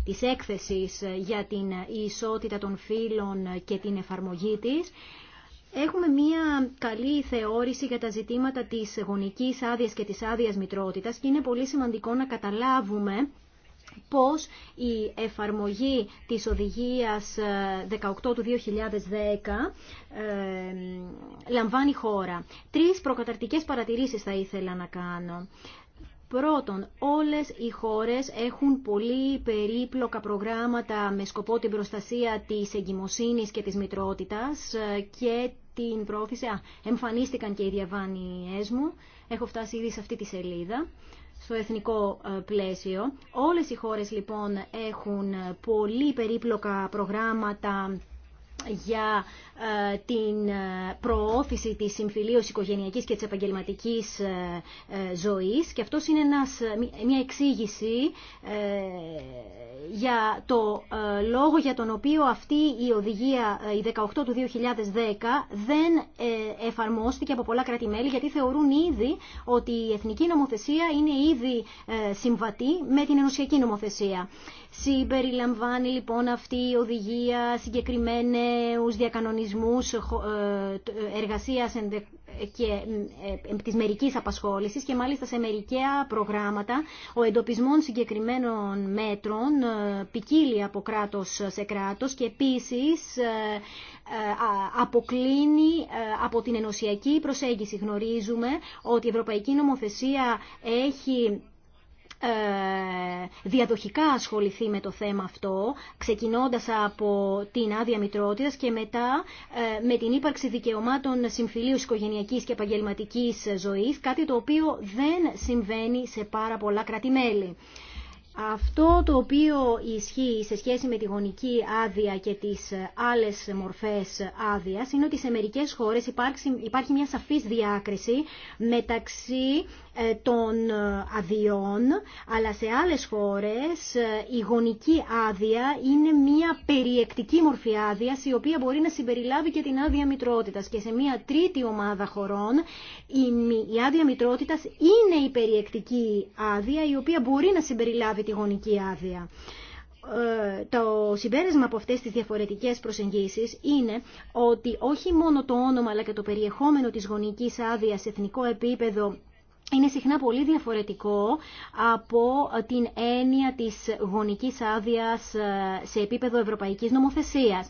της έκθεσης για την ισότητα των φύλων και την εφαρμογή της, Έχουμε μία καλή θεώρηση για τα ζητήματα της γονικής άδειας και της άδειας μητρότητας και είναι πολύ σημαντικό να καταλάβουμε πως η εφαρμογή της οδηγίας 18 ε, του 2010 ε, λαμβάνει χώρα. Τρεις προκαταρτικές παρατηρήσεις θα ήθελα να κάνω. Πρώτον, όλες οι χώρες έχουν πολύ περίπλοκα προγράμματα με σκοπό την προστασία της εγκυμοσύνης και της μητρότητας ε, και την πρόθεση... Α, εμφανίστηκαν και οι διαβάνειές μου. Έχω φτάσει ήδη σε αυτή τη σελίδα στο εθνικό ε, πλαίσιο. Όλες οι χώρες λοιπόν έχουν ε, πολύ περίπλοκα προγράμματα για ε, την ε, προώθηση της συμφιλίωσης οικογενειακής και της επαγγελματικής ε, ζωής και αυτό είναι ένας, μια εξήγηση για το λόγο για τον οποίο αυτή η οδηγία η 18 του 2010 δεν εφαρμόστηκε από πολλά κράτη-μέλη γιατί θεωρούν ήδη ότι η εθνική νομοθεσία είναι ήδη συμβατή με την ενωσιακή νομοθεσία. Συμπεριλαμβάνει λοιπόν αυτή η οδηγία συγκεκριμένε νέους διακανονισμούς ε, ε, εργασίας και ε, της μερικής απασχόλησης και μάλιστα σε μερικαία προγράμματα ο εντοπισμών συγκεκριμένων μέτρων ποικίλει από κράτος σε κράτος και επίσης αποκλίνει από την ενωσιακή προσέγγιση. Γνωρίζουμε ότι η Ευρωπαϊκή Νομοθεσία έχει ε, διαδοχικά ασχοληθεί με το θέμα αυτό, ξεκινώντας από την άδεια Μητρότητα και μετά ε, με την ύπαρξη δικαιωμάτων συμφιλίου οικογενειακή και επαγγελματική ζωής, κάτι το οποίο δεν συμβαίνει σε πάρα πολλά κρατημέλη. Αυτό το οποίο ισχύει σε σχέση με τη γονική άδεια και τις άλλες μορφές άδειας είναι ότι σε μερικές χώρες υπάρχει μια σαφής διάκριση μεταξύ ε, των ε, αδειών, αλλά σε άλλες χώρες ε, η γονική άδεια είναι μια περιεκτική μορφή άδεια η οποία μπορεί να συμπεριλάβει και την άδεια μητρότητας και σε μια τρίτη ομάδα χωρών η άδεια μητρότητας είναι η περιεκτική άδεια η οποία μπορεί να συμπεριλάβει τη γονική άδεια το συμπέρασμα από αυτές τις διαφορετικές προσεγγίσεις είναι ότι όχι μόνο το όνομα αλλά και το περιεχόμενο της γονικής άδειας σε εθνικό επίπεδο είναι συχνά πολύ διαφορετικό από την έννοια της γονικής άδειας ε, σε επίπεδο ευρωπαϊκής νομοθεσίας.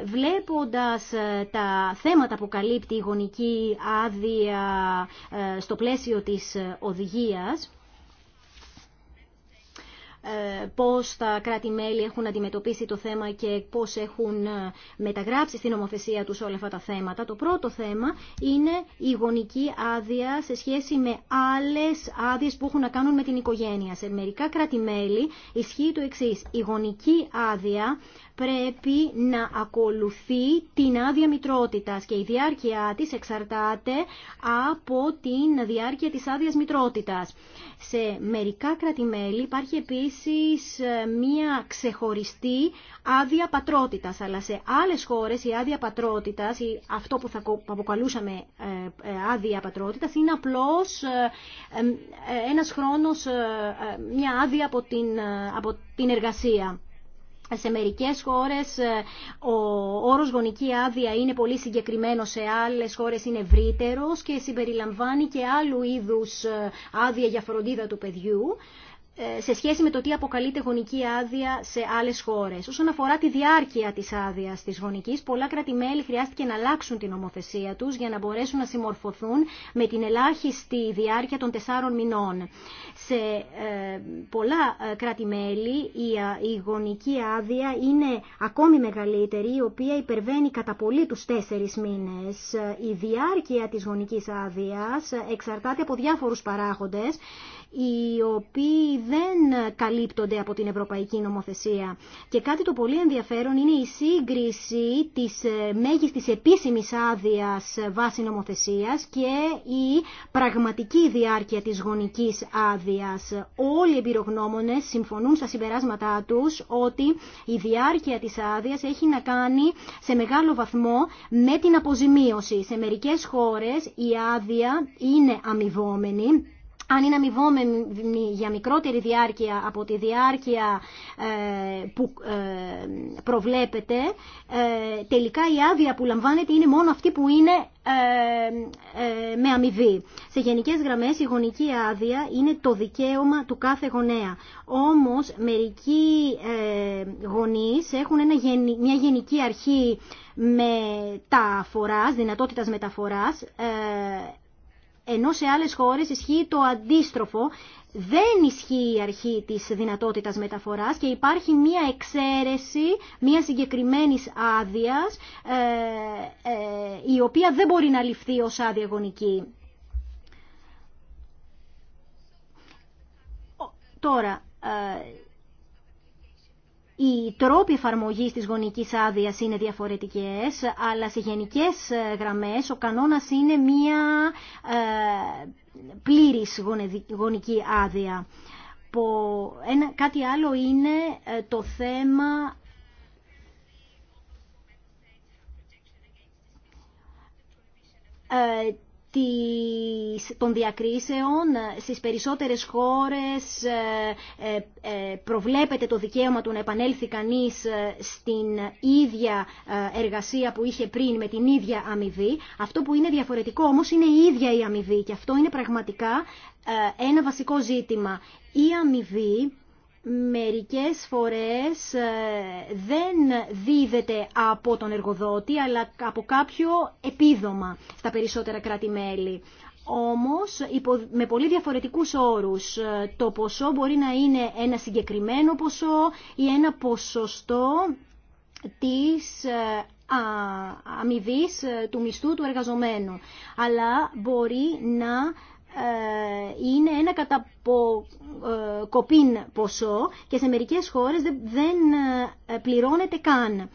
Ε, βλέποντας ε, τα θέματα που καλύπτει η γονική άδεια στο πλαίσιο της οδηγίας, ε, πώς τα κράτη-μέλη έχουν αντιμετωπίσει το θέμα και πώς έχουν ε, μεταγράψει στην ομοθεσία τους όλα αυτά τα θέματα. Το πρώτο θέμα είναι η γονική άδεια σε σχέση με άλλες άδειες που έχουν να κάνουν με την οικογένεια. Σε μερικά κράτη-μέλη ισχύει το εξής. Η γονική άδεια πρέπει να ακολουθεί την άδεια μητρότητας και η διάρκεια της εξαρτάται από την διάρκεια της άδεια μητρότητας. Σε μερικά κρατημέλη υπάρχει επίσης ε, μία ξεχωριστή άδεια πατρότητας, αλλά σε άλλες χώρες η άδεια πατρότητας, αυτό που θα αποκαλούσαμε ε, ε, άδεια πατρότητας, είναι απλώς ένας χρόνος, μια άδεια από από την εργασία σε μερικές χώρες ε, ο όρος γονική άδεια είναι πολύ συγκεκριμένο, σε άλλες χώρες είναι ευρύτερος και συμπεριλαμβάνει και άλλου είδους ε, άδεια για φροντίδα του παιδιού. Ε, σε σχέση με το τι αποκαλείται γονική άδεια σε άλλες χώρες. Όσον αφορά τη διάρκεια της άδειας της γονικής, πολλά κράτη-μέλη χρειάστηκε να αλλάξουν την ομοθεσία τους για να μπορέσουν να συμμορφωθούν με την ελάχιστη διάρκεια των τεσσάρων μηνών. Σε ε, πολλά ε, κράτη-μέλη η, γονική άδεια είναι ακόμη μεγαλύτερη, η οποία υπερβαίνει κατά πολύ τους τέσσερις μήνες. Η διάρκεια της γονικής άδεια εξαρτάται από διάφορους παράγοντες οι οποίοι δεν καλύπτονται από την Ευρωπαϊκή Νομοθεσία. Και κάτι το πολύ ενδιαφέρον είναι η σύγκριση της ε, μέγιστης επίσημης άδειας βάση νομοθεσίας και η πραγματική διάρκεια της γονικής άδειας. Όλοι οι εμπειρογνώμονες συμφωνούν στα συμπεράσματά τους ότι η διάρκεια της άδειας έχει να κάνει σε μεγάλο βαθμό με την αποζημίωση. Σε μερικές χώρες η άδεια είναι αμοιβόμενη αν είναι αμοιβόμενη για μικρότερη διάρκεια από τη διάρκεια ε, που ε, προβλέπεται, ε, τελικά η άδεια που λαμβάνεται είναι μόνο αυτή που είναι με αμοιβή. Σε γενικές γραμμές η γονική άδεια είναι το δικαίωμα του κάθε γονέα. Όμως μερικοί γονείς έχουν μια γενική αρχή μεταφοράς, δυνατότητας μεταφοράς, ενώ σε άλλες χώρες ισχύει το αντίστροφο, δεν ισχύει η αρχή της δυνατότητας μεταφοράς και υπάρχει μία εξαίρεση, μία συγκεκριμένη άδεια, ε, ε, η οποία δεν μπορεί να ληφθεί ως άδεια γονική. Τώρα, ε, οι τρόποι εφαρμογή της γονικής άδεια είναι διαφορετικές, αλλά σε γενικέ ε, γραμμές ο κανόνας είναι μία ε, πλήρης γονική άδεια. Ένα, κάτι άλλο είναι ε, το θέμα ε, των διακρίσεων στις περισσότερες χώρες ε, ε, ε, προβλέπεται το δικαίωμα του να επανέλθει κανείς στην ίδια εργασία που είχε πριν με την ίδια αμοιβή. Αυτό που είναι διαφορετικό όμως είναι η ίδια η αμοιβή και αυτό είναι πραγματικά ένα βασικό ζήτημα. Η αμοιβή μερικές φορές ε, δεν δίδεται από τον εργοδότη αλλά από κάποιο επίδομα στα περισσότερα κράτη-μέλη. Όμως με πολύ διαφορετικούς όρους ε, το ποσό μπορεί να είναι ένα συγκεκριμένο ποσό ή ένα ποσοστό της ε, αμοιβή του μισθού του εργαζομένου. Αλλά μπορεί να ε, είναι ένα κατά ε, ποσό και σε μερικές χώρες δεν ε, πληρώνεται καν.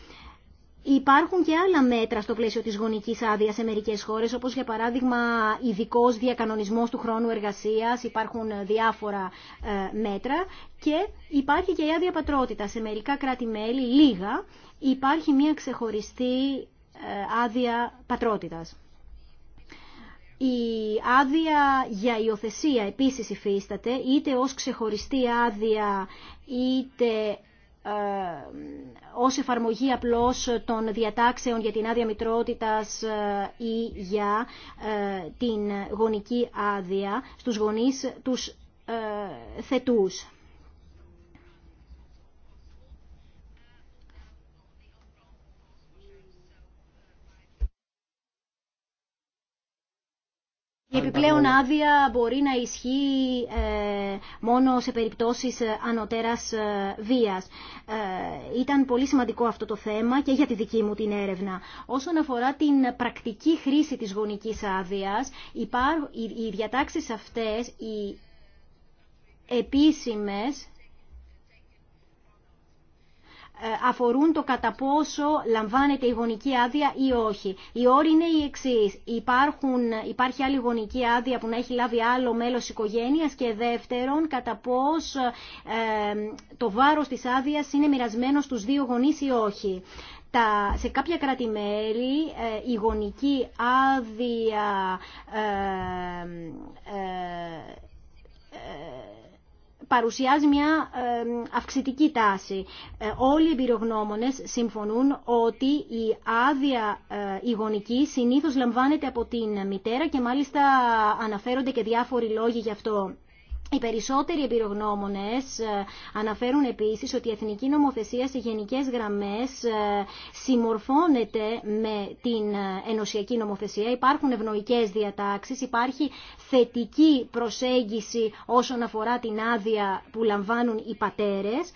Υπάρχουν και άλλα μέτρα στο πλαίσιο της γονικής άδειας σε μερικές χώρες, όπως για παράδειγμα ειδικό διακανονισμός του χρόνου εργασίας, υπάρχουν διάφορα μέτρα και υπάρχει και η άδεια πατρότητα. Σε μερικά κράτη-μέλη, λίγα, υπάρχει μια ξεχωριστή άδεια πατρότητας. Η άδεια για υιοθεσία επίσης υφίσταται, είτε ως ξεχωριστή άδεια, είτε ε, ως εφαρμογή απλώς των διατάξεων για την άδεια μητρότητας ε, ή για ε, την γονική άδεια στους γονείς τους θετούς. Η επιπλέον άδεια μπορεί να ισχύει ε, μόνο σε περιπτώσεις ε, ανωτέρας ε, βίας. Ήταν πολύ σημαντικό αυτό το θέμα και για τη δική μου την έρευνα. Όσον αφορά την πρακτική χρήση της γονικής άδειας, οι διατάξεις αυτές, οι επίσημες ε, αφορούν το κατά πόσο λαμβάνεται η γονική άδεια ή όχι. η ορη είναι η εξή. Υπάρχει άλλη γονική άδεια που να έχει λάβει άλλο μέλος οικογένειας και δεύτερον κατά πόσο ε, το βάρος της άδεια είναι μοιρασμένο στου δύο όχι. Σε κάποια κρατημένη, ή όχι. Τα, σε κάποια κράτη-μέλη ε, η γονική άδεια παρουσιάζει μια αυξητική τάση. Ε, όλοι οι εμπειρογνώμονες συμφωνούν ότι η άδεια ε, η γονική συνήθως λαμβάνεται από την μητέρα και μάλιστα αναφέρονται και διάφοροι λόγοι γι' αυτό. Οι περισσότεροι εμπειρογνώμονες ε, αναφέρουν επίσης ότι η εθνική νομοθεσία σε γενικές γραμμές ε, συμμορφώνεται με την ε, ενωσιακή νομοθεσία. Υπάρχουν ευνοϊκές διατάξεις, υπάρχει θετική προσέγγιση όσον αφορά την άδεια που λαμβάνουν οι πατέρες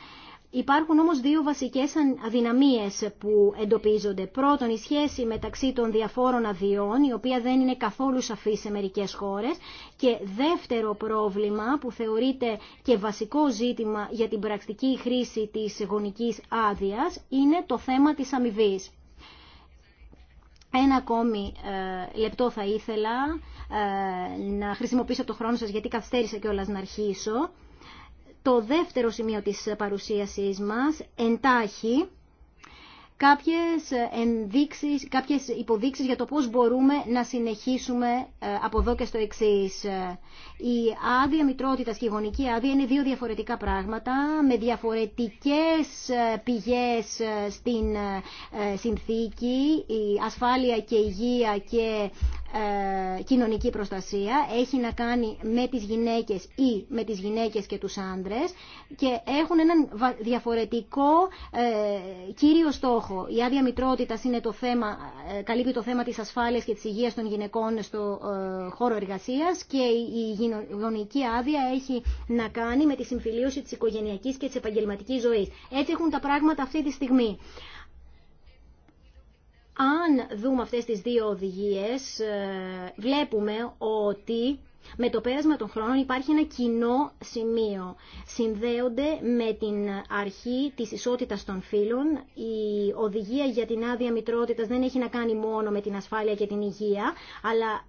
Υπάρχουν όμως δύο βασικές αδυναμίες που εντοπίζονται. Πρώτον, η σχέση μεταξύ των διαφόρων αδειών, η οποία δεν είναι καθόλου σαφή σε μερικές χώρες. Και δεύτερο πρόβλημα που θεωρείται και βασικό ζήτημα για την πρακτική χρήση της γονικής άδειας, είναι το θέμα της αμοιβή. Ένα ακόμη ε, λεπτό θα ήθελα ε, να χρησιμοποιήσω το χρόνο σας γιατί καθυστέρησα κιόλας να αρχίσω το δεύτερο σημείο της παρουσίασής μας, εντάχει, κάποιες, ενδείξεις, κάποιες υποδείξεις για το πώς μπορούμε να συνεχίσουμε ε, από εδώ και στο εξή. Η άδεια μητρότητας και η γονική άδεια είναι δύο διαφορετικά πράγματα με διαφορετικές ε, πηγές ε, στην συνθήκη, η ασφάλεια και η υγεία και ε, κοινωνική προστασία, έχει να κάνει με τις γυναίκες ή με τις γυναίκες και τους άντρες και έχουν έναν διαφορετικό ε, κύριο στόχο. Η άδεια μητρότητας είναι το θέμα, ε, καλύπτει το θέμα της ασφάλειας και της υγείας των γυναικών στο χώρο εργασίας και η γονική άδεια έχει να κάνει με τη συμφιλίωση της οικογενειακής και της επαγγελματικής ζωής. Έτσι έχουν τα πράγματα αυτή τη στιγμή. Αν δούμε αυτές τις δύο οδηγίες, ε, βλέπουμε ότι με το πέρασμα των χρόνων υπάρχει ένα κοινό σημείο. Συνδέονται με την αρχή της ισότητας των φύλων. Η οδηγία για την άδεια μητρότητας δεν έχει να κάνει μόνο με την ασφάλεια και την υγεία, αλλά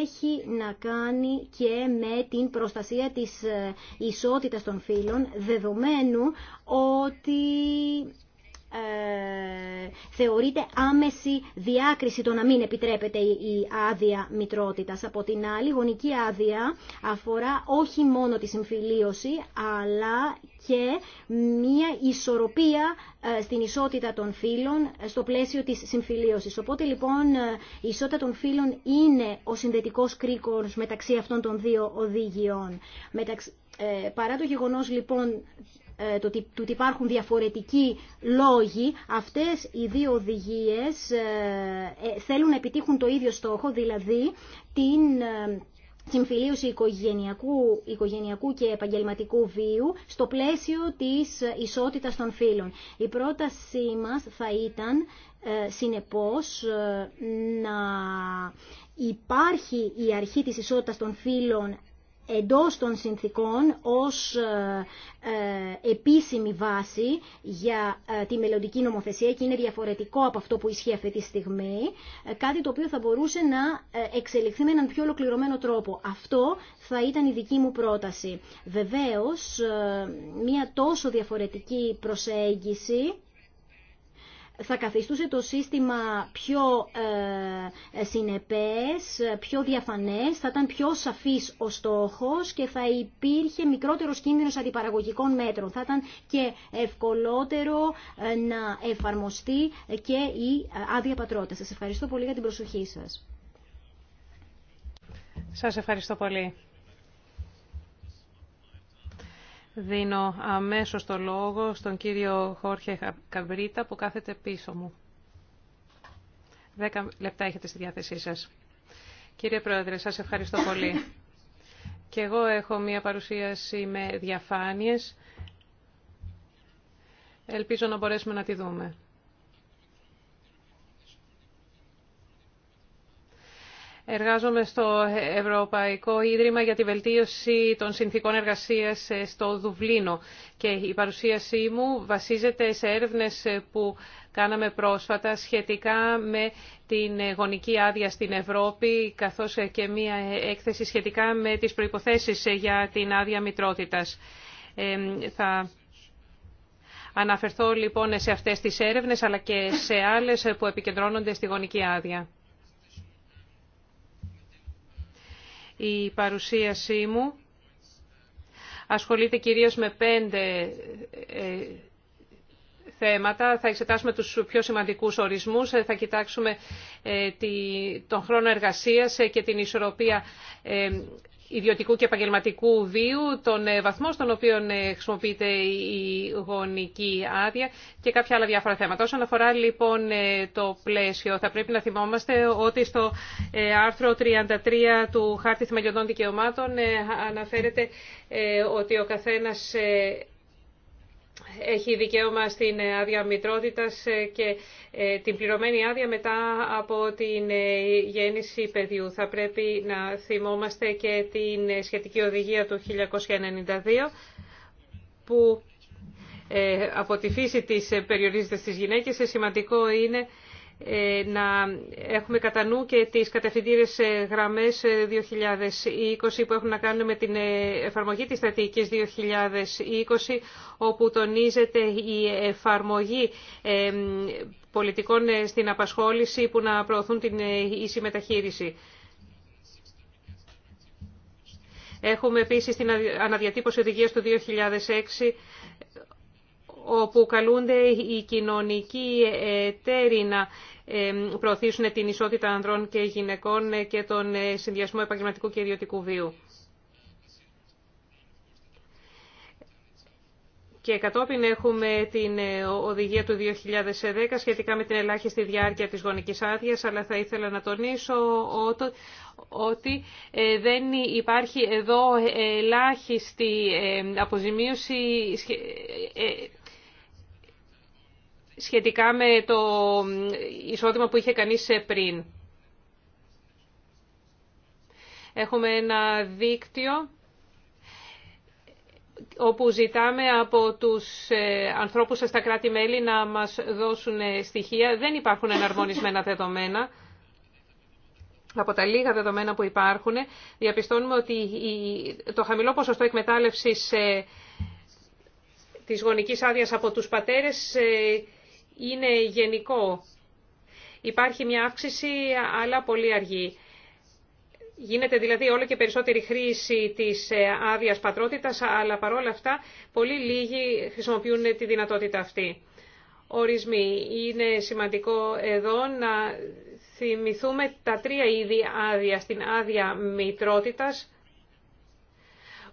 έχει να κάνει και με την προστασία της ε, ισότητας των φύλων, δεδομένου ότι ε, θεωρείται άμεση διάκριση το να μην επιτρέπεται η άδεια μητρότητας. Από την άλλη, γονική άδεια αφορά όχι μόνο τη συμφιλίωση, αλλά και μία ισορροπία ε, στην ισότητα των φύλων ε, στο πλαίσιο της συμφιλίωσης. Οπότε λοιπόν η ισότητα των φύλων είναι ο συνδετικός κρίκος μεταξύ αυτών των δύο οδηγιών. Παρά το γεγονός λοιπόν ε, του ότι υπάρχουν διαφορετικοί λόγοι, αυτές οι δύο οδηγίες ε, ε, θέλουν να επιτύχουν το ίδιο στόχο, δηλαδή την συμφιλίωση οικογενειακού, οικογενειακού και επαγγελματικού βίου στο πλαίσιο της ισότητας των φύλων. Η πρότασή μας θα ήταν συνεπώς να υπάρχει η αρχή της ισότητας των φύλων εντός των συνθήκων ως ε, ε, επίσημη βάση για ε, τη μελλοντική νομοθεσία και είναι διαφορετικό από αυτό που ισχύει αυτή τη στιγμή, κάτι το οποίο θα μπορούσε να εξελιχθεί με έναν πιο ολοκληρωμένο τρόπο. Αυτό θα ήταν η δική μου πρόταση. Βεβαίως, μια τόσο διαφορετική προσέγγιση θα καθιστούσε το σύστημα πιο ε, ε, συνεπές, πιο διαφανές, θα ήταν πιο σαφής ο στόχος και θα υπήρχε μικρότερος κίνδυνος αντιπαραγωγικών μέτρων. Θα ήταν και ευκολότερο ε, να εφαρμοστεί και η ε, άδεια πατρότητα. Σας ευχαριστώ πολύ για την προσοχή σας. Σας ευχαριστώ πολύ. Δίνω αμέσως το λόγο στον κύριο Χόρχε Καμπρίτα που κάθεται πίσω μου. Δέκα λεπτά έχετε στη διάθεσή σας. Κύριε Πρόεδρε, σας ευχαριστώ πολύ. Και εγώ έχω μία παρουσίαση με διαφάνειες. Ελπίζω να μπορέσουμε να τη δούμε. Εργάζομαι στο Ευρωπαϊκό Ίδρυμα για τη Βελτίωση των Συνθήκων Εργασίας ε, στο Δουβλίνο και η παρουσίασή μου βασίζεται σε έρευνες ε, που κάναμε πρόσφατα σχετικά με την ε, γονική άδεια στην Ευρώπη καθώς και μία έκθεση σχετικά με τις προϋποθέσεις για την άδεια μητρότητας. θα... Αναφερθώ λοιπόν σε αυτές τις έρευνες αλλά και σε άλλες που επικεντρώνονται στη γονική άδεια. Η παρουσίασή μου ασχολείται κυρίως με πέντε ε, θέματα. Θα εξετάσουμε τους πιο σημαντικούς ορισμούς, θα κοιτάξουμε ε, τον χρόνο εργασίας ε, και την ισορροπία ιδιωτικού και επαγγελματικού βίου, τον ε, βαθμό στον οποίο ε, χρησιμοποιείται η γονική άδεια και κάποια άλλα διάφορα θέματα. Όσον αφορά λοιπόν ε, το πλαίσιο, θα πρέπει να θυμόμαστε ότι στο άρθρο 33 του Χάρτη Θεμελιωδών Δικαιωμάτων αναφέρεται ότι ο καθένας έχει δικαίωμα στην ε, άδεια μητρότητας ε, και ε, την πληρωμένη άδεια μετά από την γέννηση παιδιού. Θα πρέπει να θυμόμαστε και την σχετική οδηγία του 1992 που από τη φύση της περιορίζεται στις γυναίκες. Σημαντικό είναι ε, να έχουμε κατά νου και τις κατευθυντήρες ε, γραμμές 2020 ε, που έχουν να κάνουν με την εφαρμογή της στρατηγικής 2020 όπου τονίζεται η εφαρμογή πολιτικών στην απασχόληση που να προωθούν την ίση μεταχείριση. Έχουμε επίσης την αναδιατύπωση οδηγίας του 2006 όπου καλούνται οι κοινωνικοί εταίροι να προωθήσουν την ισότητα ανδρών και γυναικών και τον ε, συνδυασμό επαγγελματικού και ιδιωτικού βίου. Και κατόπιν έχουμε την ε, οδηγία του 2010 σχετικά με την ελάχιστη διάρκεια της γονικής άδειας, αλλά θα ήθελα να τονίσω ότι ε, δεν υπάρχει εδώ ελάχιστη αποζημίωση σχετικά με το εισόδημα που είχε κανείς πριν. Έχουμε ένα δίκτυο όπου ζητάμε από τους ε, ανθρώπους στα κράτη-μέλη να μας δώσουν ε, στοιχεία. Δεν υπάρχουν εναρμονισμένα δεδομένα. Από τα λίγα δεδομένα που υπάρχουν, διαπιστώνουμε ότι το χαμηλό ποσοστό εκμετάλλευσης ε, της γονικής άδειας από τους πατέρες είναι γενικό. Υπάρχει μια αύξηση, αλλά πολύ αργή. Γίνεται δηλαδή όλο και περισσότερη χρήση της ε, άδειας πατρότητας, αλλά παρόλα αυτά πολύ λίγοι χρησιμοποιούν τη δυνατότητα αυτή. Ορισμοί. Είναι σημαντικό εδώ να θυμηθούμε τα τρία είδη άδεια. στην άδεια μητρότητας,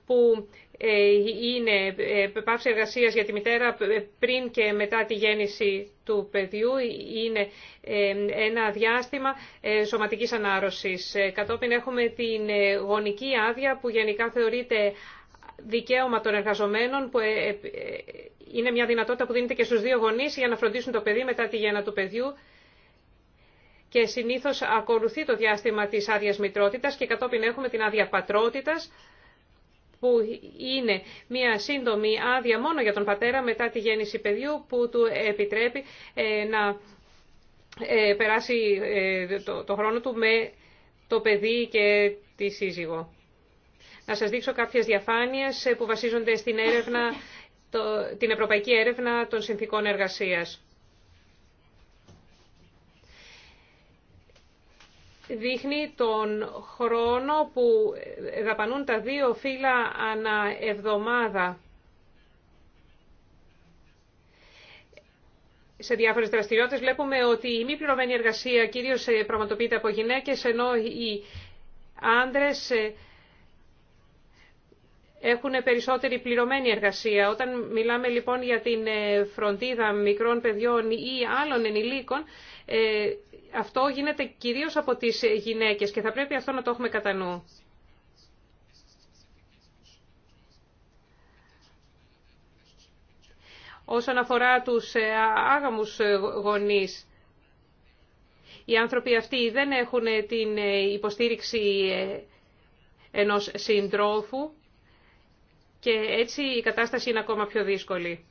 που ε, είναι ε, πάυση εργασίας για τη μητέρα πριν και μετά τη γέννηση του παιδιού. Είναι ε, ένα διάστημα σωματικής ανάρρωσης. Κατόπιν έχουμε την γονική άδεια που γενικά θεωρείται δικαίωμα των εργαζομένων που είναι μια δυνατότητα που δίνεται και στους δύο γονείς για να φροντίσουν το παιδί μετά τη γέννα του παιδιού και συνήθως ακολουθεί το διάστημα της άδεια μητρότητας και κατόπιν έχουμε την άδεια πατρότητας που είναι μια σύντομη άδεια μόνο για τον πατέρα μετά τη γέννηση παιδιού που του επιτρέπει ε, να ε, περάσει ε, το χρόνο του με το παιδί και τη σύζυγο. Να σας δείξω κάποιες διαφάνειες που βασίζονται στην έρευνα, την ευρωπαϊκή έρευνα των συνθήκων εργασίας. δείχνει τον χρόνο που δαπανούν τα δύο φύλλα ανά εβδομάδα σε διάφορες δραστηριότητες. Βλέπουμε ότι η μη πληρωμένη εργασία κυρίως ε, πραγματοποιείται από γυναίκες, ενώ οι άνδρες ε, έχουν περισσότερη πληρωμένη εργασία. Όταν μιλάμε λοιπόν για την ε, φροντίδα μικρών παιδιών ή άλλων ενηλίκων, αυτό γίνεται κυρίως από τις γυναίκες και θα πρέπει αυτό να το έχουμε κατά νου. Όσον αφορά τους ε, άγαμους ε, γονείς, οι άνθρωποι αυτοί δεν έχουν ε, την υποστήριξη ενός συντρόφου και έτσι η κατάσταση είναι ακόμα πιο δύσκολη.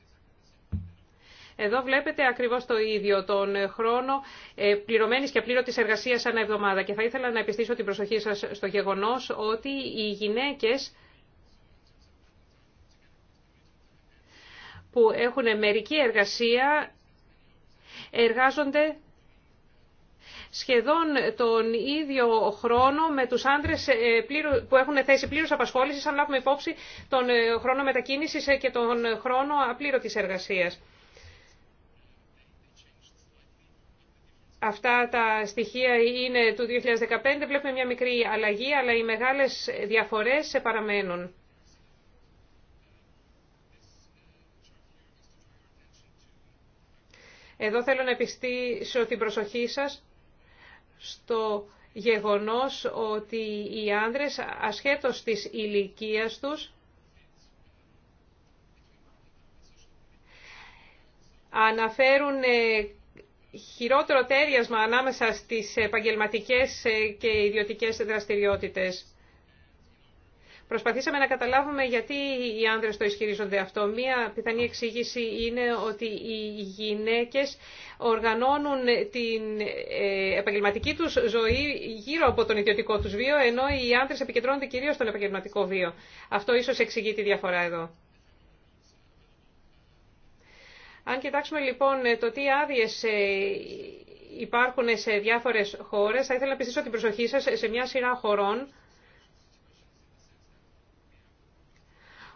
Εδώ βλέπετε ακριβώς το ίδιο, τον χρόνο ε, πληρωμένης και απλήρωτης εργασίας ανά εβδομάδα. Και θα ήθελα να επιστήσω την προσοχή σας στο γεγονός ότι οι γυναίκες που έχουν μερική εργασία εργάζονται σχεδόν τον ίδιο χρόνο με τους άντρες ε, που έχουν θέση πλήρους απασχόλησης, αν λάβουμε υπόψη τον ε, χρόνο μετακίνησης και τον χρόνο απλήρωτης εργασίας. αυτά τα στοιχεία είναι του 2015, βλέπουμε μια μικρή αλλαγή, αλλά οι μεγάλες διαφορές παραμένουν. Εδώ θέλω να επιστήσω την προσοχή σας στο γεγονός ότι οι άνδρες ασχέτως της ηλικίας τους αναφέρουν ε, χειρότερο τέριασμα ανάμεσα στις επαγγελματικές ε, και ιδιωτικές δραστηριότητες. Προσπαθήσαμε να καταλάβουμε γιατί οι άνδρες το ισχυρίζονται αυτό. Μία πιθανή εξήγηση είναι ότι οι γυναίκες οργανώνουν την ε, επαγγελματική τους ζωή γύρω από τον ιδιωτικό τους βίο, ενώ οι άνδρες επικεντρώνονται κυρίως στον επαγγελματικό βίο. Αυτό ίσως εξηγεί τη διαφορά εδώ. Αν κοιτάξουμε λοιπόν ε, το τι άδειε ε, υπάρχουν σε διάφορες χώρες, θα ήθελα να πιστήσω την προσοχή σα σε μια σειρά χωρών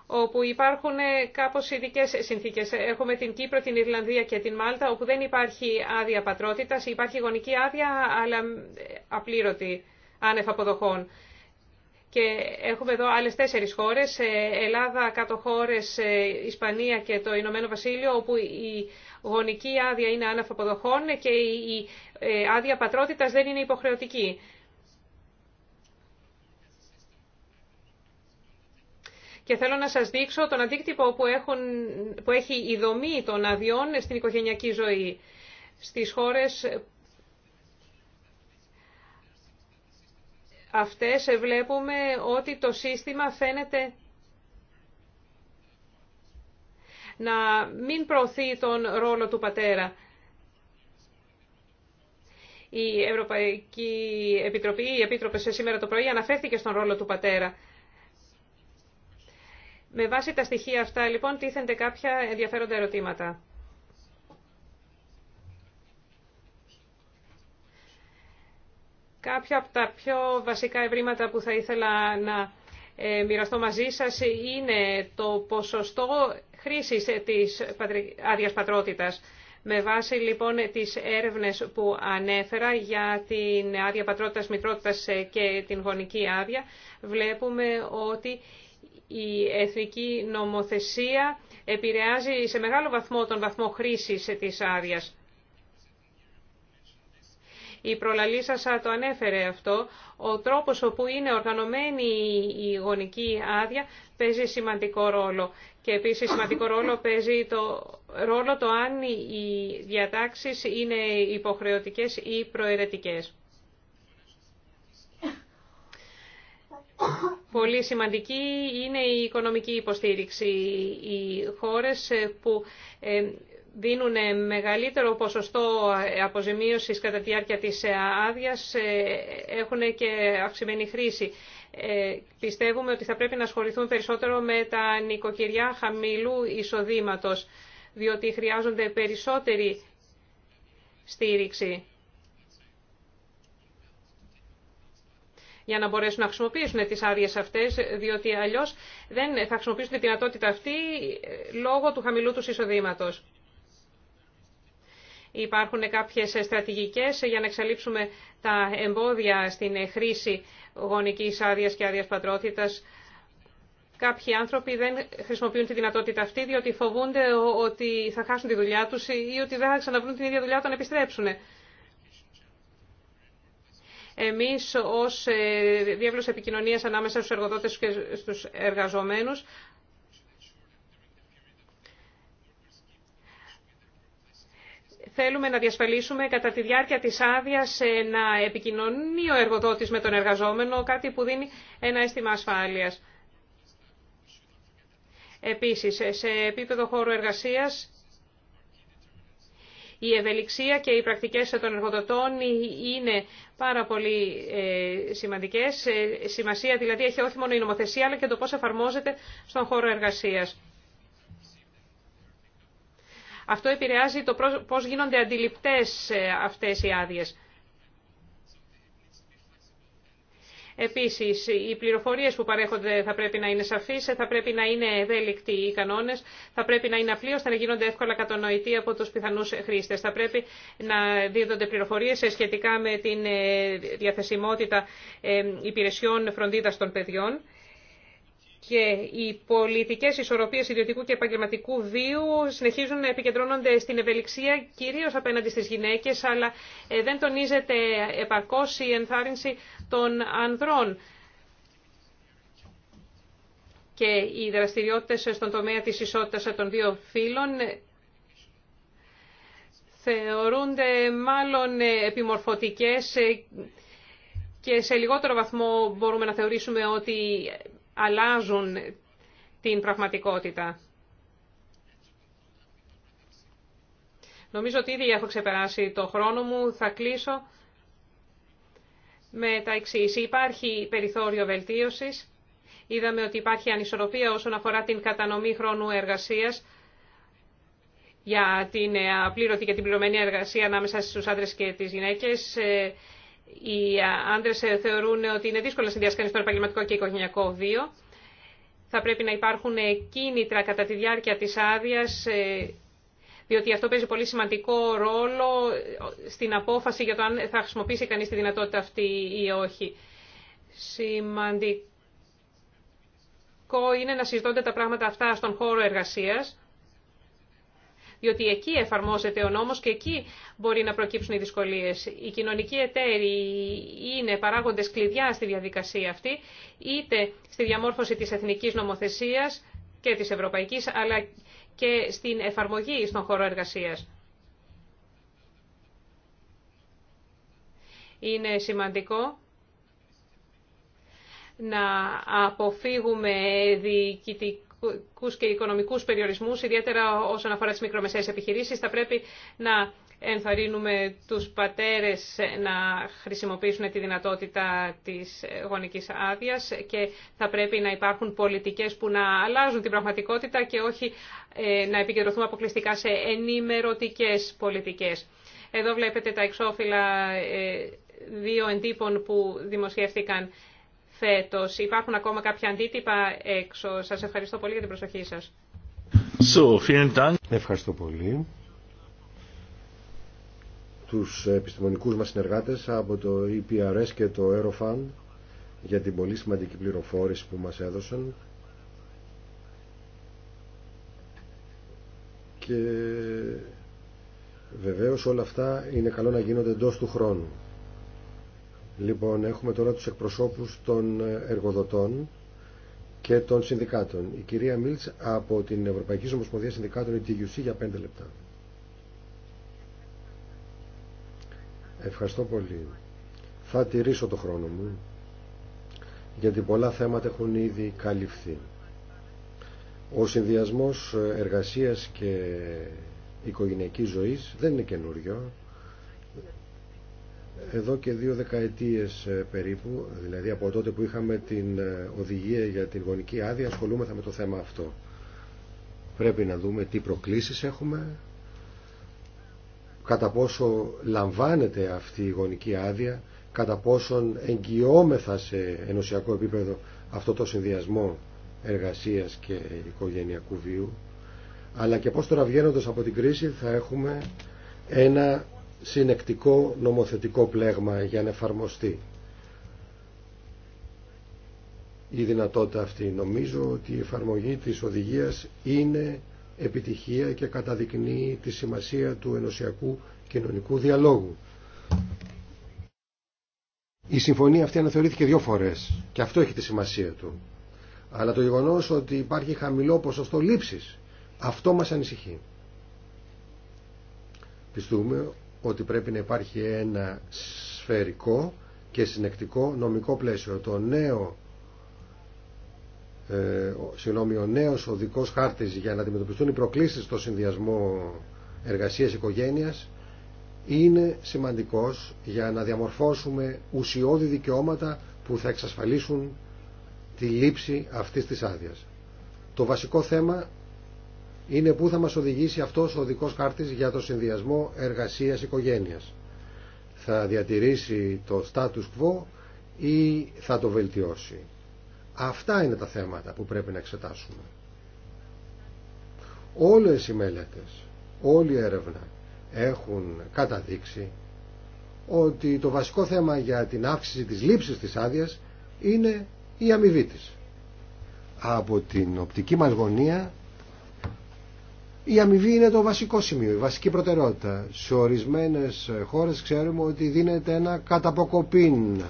όπου υπάρχουν ε, κάπως ειδικέ συνθήκες. Έχουμε την Κύπρο, την Ιρλανδία και την Μάλτα, όπου δεν υπάρχει άδεια πατρότητας, υπάρχει γονική άδεια, αλλά απλήρωτη άνευ αποδοχών. Και έχουμε εδώ άλλες τέσσερις χώρες, ε, Ελλάδα, κάτω χώρες, ε, Ισπανία και το Ηνωμένο Βασίλειο, όπου η γονική άδεια είναι άναφα αποδοχών και η ε, άδεια πατρότητας δεν είναι υποχρεωτική. Και θέλω να σας δείξω τον αντίκτυπο που, που έχει η δομή των αδειών στην οικογενειακή ζωή. Στις χώρες αυτές ε, βλέπουμε ότι το σύστημα φαίνεται να μην προωθεί τον ρόλο του πατέρα. Η Ευρωπαϊκή Επιτροπή, η Επίτροπε σήμερα το πρωί, αναφέρθηκε στον ρόλο του πατέρα. Με βάση τα στοιχεία αυτά, λοιπόν, τίθενται κάποια ενδιαφέροντα ερωτήματα. Κάποια από τα πιο βασικά ευρήματα που θα ήθελα να ε, μοιραστώ μαζί σας είναι το ποσοστό χρήσης της άδεια πατρότητας. Με βάση λοιπόν τις έρευνες που ανέφερα για την άδεια πατρότητας, μητρότητας και την γονική άδεια, βλέπουμε ότι η εθνική νομοθεσία επηρεάζει σε μεγάλο βαθμό τον βαθμό χρήσης της άδειας. Η προλαλή σα το ανέφερε αυτό. Ο τρόπος όπου είναι οργανωμένη η γονική άδεια παίζει σημαντικό ρόλο. Και επίσης σημαντικό ρόλο παίζει το ρόλο το αν οι διατάξεις είναι υποχρεωτικές ή προαιρετικές. Πολύ σημαντική είναι η οικονομική υποστήριξη. Οι χώρες που ε, δίνουν μεγαλύτερο ποσοστό αποζημίωσης κατά τη διάρκεια της άδεια ε, έχουν και αυξημένη χρήση. Ε, πιστεύουμε ότι θα πρέπει να ασχοληθούν περισσότερο με τα νοικοκυριά χαμηλού εισοδήματος, διότι χρειάζονται περισσότερη στήριξη για να μπορέσουν να χρησιμοποιήσουν τις άδειε αυτές, διότι αλλιώς δεν θα χρησιμοποιήσουν τη δυνατότητα αυτή λόγω του χαμηλού τους εισοδήματος. Υπάρχουν κάποιες στρατηγικές για να εξαλείψουμε τα εμπόδια στην χρήση γονικής άδειας και άδειας πατρότητας. Κάποιοι άνθρωποι δεν χρησιμοποιούν τη δυνατότητα αυτή διότι φοβούνται ότι θα χάσουν τη δουλειά τους ή ότι δεν θα ξαναβρούν την ίδια δουλειά όταν επιστρέψουν. Εμείς ως ε, διεύλος επικοινωνίας ανάμεσα στους εργοδότες και στους εργαζομένους θέλουμε να διασφαλίσουμε κατά τη διάρκεια της άδειας ε, να επικοινωνεί ο εργοδότης με τον εργαζόμενο, κάτι που δίνει ένα αίσθημα ασφάλειας. Επίσης, ε, σε επίπεδο χώρου εργασίας, η ευελιξία και οι πρακτικές των εργοδοτών ε, είναι πάρα πολύ σημαντικές. Σημασία δηλαδή έχει όχι μόνο η νομοθεσία, αλλά και το πώς εφαρμόζεται στον χώρο εργασίας. Αυτό επηρεάζει το πώς γίνονται αντιληπτές ε, αυτές οι άδειε. Επίσης, οι πληροφορίες που παρέχονται θα πρέπει να είναι σαφείς, θα πρέπει να είναι ευέλικτοι οι κανόνες, θα πρέπει να είναι απλοί ώστε να γίνονται εύκολα κατανοητοί από τους πιθανούς χρήστες. Θα πρέπει να δίδονται πληροφορίες σχετικά με την ε, διαθεσιμότητα ε, υπηρεσιών φροντίδας των παιδιών και οι πολιτικέ ισορροπίες ιδιωτικού και επαγγελματικού βίου συνεχίζουν να επικεντρώνονται στην ευελιξία κυρίω απέναντι στι γυναίκε, αλλά ε, δεν τονίζεται επαρκώ η ενθάρρυνση των ανδρών. Και οι δραστηριότητε στον τομέα τη ισότητας των δύο φύλων ε, θεωρούνται μάλλον ε, επιμορφωτικές και σε λιγότερο βαθμό μπορούμε να θεωρήσουμε ότι αλλάζουν την πραγματικότητα. Νομίζω ότι ήδη έχω ξεπεράσει το χρόνο μου. Θα κλείσω με τα εξής. Υπάρχει περιθώριο βελτίωσης. Είδαμε ότι υπάρχει ανισορροπία όσον αφορά την κατανομή χρόνου εργασίας για την απλήρωτη ε, και την πληρωμένη εργασία ανάμεσα στους άντρες και τις γυναίκες. Ε, οι άντρε ε, θεωρούν ότι είναι δύσκολο να συνδυάσει το επαγγελματικό και οικογενειακό βίο. Θα πρέπει να υπάρχουν ε, κίνητρα κατά τη διάρκεια τη άδεια, ε, διότι αυτό παίζει πολύ σημαντικό ρόλο στην απόφαση για το αν θα χρησιμοποιήσει κανείς τη δυνατότητα αυτή ή όχι. Σημαντικό είναι να συζητώνται τα πράγματα αυτά στον χώρο εργασίας διότι εκεί εφαρμόζεται ο νόμος και εκεί μπορεί να προκύψουν οι δυσκολίες. Οι κοινωνικοί εταίροι είναι παράγοντες κλειδιά στη διαδικασία αυτή, είτε στη διαμόρφωση της εθνικής νομοθεσίας και της ευρωπαϊκής, αλλά και στην εφαρμογή στον χώρο εργασίας. Είναι σημαντικό να αποφύγουμε διοικητικό και οικονομικούς περιορισμούς, ιδιαίτερα όσον αφορά τις μικρομεσαίες επιχειρήσεις. Θα πρέπει να ενθαρρύνουμε τους πατέρες να χρησιμοποιήσουν τη δυνατότητα της γονικής άδεια και θα πρέπει να υπάρχουν πολιτικές που να αλλάζουν την πραγματικότητα και όχι ε, να επικεντρωθούμε αποκλειστικά σε ενημερωτικές πολιτικές. Εδώ βλέπετε τα εξώφυλλα ε, δύο εντύπων που δημοσιεύθηκαν φέτος. Υπάρχουν ακόμα κάποια αντίτυπα έξω. Σας ευχαριστώ πολύ για την προσοχή σας. Ευχαριστώ πολύ τους επιστημονικούς μας συνεργάτες από το EPRS και το Aerofan για την πολύ σημαντική πληροφόρηση που μας έδωσαν και βεβαίως όλα αυτά είναι καλό να γίνονται εντός του χρόνου. Λοιπόν, έχουμε τώρα τους εκπροσώπους των εργοδοτών και των συνδικάτων. Η κυρία Μίλτς από την Ευρωπαϊκή Ομοσπονδία Συνδικάτων, η TUC, για πέντε λεπτά. Ευχαριστώ πολύ. Θα τηρήσω το χρόνο μου, γιατί πολλά θέματα έχουν ήδη καλυφθεί. Ο συνδυασμός εργασίας και οικογενειακής ζωής δεν είναι καινούριο εδώ και δύο δεκαετίες ε, περίπου, δηλαδή από τότε που είχαμε την ε, οδηγία για την γονική άδεια, ασχολούμεθα με το θέμα αυτό. Πρέπει να δούμε τι προκλήσεις έχουμε, κατά πόσο λαμβάνεται αυτή η γονική άδεια, κατά πόσον εγγυόμεθα σε ενωσιακό επίπεδο αυτό το συνδυασμό εργασίας και οικογενειακού βίου, αλλά και πώς τώρα βγαίνοντας από την κρίση θα έχουμε ένα συνεκτικό νομοθετικό πλέγμα για να εφαρμοστεί η δυνατότητα αυτή. Νομίζω ότι η εφαρμογή της οδηγίας είναι επιτυχία και καταδεικνύει τη σημασία του ενωσιακού κοινωνικού διαλόγου. Η συμφωνία αυτή αναθεωρήθηκε δύο φορές και αυτό έχει τη σημασία του. Αλλά το γεγονός ότι υπάρχει χαμηλό ποσοστό λήψης, αυτό μας ανησυχεί. Πιστούμε ότι πρέπει να υπάρχει ένα σφαιρικό και συνεκτικό νομικό πλαίσιο. Το νέο ε, συγγνώμη, ο νέος οδικός χάρτης για να αντιμετωπιστούν οι προκλήσεις στο συνδυασμό εργασίας οικογένειας είναι σημαντικός για να διαμορφώσουμε ουσιώδη δικαιώματα που θα εξασφαλίσουν τη λήψη αυτής της άδειας. Το βασικό θέμα είναι που θα μας οδηγήσει αυτός ο δικός χάρτης για το συνδυασμό εργασίας-οικογένειας. Θα διατηρήσει το status quo ή θα το βελτιώσει. Αυτά είναι τα θέματα που πρέπει να εξετάσουμε. Όλες οι μελέτες, όλη η έρευνα έχουν καταδείξει ότι το βασικό θέμα για την αύξηση της λήψης της άδεια είναι η αμοιβή της. Από την οπτική μας γωνία η αμοιβή είναι το βασικό σημείο, η βασική προτεραιότητα. Σε ορισμένες χώρες ξέρουμε ότι δίνεται ένα καταποκοπήν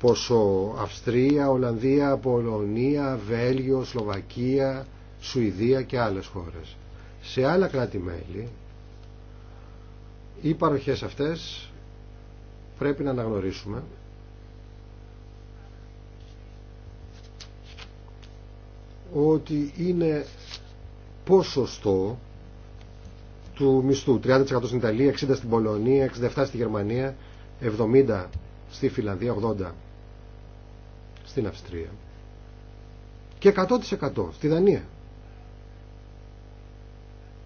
ποσό. Αυστρία, Ολλανδία, Πολωνία, Βέλγιο, Σλοβακία, Σουηδία και άλλες χώρες. Σε άλλα κράτη-μέλη οι παροχές αυτές πρέπει να αναγνωρίσουμε ότι είναι ποσοστό του μισθού. 30% στην Ιταλία, 60% στην Πολωνία, 67% στη Γερμανία, 70% στη Φιλανδία, 80% στην Αυστρία και 100% στη Δανία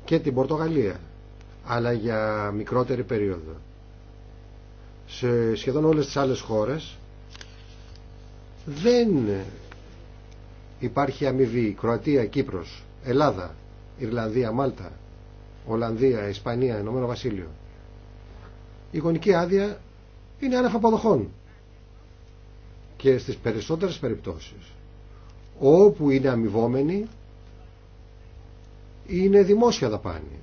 και την Πορτογαλία αλλά για μικρότερη περίοδο. Σε σχεδόν όλες τις άλλες χώρες δεν υπάρχει αμοιβή Κροατία, Κύπρος, Ελλάδα Ιρλανδία, Μάλτα, Ολλανδία, Ισπανία, Ηνωμένο Βασίλειο. Η γονική άδεια είναι άνευ αποδοχών. Και στις περισσότερες περιπτώσεις όπου είναι αμοιβόμενοι, είναι δημόσια δαπάνη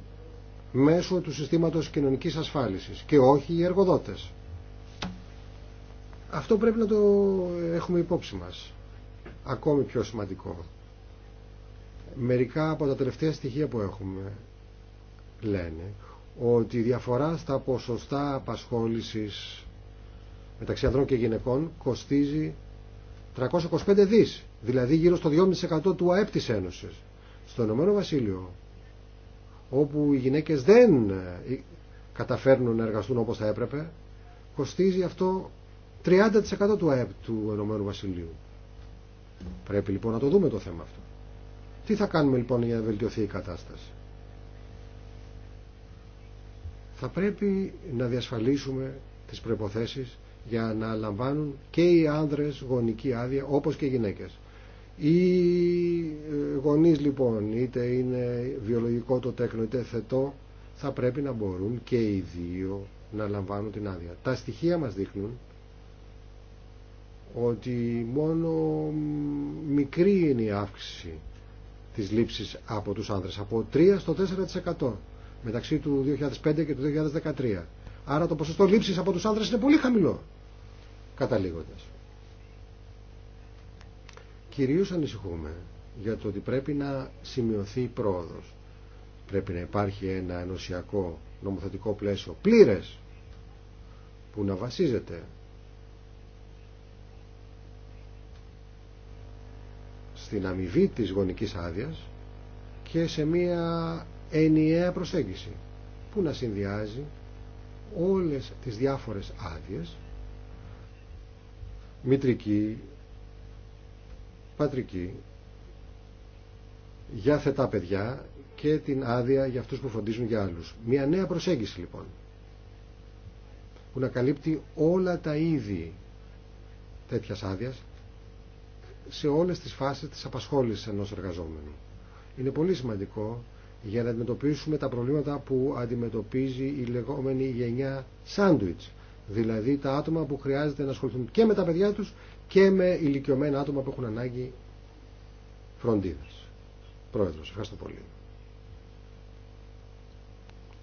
μέσω του συστήματος κοινωνικής ασφάλισης και όχι οι εργοδότες. Αυτό πρέπει να το έχουμε υπόψη μας. Ακόμη πιο σημαντικό Μερικά από τα τελευταία στοιχεία που έχουμε λένε ότι η διαφορά στα ποσοστά απασχόλησης μεταξύ ανδρών και γυναικών κοστίζει 325 δις, δηλαδή γύρω στο 2,5% του ΑΕΠ της Ένωσης. Στο Ηνωμένο Βασίλειο, όπου οι γυναίκες δεν ε, καταφέρνουν να εργαστούν όπως θα έπρεπε, κοστίζει αυτό 30% του ΑΕΠ του Ηνωμένου Βασιλείου. Πρέπει λοιπόν να το δούμε το θέμα αυτό. Τι θα κάνουμε λοιπόν για να βελτιωθεί η κατάσταση. Θα πρέπει να διασφαλίσουμε τις προϋποθέσεις για να λαμβάνουν και οι άνδρες γονική άδεια όπως και οι γυναίκες. Οι ε, γονείς λοιπόν είτε είναι βιολογικό το τέκνο είτε θετό θα πρέπει να μπορούν και οι δύο να λαμβάνουν την άδεια. Τα στοιχεία μας δείχνουν ότι μόνο μικρή είναι η αύξηση της λήψης από τους άνδρες. Από 3% στο 4% μεταξύ του 2005 και του 2013. Άρα το ποσοστό λήψη από τους άνδρες είναι πολύ χαμηλό. Καταλήγοντας. Κυρίως ανησυχούμε για το ότι πρέπει να σημειωθεί πρόοδος. Πρέπει να υπάρχει ένα ενωσιακό νομοθετικό πλαίσιο πλήρες που να βασίζεται στην αμοιβή της γονικής άδειας και σε μια ενιαία προσέγγιση που να συνδυάζει όλες τις διάφορες άδειες μητρική, πατρική, για θετά παιδιά και την άδεια για αυτούς που φροντίζουν για άλλους. Μια νέα προσέγγιση λοιπόν που να καλύπτει όλα τα είδη τέτοιας άδειας σε όλες τις φάσεις της απασχόλησης ενός εργαζόμενου. Είναι πολύ σημαντικό για να αντιμετωπίσουμε τα προβλήματα που αντιμετωπίζει η λεγόμενη γενιά σάντουιτς. Δηλαδή τα άτομα που χρειάζεται να ασχοληθούν και με τα παιδιά τους και με ηλικιωμένα άτομα που έχουν ανάγκη φροντίδας. Πρόεδρος, ευχαριστώ πολύ.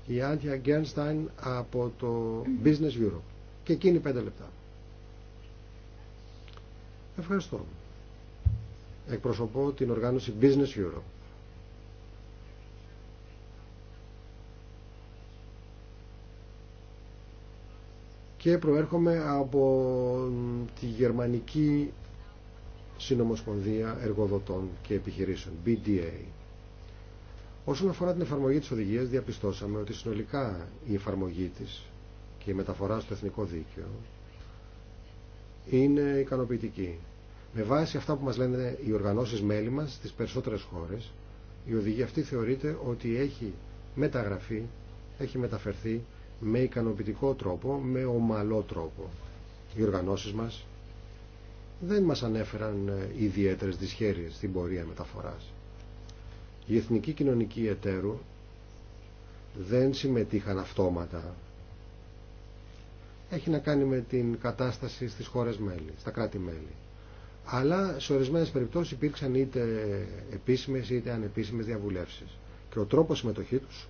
Η Άντια Γκέρνσταϊν από το Business Europe. Και εκείνη πέντε λεπτά. Ευχαριστώ εκπροσωπώ την οργάνωση Business Europe. Και προέρχομαι από τη Γερμανική Συνομοσπονδία Εργοδοτών και Επιχειρήσεων, BDA. Όσον αφορά την εφαρμογή της οδηγίας, διαπιστώσαμε ότι συνολικά η εφαρμογή της και η μεταφορά στο εθνικό δίκαιο είναι ικανοποιητική. Με βάση αυτά που μας λένε οι οργανώσεις μέλη μας στις περισσότερες χώρες, η οδηγία αυτή θεωρείται ότι έχει μεταγραφεί, έχει μεταφερθεί με ικανοποιητικό τρόπο, με ομαλό τρόπο. Οι οργανώσεις μας δεν μας ανέφεραν ε, ιδιαίτερες δυσχέρειες στην πορεία μεταφοράς. Η εθνική κοινωνική εταίρου δεν συμμετείχαν αυτόματα. Έχει να κάνει με την κατάσταση στις χώρες μέλη, στα κράτη-μέλη αλλά σε ορισμένε περιπτώσεις υπήρξαν είτε επίσημες είτε ανεπίσημες διαβουλεύσει. Και ο τρόπος συμμετοχή τους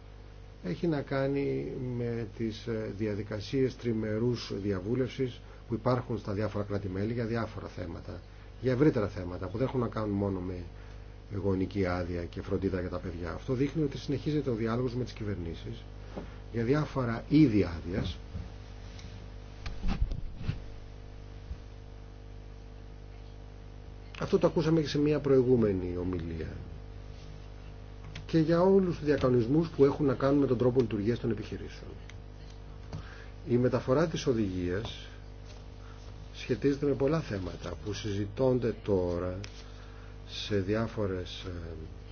έχει να κάνει με τις ε, διαδικασίες τριμερούς διαβούλευση που υπάρχουν στα διάφορα κράτη-μέλη για διάφορα θέματα, για ευρύτερα θέματα που δεν έχουν να κάνουν μόνο με γονική άδεια και φροντίδα για τα παιδιά. Αυτό δείχνει ότι συνεχίζεται ο διάλογο με τι κυβερνήσει για διάφορα είδη άδεια Αυτό το ακούσαμε και σε μια προηγούμενη ομιλία. Και για όλους τους διακανονισμούς που έχουν να κάνουν με τον τρόπο λειτουργίας των επιχειρήσεων. Η μεταφορά της οδηγίας σχετίζεται με πολλά θέματα που συζητώνται τώρα σε διάφορες ε,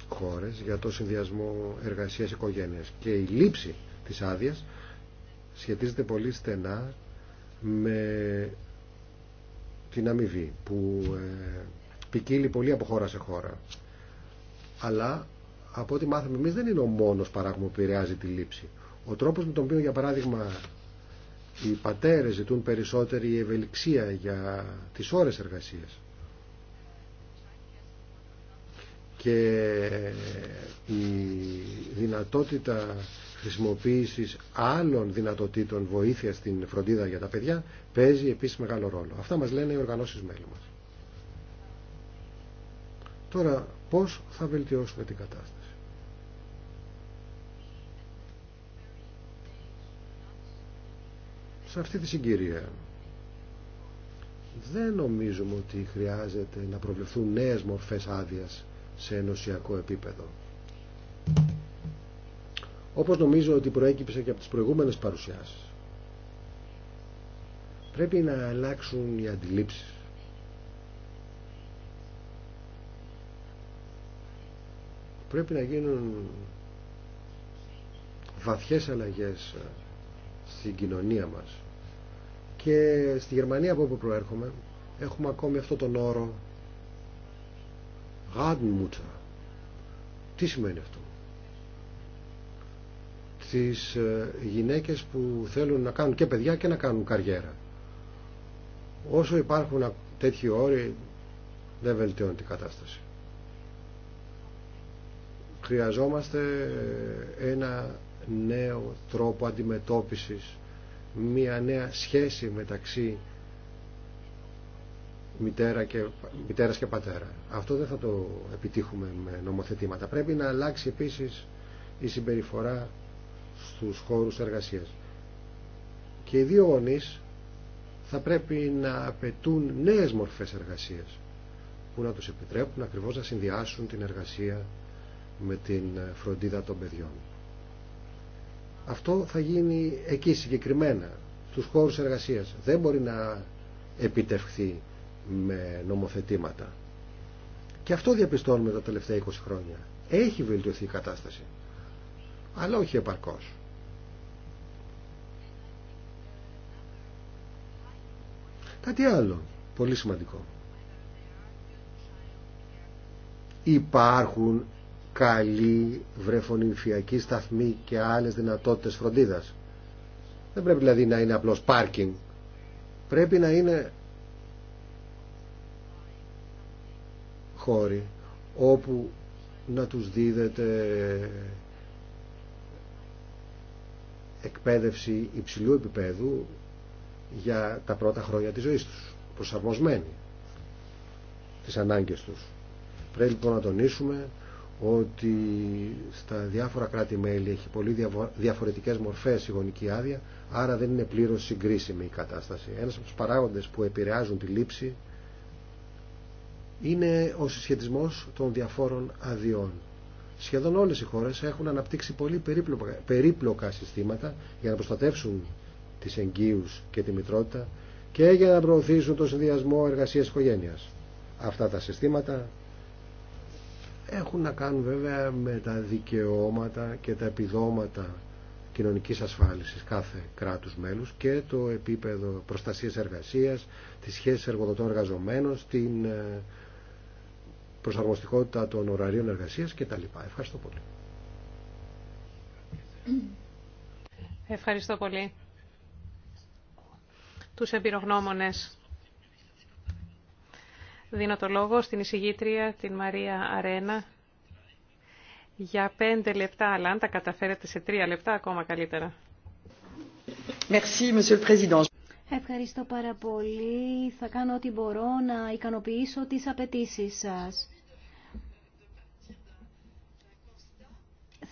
χώρες για το συνδυασμό εργασίας οικογένειας και η λήψη της άδειας σχετίζεται πολύ στενά με την αμοιβή που ε, ποικίλει πολύ από χώρα σε χώρα. Αλλά από ό,τι μάθαμε εμεί δεν είναι ο μόνο παράγμα που επηρεάζει τη λήψη. Ο τρόπο με τον οποίο, για παράδειγμα, οι πατέρε ζητούν περισσότερη ευελιξία για τι ώρε εργασία. Και η δυνατότητα χρησιμοποίησης άλλων δυνατοτήτων βοήθεια στην φροντίδα για τα παιδιά παίζει επίσης μεγάλο ρόλο. Αυτά μας λένε οι οργανώσεις μέλη μας. Τώρα πώς θα βελτιώσουμε την κατάσταση. Σε αυτή τη συγκυρία δεν νομίζουμε ότι χρειάζεται να προβλεφθούν νέες μορφές άδειας σε ενωσιακό επίπεδο. Όπως νομίζω ότι προέκυψε και από τις προηγούμενες παρουσιάσεις. Πρέπει να αλλάξουν οι αντιλήψεις Πρέπει να γίνουν βαθιές αλλαγές ε, στην κοινωνία μας. Και στη Γερμανία από όπου προέρχομαι έχουμε ακόμη αυτό τον όρο Gartenmutter. Τι σημαίνει αυτό. Τις ε, γυναίκες που θέλουν να κάνουν και παιδιά και να κάνουν καριέρα. Όσο υπάρχουν τέτοιοι όροι δεν βελτιώνει την κατάσταση. Χρειαζόμαστε ένα νέο τρόπο αντιμετώπισης, μία νέα σχέση μεταξύ μητέρα και, μητέρας και πατέρα. Αυτό δεν θα το επιτύχουμε με νομοθετήματα. Πρέπει να αλλάξει επίσης η συμπεριφορά στους χώρους εργασίας. Και οι δύο γονείς θα πρέπει να απαιτούν νέες μορφές εργασίας που να τους επιτρέπουν ακριβώς να συνδυάσουν την εργασία με την ε, φροντίδα των παιδιών. Αυτό θα γίνει εκεί συγκεκριμένα, στους χώρους εργασίας. Δεν μπορεί να επιτευχθεί με νομοθετήματα. Και αυτό διαπιστώνουμε τα τελευταία 20 χρόνια. Έχει βελτιωθεί η κατάσταση, αλλά όχι επαρκώς. Κάτι άλλο, πολύ σημαντικό. Υπάρχουν καλή βρεφονιμφιακή σταθμή και άλλες δυνατότητες φροντίδας. Δεν πρέπει δηλαδή να είναι απλώς πάρκινγκ. Πρέπει να είναι χώροι όπου να τους δίδεται εκπαίδευση υψηλού επίπεδου για τα πρώτα χρόνια της ζωής τους, προσαρμοσμένοι τις ανάγκες τους. Πρέπει λοιπόν να τονίσουμε ότι στα διάφορα κράτη-μέλη έχει πολύ διαφορετικές μορφές η γονική άδεια, άρα δεν είναι πλήρως συγκρίσιμη η κατάσταση. Ένας από τους παράγοντες που επηρεάζουν τη λήψη είναι ο συσχετισμός των διαφόρων αδειών. Σχεδόν όλες οι χώρες έχουν αναπτύξει πολύ περίπλοκα, συστήματα για να προστατεύσουν τις εγγύους και τη μητρότητα και για να προωθήσουν τον συνδυασμό εργασίας οικογένειας. Αυτά τα συστήματα έχουν να κάνουν βέβαια με τα δικαιώματα και τα επιδόματα κοινωνικής ασφάλισης κάθε κράτους μέλους και το επίπεδο προστασίας εργασίας, τις σχέσεις εργοδοτών εργαζομένων, την ε, προσαρμοστικότητα των ωραρίων εργασίας κτλ. Ευχαριστώ πολύ. Ευχαριστώ πολύ. Τους εμπειρογνώμονες Δίνω το λόγο στην εισηγήτρια, την Μαρία Αρένα, για πέντε λεπτά, αλλά αν τα καταφέρετε σε τρία λεπτά, ακόμα καλύτερα. Merci, Ευχαριστώ πάρα πολύ. Θα κάνω ό,τι μπορώ να ικανοποιήσω τις απαιτήσεις σας.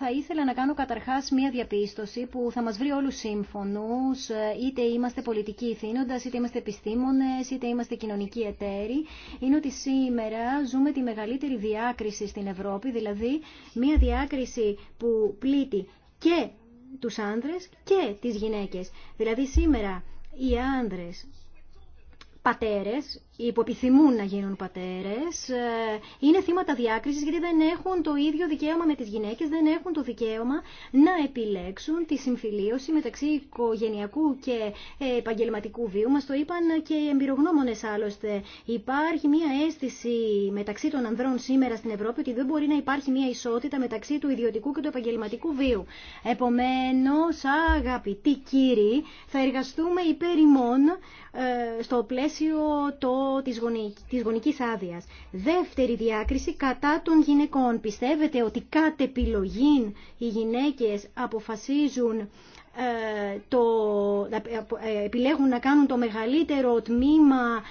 θα ήθελα να κάνω καταρχάς μία διαπίστωση που θα μας βρει όλους σύμφωνους, είτε είμαστε πολιτικοί ηθήνοντας, είτε είμαστε επιστήμονες, είτε είμαστε κοινωνικοί εταίροι, είναι ότι σήμερα ζούμε τη μεγαλύτερη διάκριση στην Ευρώπη, δηλαδή μία διάκριση που πλήττει και τους άνδρες και τις γυναίκες. Δηλαδή σήμερα οι άνδρες πατέρες οι που επιθυμούν να γίνουν πατέρες ε, είναι θύματα διάκρισης γιατί δεν έχουν το ίδιο δικαίωμα με τις γυναίκες, δεν έχουν το δικαίωμα να επιλέξουν τη συμφιλίωση μεταξύ οικογενειακού και ε, επαγγελματικού βίου. Μας το είπαν και οι εμπειρογνώμονες άλλωστε. Υπάρχει μια αίσθηση μεταξύ των ανδρών σήμερα στην Ευρώπη ότι δεν μπορεί να υπάρχει μια ισότητα μεταξύ του ιδιωτικού και του επαγγελματικού βίου. Επομένως, αγαπητοί κύριοι, θα εργαστούμε υπέρ ε, στο πλαίσιο το, της, γονικής, γονικής άδειας. Δεύτερη διάκριση κατά των γυναικών. Πιστεύετε ότι κάτω επιλογή οι γυναίκες αποφασίζουν ε, το, ε, ε, επιλέγουν να κάνουν το μεγαλύτερο τμήμα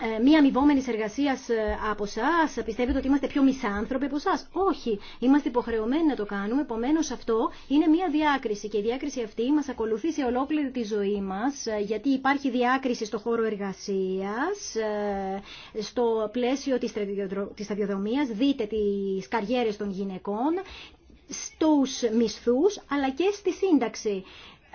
ε, μία αμοιβόμενη εργασία ε, από εσά, πιστεύετε ότι είμαστε πιο μισάνθρωποι από εσά. Όχι, είμαστε υποχρεωμένοι να το κάνουμε. Επομένω, αυτό είναι μία διάκριση και η διάκριση αυτή μα ακολουθεί σε ολόκληρη τη ζωή μα, ε, γιατί υπάρχει διάκριση στο χώρο εργασία, στο πλαίσιο τη σταδιοδρομία. Δείτε τι καριέρε των γυναικών στους μισθούς αλλά και στη σύνταξη.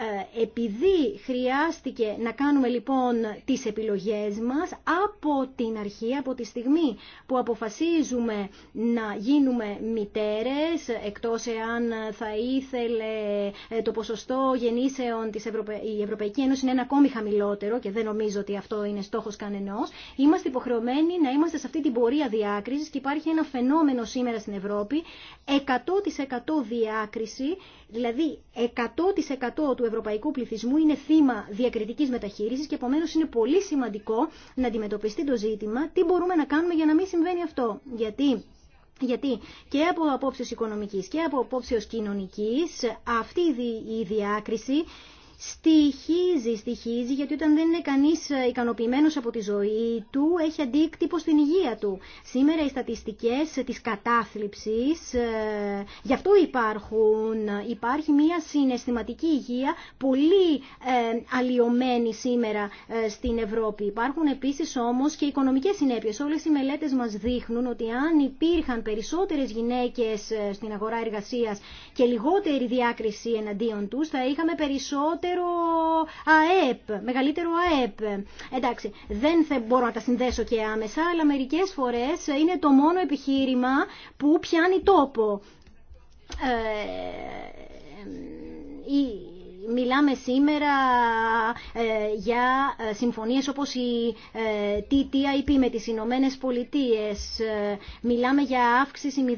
Ε, επειδή χρειάστηκε να κάνουμε λοιπόν τις επιλογές μας από την αρχή, από τη στιγμή που αποφασίζουμε να γίνουμε μητέρες, εκτός εάν θα ήθελε ε, το ποσοστό γεννήσεων της η Ευρωπαϊκή Ένωση είναι ένα ακόμη χαμηλότερο και δεν νομίζω ότι αυτό είναι στόχος κανενός, είμαστε υποχρεωμένοι να είμαστε σε αυτή την πορεία διάκρισης και υπάρχει ένα φαινόμενο σήμερα στην Ευρώπη 100% διάκριση, δηλαδή 100% του ευρωπαϊκού πληθυσμού είναι θύμα διακριτικής μεταχείρισης και επομένω είναι πολύ σημαντικό να αντιμετωπιστεί το ζήτημα τι μπορούμε να κάνουμε για να μην συμβαίνει αυτό. Γιατί γιατί και από απόψεως οικονομικής και από απόψεως κοινωνικής αυτή η διάκριση στοιχίζει, στοιχίζει, γιατί όταν δεν είναι κανεί ε, ικανοποιημένο από τη ζωή του, έχει αντίκτυπο στην υγεία του. Σήμερα οι στατιστικέ ε, τη κατάθλιψη, ε, γι' αυτό υπάρχουν, υπάρχει μια συναισθηματική υγεία πολύ αλλοιωμένη σήμερα στην Ευρώπη. Υπάρχουν επίση όμω και οικονομικέ συνέπειε. Όλε οι μελέτε μα δείχνουν ότι αν υπήρχαν περισσότερε γυναίκε στην αγορά εργασία και λιγότερη διάκριση εναντίον του, θα είχαμε περισσότερε μεγαλύτερο ΑΕΠ. Μεγαλύτερο ΑΕΠ. Εντάξει, δεν θα μπορώ να τα συνδέσω και άμεσα, αλλά μερικές φορές είναι το μόνο επιχείρημα που πιάνει τόπο. Ε, μιλάμε σήμερα ε, για ε, συμφωνίες όπως η ε, TTIP με τις Ηνωμένε Πολιτείες. Μιλάμε για αύξηση 0,5%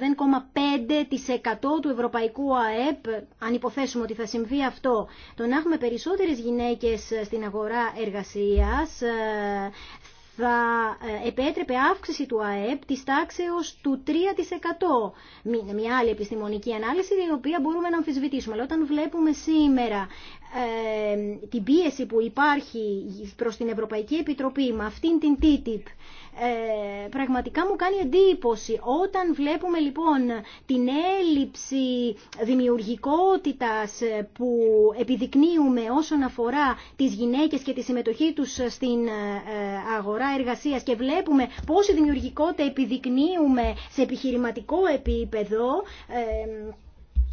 του ευρωπαϊκού ΑΕΠ, αν υποθέσουμε ότι θα συμβεί αυτό. Το να έχουμε περισσότερες γυναίκες στην αγορά εργασίας θα ε, επέτρεπε αύξηση του ΑΕΠ της τάξεως του 3%. Μια άλλη επιστημονική ανάλυση την οποία μπορούμε να αμφισβητήσουμε. Αλλά όταν βλέπουμε σήμερα ε, την πίεση που υπάρχει προς την Ευρωπαϊκή Επιτροπή με αυτήν την TTIP ε, πραγματικά μου κάνει εντύπωση όταν βλέπουμε λοιπόν την έλλειψη δημιουργικότητας ε, που επιδεικνύουμε όσον αφορά τις γυναίκες και τη συμμετοχή τους στην ε, αγορά εργασίας και βλέπουμε πόση δημιουργικότητα επιδεικνύουμε σε επιχειρηματικό επίπεδο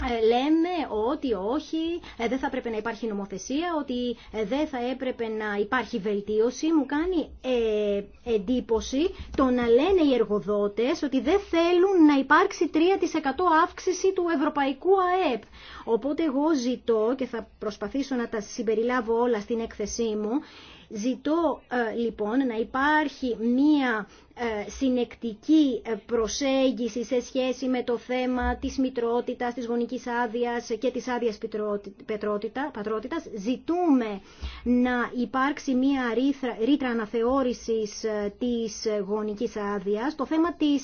ε, λέμε ότι όχι, ε, δεν θα έπρεπε να υπάρχει νομοθεσία, ότι ε, δεν θα έπρεπε να υπάρχει βελτίωση. Μου κάνει ε, εντύπωση το να λένε οι εργοδότες ότι δεν θέλουν να υπάρξει 3% αύξηση του ευρωπαϊκού ΑΕΠ. Οπότε εγώ ζητώ και θα προσπαθήσω να τα συμπεριλάβω όλα στην έκθεσή μου, Ζητώ λοιπόν να υπάρχει μία ε, συνεκτική ε, προσέγγιση σε σχέση με το θέμα της μητρότητας, της γονικής άδειας και της άδειας πατρότητας. Ζητούμε να υπάρξει μία ρήτρα αναθεώρησης ε, της γονικής άδειας. Το θέμα της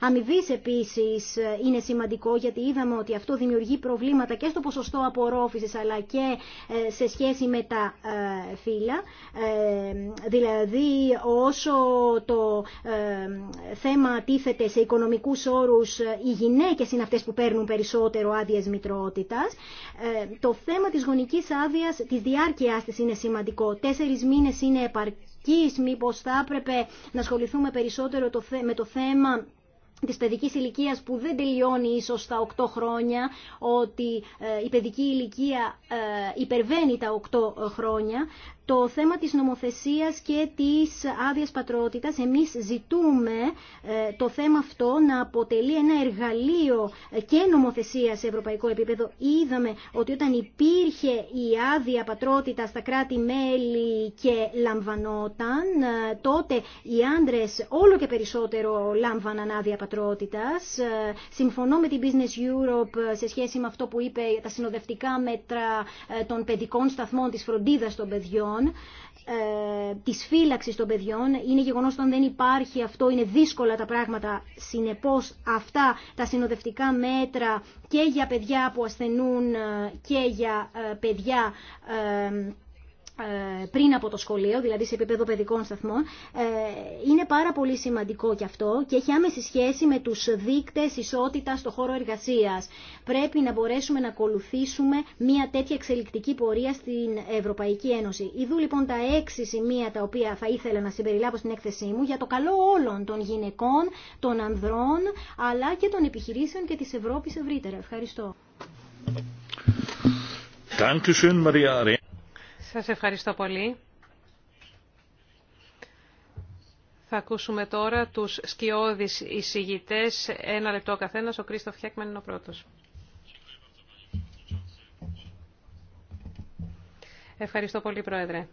αμοιβή επίσης είναι σημαντικό γιατί είδαμε ότι αυτό δημιουργεί προβλήματα και στο ποσοστό απορρόφησης αλλά και σε σχέση με τα φύλλα. Δηλαδή όσο το ε, θέμα τίθεται σε οικονομικούς όρους ε, οι γυναίκες είναι αυτές που παίρνουν περισσότερο άδειε μητρότητας. Ε, το θέμα της γονικής άδειας, της διάρκειάς της είναι σημαντικό. Τέσσερις μήνες είναι επαρκής, μήπως θα έπρεπε να ασχοληθούμε περισσότερο με το θέμα της παιδικής ηλικία που δεν τελειώνει ίσως στα 8 χρόνια, ότι η παιδική ηλικία υπερβαίνει τα 8 χρόνια. Το θέμα της νομοθεσίας και της άδειας πατρότητας, εμείς ζητούμε ε, το θέμα αυτό να αποτελεί ένα εργαλείο ε, και νομοθεσία σε ευρωπαϊκό επίπεδο. Είδαμε ότι όταν υπήρχε η άδεια πατρότητα στα κράτη-μέλη και λαμβανόταν, ε, τότε οι άντρες όλο και περισσότερο λάμβαναν άδεια πατρότητας. Συμφωνώ με την Business Europe σε σχέση με αυτό που είπε τα συνοδευτικά μέτρα των παιδικών σταθμών της φροντίδας των παιδιών παιδιών ε, της φύλαξης των παιδιών. Είναι γεγονό ότι δεν υπάρχει αυτό, είναι δύσκολα τα πράγματα. Συνεπώς αυτά τα συνοδευτικά μέτρα και για παιδιά που ασθενούν ε, και για ε, παιδιά ε, ε, πριν από το σχολείο, δηλαδή σε επίπεδο παιδικών σταθμών, ε, είναι πάρα πολύ σημαντικό και αυτό και έχει άμεση σχέση με τους δείκτες ισότητας στο χώρο εργασίας. Πρέπει να μπορέσουμε να ακολουθήσουμε μια τέτοια εξελικτική πορεία στην Ευρωπαϊκή Ένωση. Ιδού λοιπόν τα έξι σημεία τα οποία θα ήθελα να συμπεριλάβω στην έκθεσή μου για το καλό όλων των γυναικών, των ανδρών, αλλά και των επιχειρήσεων και της Ευρώπης ευρύτερα. Ευχαριστώ. Maria σας ευχαριστώ πολύ. Θα ακούσουμε τώρα τους σκιώδεις εισηγητές, ένα λεπτό ο καθένας, ο Κρίστοφ Χέκμαν είναι ο πρώτος. Ευχαριστώ πολύ, Πρόεδρε.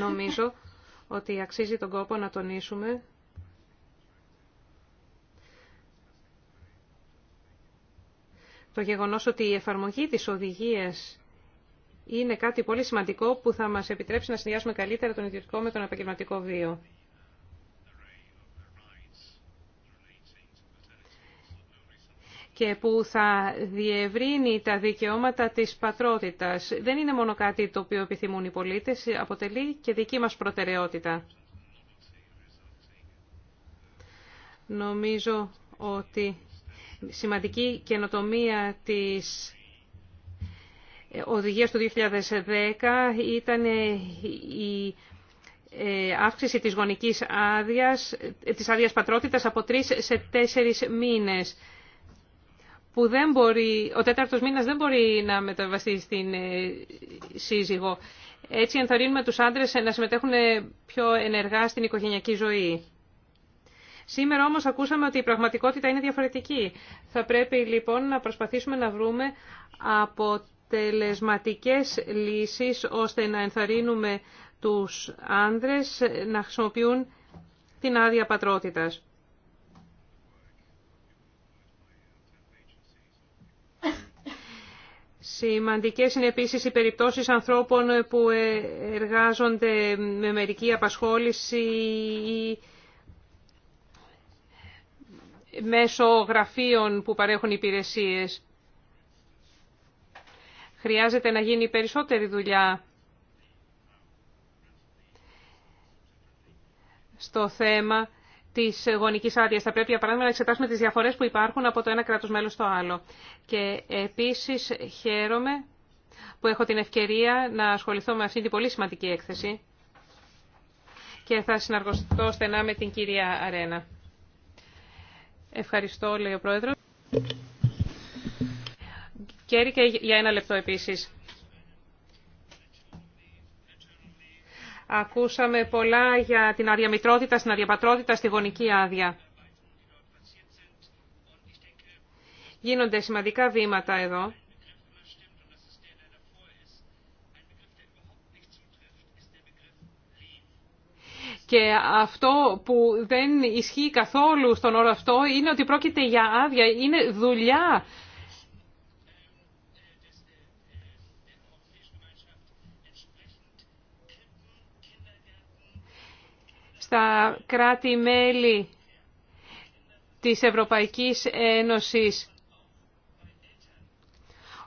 Νομίζω ότι αξίζει τον κόπο να τονίσουμε το γεγονός ότι η εφαρμογή της οδηγίας είναι κάτι πολύ σημαντικό που θα μας επιτρέψει να συνδυάσουμε καλύτερα τον ιδιωτικό με τον επαγγελματικό βίο. και που θα διευρύνει τα δικαιώματα της πατρότητας. Δεν είναι μόνο κάτι το οποίο επιθυμούν οι πολίτες, αποτελεί και δική μας προτεραιότητα. Νομίζω ότι σημαντική καινοτομία της οδηγίας του 2010 ήταν η ε, αύξηση της γονικής άδειας, της άδειας πατρότητας από τρεις σε τέσσερις μήνες. Που δεν μπορεί, ο τέταρτος μήνας δεν μπορεί να μεταβαστεί στην ε, σύζυγο. Έτσι ενθαρρύνουμε τους άντρες να συμμετέχουν πιο ενεργά στην οικογενειακή ζωή. Σήμερα όμως ακούσαμε ότι η πραγματικότητα είναι διαφορετική. Θα πρέπει λοιπόν να προσπαθήσουμε να βρούμε αποτελεσματικές λύσεις ώστε να ενθαρρύνουμε τους άνδρες να χρησιμοποιούν την άδεια πατρότητας. Σημαντικές είναι επίσης οι περιπτώσεις ανθρώπων που ε, εργάζονται με μερική απασχόληση ή μέσω γραφείων που παρέχουν υπηρεσίες. Χρειάζεται να γίνει περισσότερη δουλειά στο θέμα της γονικής άδεια. Θα πρέπει, για παράδειγμα, να εξετάσουμε τις διαφορές που υπάρχουν από το ένα κράτος μέλος στο άλλο. Και επίσης χαίρομαι που έχω την ευκαιρία να ασχοληθώ με αυτή την πολύ σημαντική έκθεση και θα συνεργαστώ στενά με την κυρία Αρένα. Ευχαριστώ, λέει ο Πρόεδρο. Κέρι και για ένα λεπτό επίσης. Ακούσαμε πολλά για την αδιαμητρότητα, την αδιαπατρότητα, τη γονική άδεια. Γίνονται σημαντικά βήματα εδώ. Και αυτό που δεν ισχύει καθόλου στον όρο αυτό είναι ότι πρόκειται για άδεια, είναι δουλειά. Στα κράτη-μέλη της Ευρωπαϊκής Ένωσης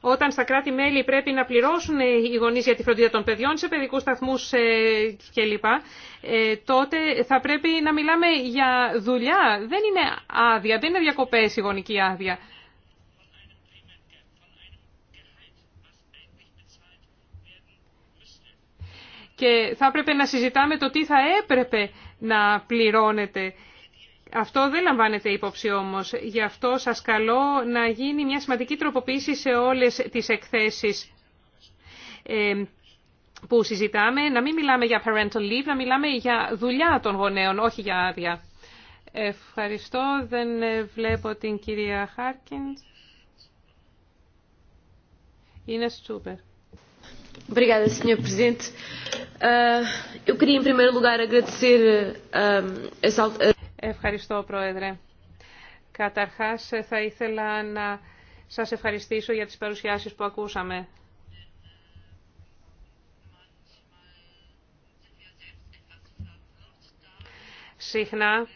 όταν στα κράτη-μέλη πρέπει να πληρώσουν οι γονείς για τη φροντίδα των παιδιών σε παιδικούς σταθμούς ε, κλπ, ε, τότε θα πρέπει να μιλάμε για δουλειά. Δεν είναι άδεια, δεν είναι διακοπές η γονική άδεια. Και θα έπρεπε να συζητάμε το τι θα έπρεπε να πληρώνεται αυτό δεν λαμβάνεται υπόψη όμως. Γι' αυτό σας καλώ να γίνει μια σημαντική τροποποίηση σε όλες τις εκθέσεις ε, που συζητάμε. Να μην μιλάμε για parental leave, να μιλάμε για δουλειά των γονέων, όχι για άδεια. Ευχαριστώ. Δεν βλέπω την κυρία Χάρκιν. Είναι στούπερ. Obrigada, Sr. Presidente. Eh, eu queria, em primeiro lugar, eh, Ευχαριστώ, Πρόεδρε. Καταρχάς, θα ήθελα να σας ευχαριστήσω για τις παρουσιάσεις που ακούσαμε. Συχνά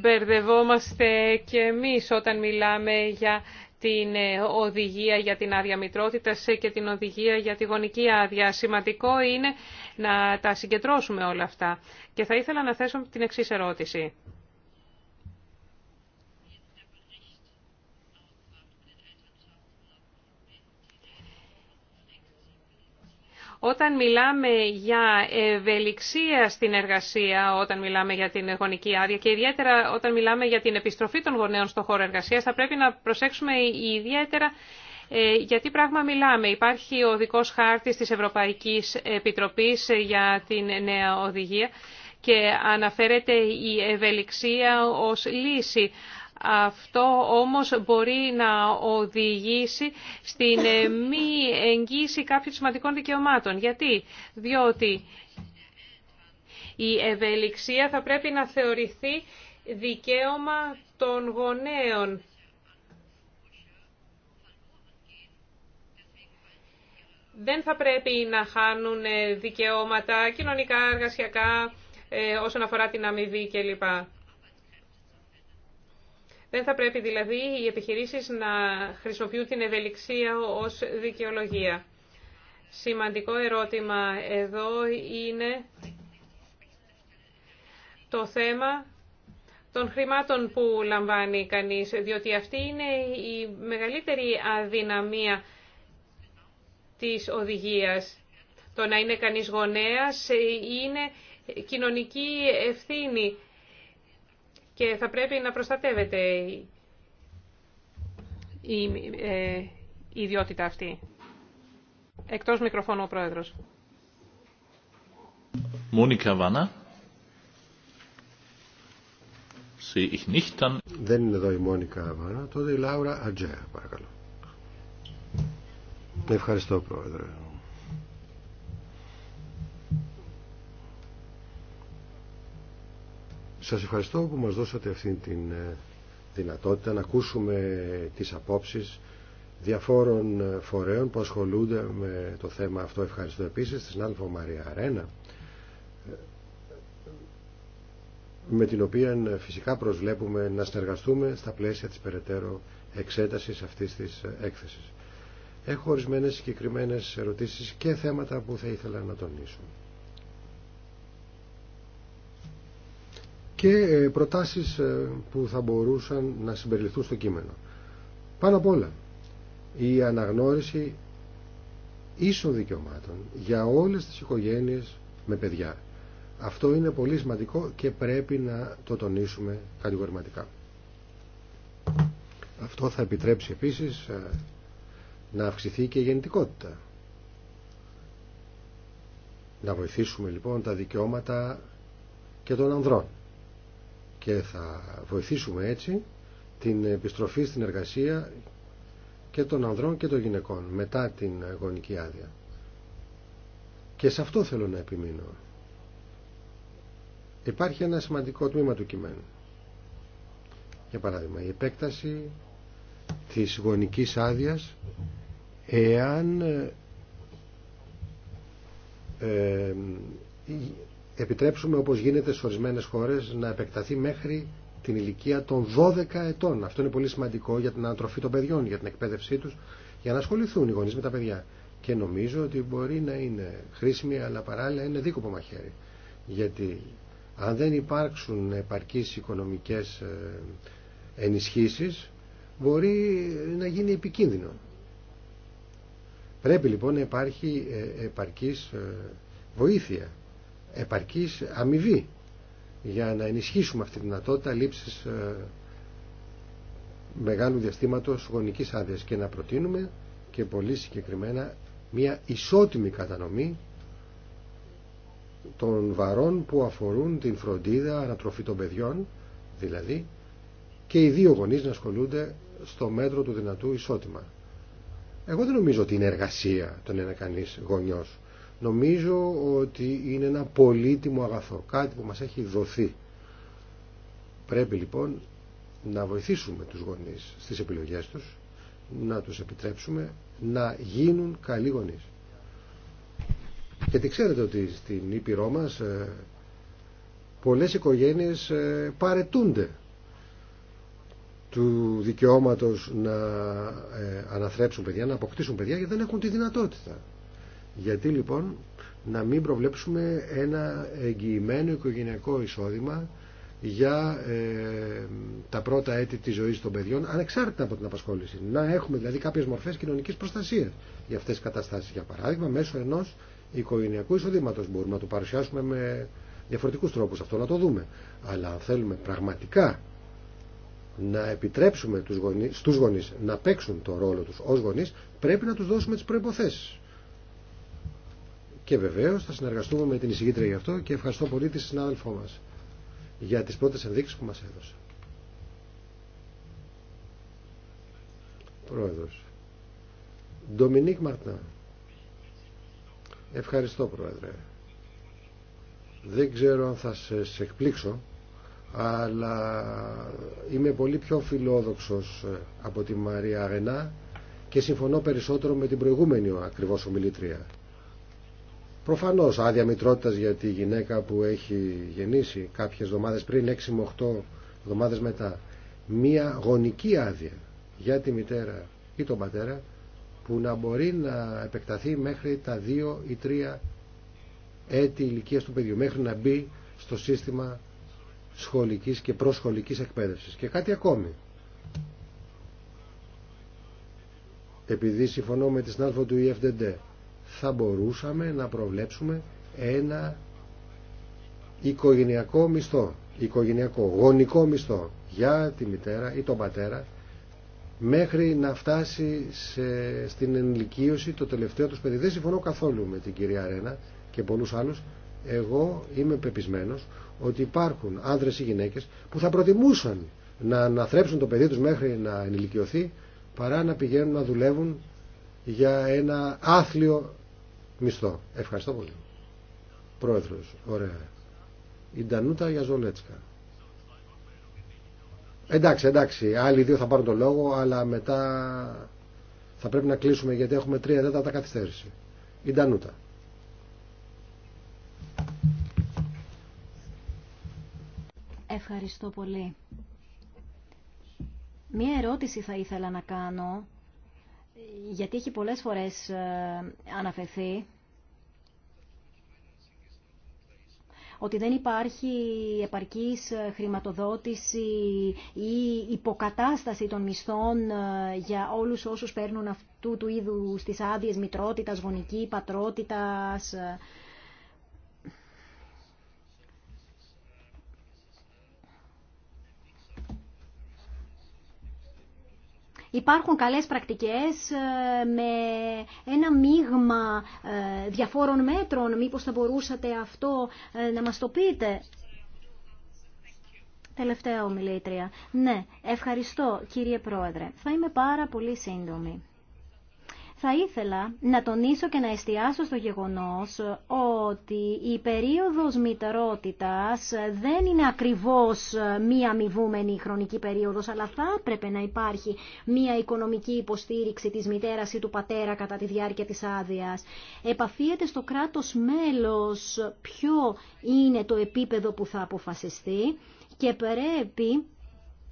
Μπερδευόμαστε και εμείς όταν μιλάμε για την ε, οδηγία για την άδεια μητρότητα ε, και την οδηγία για τη γονική άδεια. Σημαντικό είναι να τα συγκεντρώσουμε όλα αυτά. Και θα ήθελα να θέσω την εξής ερώτηση. Όταν μιλάμε για ευελιξία στην εργασία, όταν μιλάμε για την γονική άδεια και ιδιαίτερα όταν μιλάμε για την επιστροφή των γονέων στον χώρο εργασίας, θα πρέπει να προσέξουμε ιδιαίτερα ε, για τι πράγμα μιλάμε. Υπάρχει ο δικός χάρτης της Ευρωπαϊκής Επιτροπής ε, για την νέα οδηγία και αναφέρεται η ευελιξία ως λύση. Αυτό όμως μπορεί να οδηγήσει στην ε, μη εγγύηση κάποιων σημαντικών δικαιωμάτων. Γιατί, διότι η ευελιξία θα πρέπει να θεωρηθεί δικαίωμα των γονέων. Δεν θα πρέπει να χάνουν ε, δικαιώματα κοινωνικά, εργασιακά, ε, όσον αφορά την αμοιβή κλπ. Δεν θα πρέπει δηλαδή οι επιχειρήσεις να χρησιμοποιούν την ευελιξία ως δικαιολογία. Σημαντικό ερώτημα εδώ είναι το θέμα των χρημάτων που λαμβάνει κανείς, διότι αυτή είναι η μεγαλύτερη αδυναμία της οδηγίας. Το να είναι κανείς γονέας είναι κοινωνική ευθύνη και θα πρέπει να προστατεύεται ε, η, ιδιότητα αυτή. Εκτός μικροφώνου ο Πρόεδρος. Μόνικα Βάνα. Δεν είναι εδώ η Μόνικα Βάνα. Τότε η Λάουρα Ατζέα, παρακαλώ. Ευχαριστώ, Πρόεδρε. Σας ευχαριστώ που μας δώσατε αυτή την ε, δυνατότητα να ακούσουμε τις απόψεις διαφόρων ε, φορέων που ασχολούνται με το θέμα αυτό. Ευχαριστώ επίσης τη Άλφα Μαρία Αρένα ε, με την οποία φυσικά προσβλέπουμε να συνεργαστούμε στα πλαίσια της περαιτέρω εξέτασης αυτής της έκθεσης. Έχω ορισμένες συγκεκριμένες ερωτήσεις και θέματα που θα ήθελα να τονίσω. και ε, προτάσεις ε, που θα μπορούσαν να συμπεριληφθούν στο κείμενο. Πάνω απ' όλα, η αναγνώριση ίσων δικαιωμάτων για όλες τις οικογένειες με παιδιά. Αυτό είναι πολύ σημαντικό και πρέπει να το τονίσουμε κατηγορηματικά. Αυτό θα επιτρέψει επίσης ε, να αυξηθεί και η γεννητικότητα. Να βοηθήσουμε λοιπόν τα δικαιώματα και των ανδρών και θα βοηθήσουμε έτσι την επιστροφή στην εργασία και των ανδρών και των γυναικών μετά την γονική άδεια. Και σε αυτό θέλω να επιμείνω. Υπάρχει ένα σημαντικό τμήμα του κειμένου. Για παράδειγμα, η επέκταση της γονικής άδειας εάν ε, ε, επιτρέψουμε όπως γίνεται σε ορισμένες χώρες να επεκταθεί μέχρι την ηλικία των 12 ετών. Αυτό είναι πολύ σημαντικό για την ανατροφή των παιδιών, για την εκπαίδευσή τους, για να ασχοληθούν οι γονείς με τα παιδιά. Και νομίζω ότι μπορεί να είναι χρήσιμη, αλλά παράλληλα είναι δίκοπο μαχαίρι. Γιατί αν δεν υπάρξουν επαρκείς οικονομικές ε, ενισχύσεις, μπορεί να γίνει επικίνδυνο. Πρέπει λοιπόν να υπάρχει ε, επαρκής ε, βοήθεια επαρκής αμοιβή για να ενισχύσουμε αυτή τη δυνατότητα λήψης ε, μεγάλου διαστήματος γονικής άδεια και να προτείνουμε και πολύ συγκεκριμένα μια ισότιμη κατανομή των βαρών που αφορούν την φροντίδα ανατροφή των παιδιών δηλαδή και οι δύο γονείς να ασχολούνται στο μέτρο του δυνατού ισότιμα. Εγώ δεν νομίζω ότι είναι εργασία το να κανείς Νομίζω ότι είναι ένα πολύτιμο αγαθό, κάτι που μας έχει δοθεί. Πρέπει λοιπόν να βοηθήσουμε τους γονείς στις επιλογές τους, να τους επιτρέψουμε να γίνουν καλοί γονείς. Γιατί ξέρετε ότι στην Ήπειρό μας ε, πολλές οικογένειες ε, παρετούνται του δικαιώματος να ε, αναθρέψουν παιδιά, να αποκτήσουν παιδιά γιατί δεν έχουν τη δυνατότητα. Γιατί λοιπόν να μην προβλέψουμε ένα εγγυημένο οικογενειακό εισόδημα για ε, τα πρώτα έτη της ζωής των παιδιών ανεξάρτητα από την απασχόληση. Να έχουμε δηλαδή κάποιες μορφές κοινωνικής προστασίας για αυτές τις καταστάσεις. Για παράδειγμα μέσω ενός οικογενειακού εισοδήματος μπορούμε να το παρουσιάσουμε με διαφορετικούς τρόπους αυτό να το δούμε. Αλλά αν θέλουμε πραγματικά να επιτρέψουμε τους γονείς, στους γονείς να παίξουν το ρόλο τους ως γονείς πρέπει να τους δώσουμε τις προϋποθέσεις. Και βεβαίω θα συνεργαστούμε με την εισηγήτρια γι' αυτό και ευχαριστώ πολύ τη συνάδελφό μα για τι πρώτε ενδείξει που μα έδωσε. Πρόεδρο. Ντομινίκ Μαρτνά. Ευχαριστώ, Πρόεδρε. Δεν ξέρω αν θα σε εκπλήξω, αλλά είμαι πολύ πιο φιλόδοξος ε, από τη Μαρία Αγενά και συμφωνώ περισσότερο με την προηγούμενη ακριβώς ομιλήτρια. Προφανώ άδεια μητρότητα για τη γυναίκα που έχει γεννήσει κάποιε εβδομάδε πριν, 6 με 8 εβδομάδε μετά. Μία γονική άδεια για τη μητέρα ή τον πατέρα που να μπορεί να επεκταθεί μέχρι τα 2 ή 3 έτη ηλικία του παιδιού, μέχρι να μπει στο σύστημα σχολικής και προσχολικής εκπαίδευσης. Και κάτι ακόμη. Επειδή συμφωνώ με τη συνάδελφο του EFDD, θα μπορούσαμε να προβλέψουμε ένα οικογενειακό μισθό, οικογενειακό γονικό μισθό για τη μητέρα ή τον πατέρα μέχρι να φτάσει σε, στην ενηλικίωση το τελευταίο τους παιδί. Δεν συμφωνώ καθόλου με την κυρία Ρένα και πολλούς άλλους. Εγώ είμαι πεπισμένος ότι υπάρχουν άνδρες ή γυναίκες που θα προτιμούσαν να αναθρέψουν το παιδί τους μέχρι να ενηλικιωθεί παρά να πηγαίνουν να δουλεύουν για ένα άθλιο μισθό. Ευχαριστώ πολύ. Πρόεδρος, ωραία. Η Ντανούτα Γιαζολέτσκα. Εντάξει, εντάξει, άλλοι δύο θα πάρουν το λόγο, αλλά μετά θα πρέπει να κλείσουμε γιατί έχουμε τρία τέταρτα καθυστέρηση. Η Ντανούτα. Ευχαριστώ πολύ. Μία ερώτηση θα ήθελα να κάνω, γιατί έχει πολλές φορές ε, αναφερθεί ότι δεν υπάρχει επαρκής χρηματοδότηση ή υποκατάσταση των μισθών ε, για όλους όσους παίρνουν αυτού του είδους τις άδειες μητρότητας, γονική, πατρότητας, ε, Υπάρχουν καλές πρακτικές ε, με ένα μείγμα ε, διαφόρων μέτρων. Μήπως θα μπορούσατε αυτό ε, να μας το πείτε. Τελευταία ομιλήτρια. Ναι, ευχαριστώ κύριε Πρόεδρε. Θα είμαι πάρα πολύ σύντομη θα ήθελα να τονίσω και να εστιάσω στο γεγονός ότι η περίοδος μητρότητας δεν είναι ακριβώς μία αμοιβούμενη χρονική περίοδος, αλλά θα έπρεπε να υπάρχει μία οικονομική υποστήριξη της μητέρας ή του πατέρα κατά τη διάρκεια της άδειας. Επαφίεται στο κράτος μέλος ποιο είναι το επίπεδο που θα αποφασιστεί και πρέπει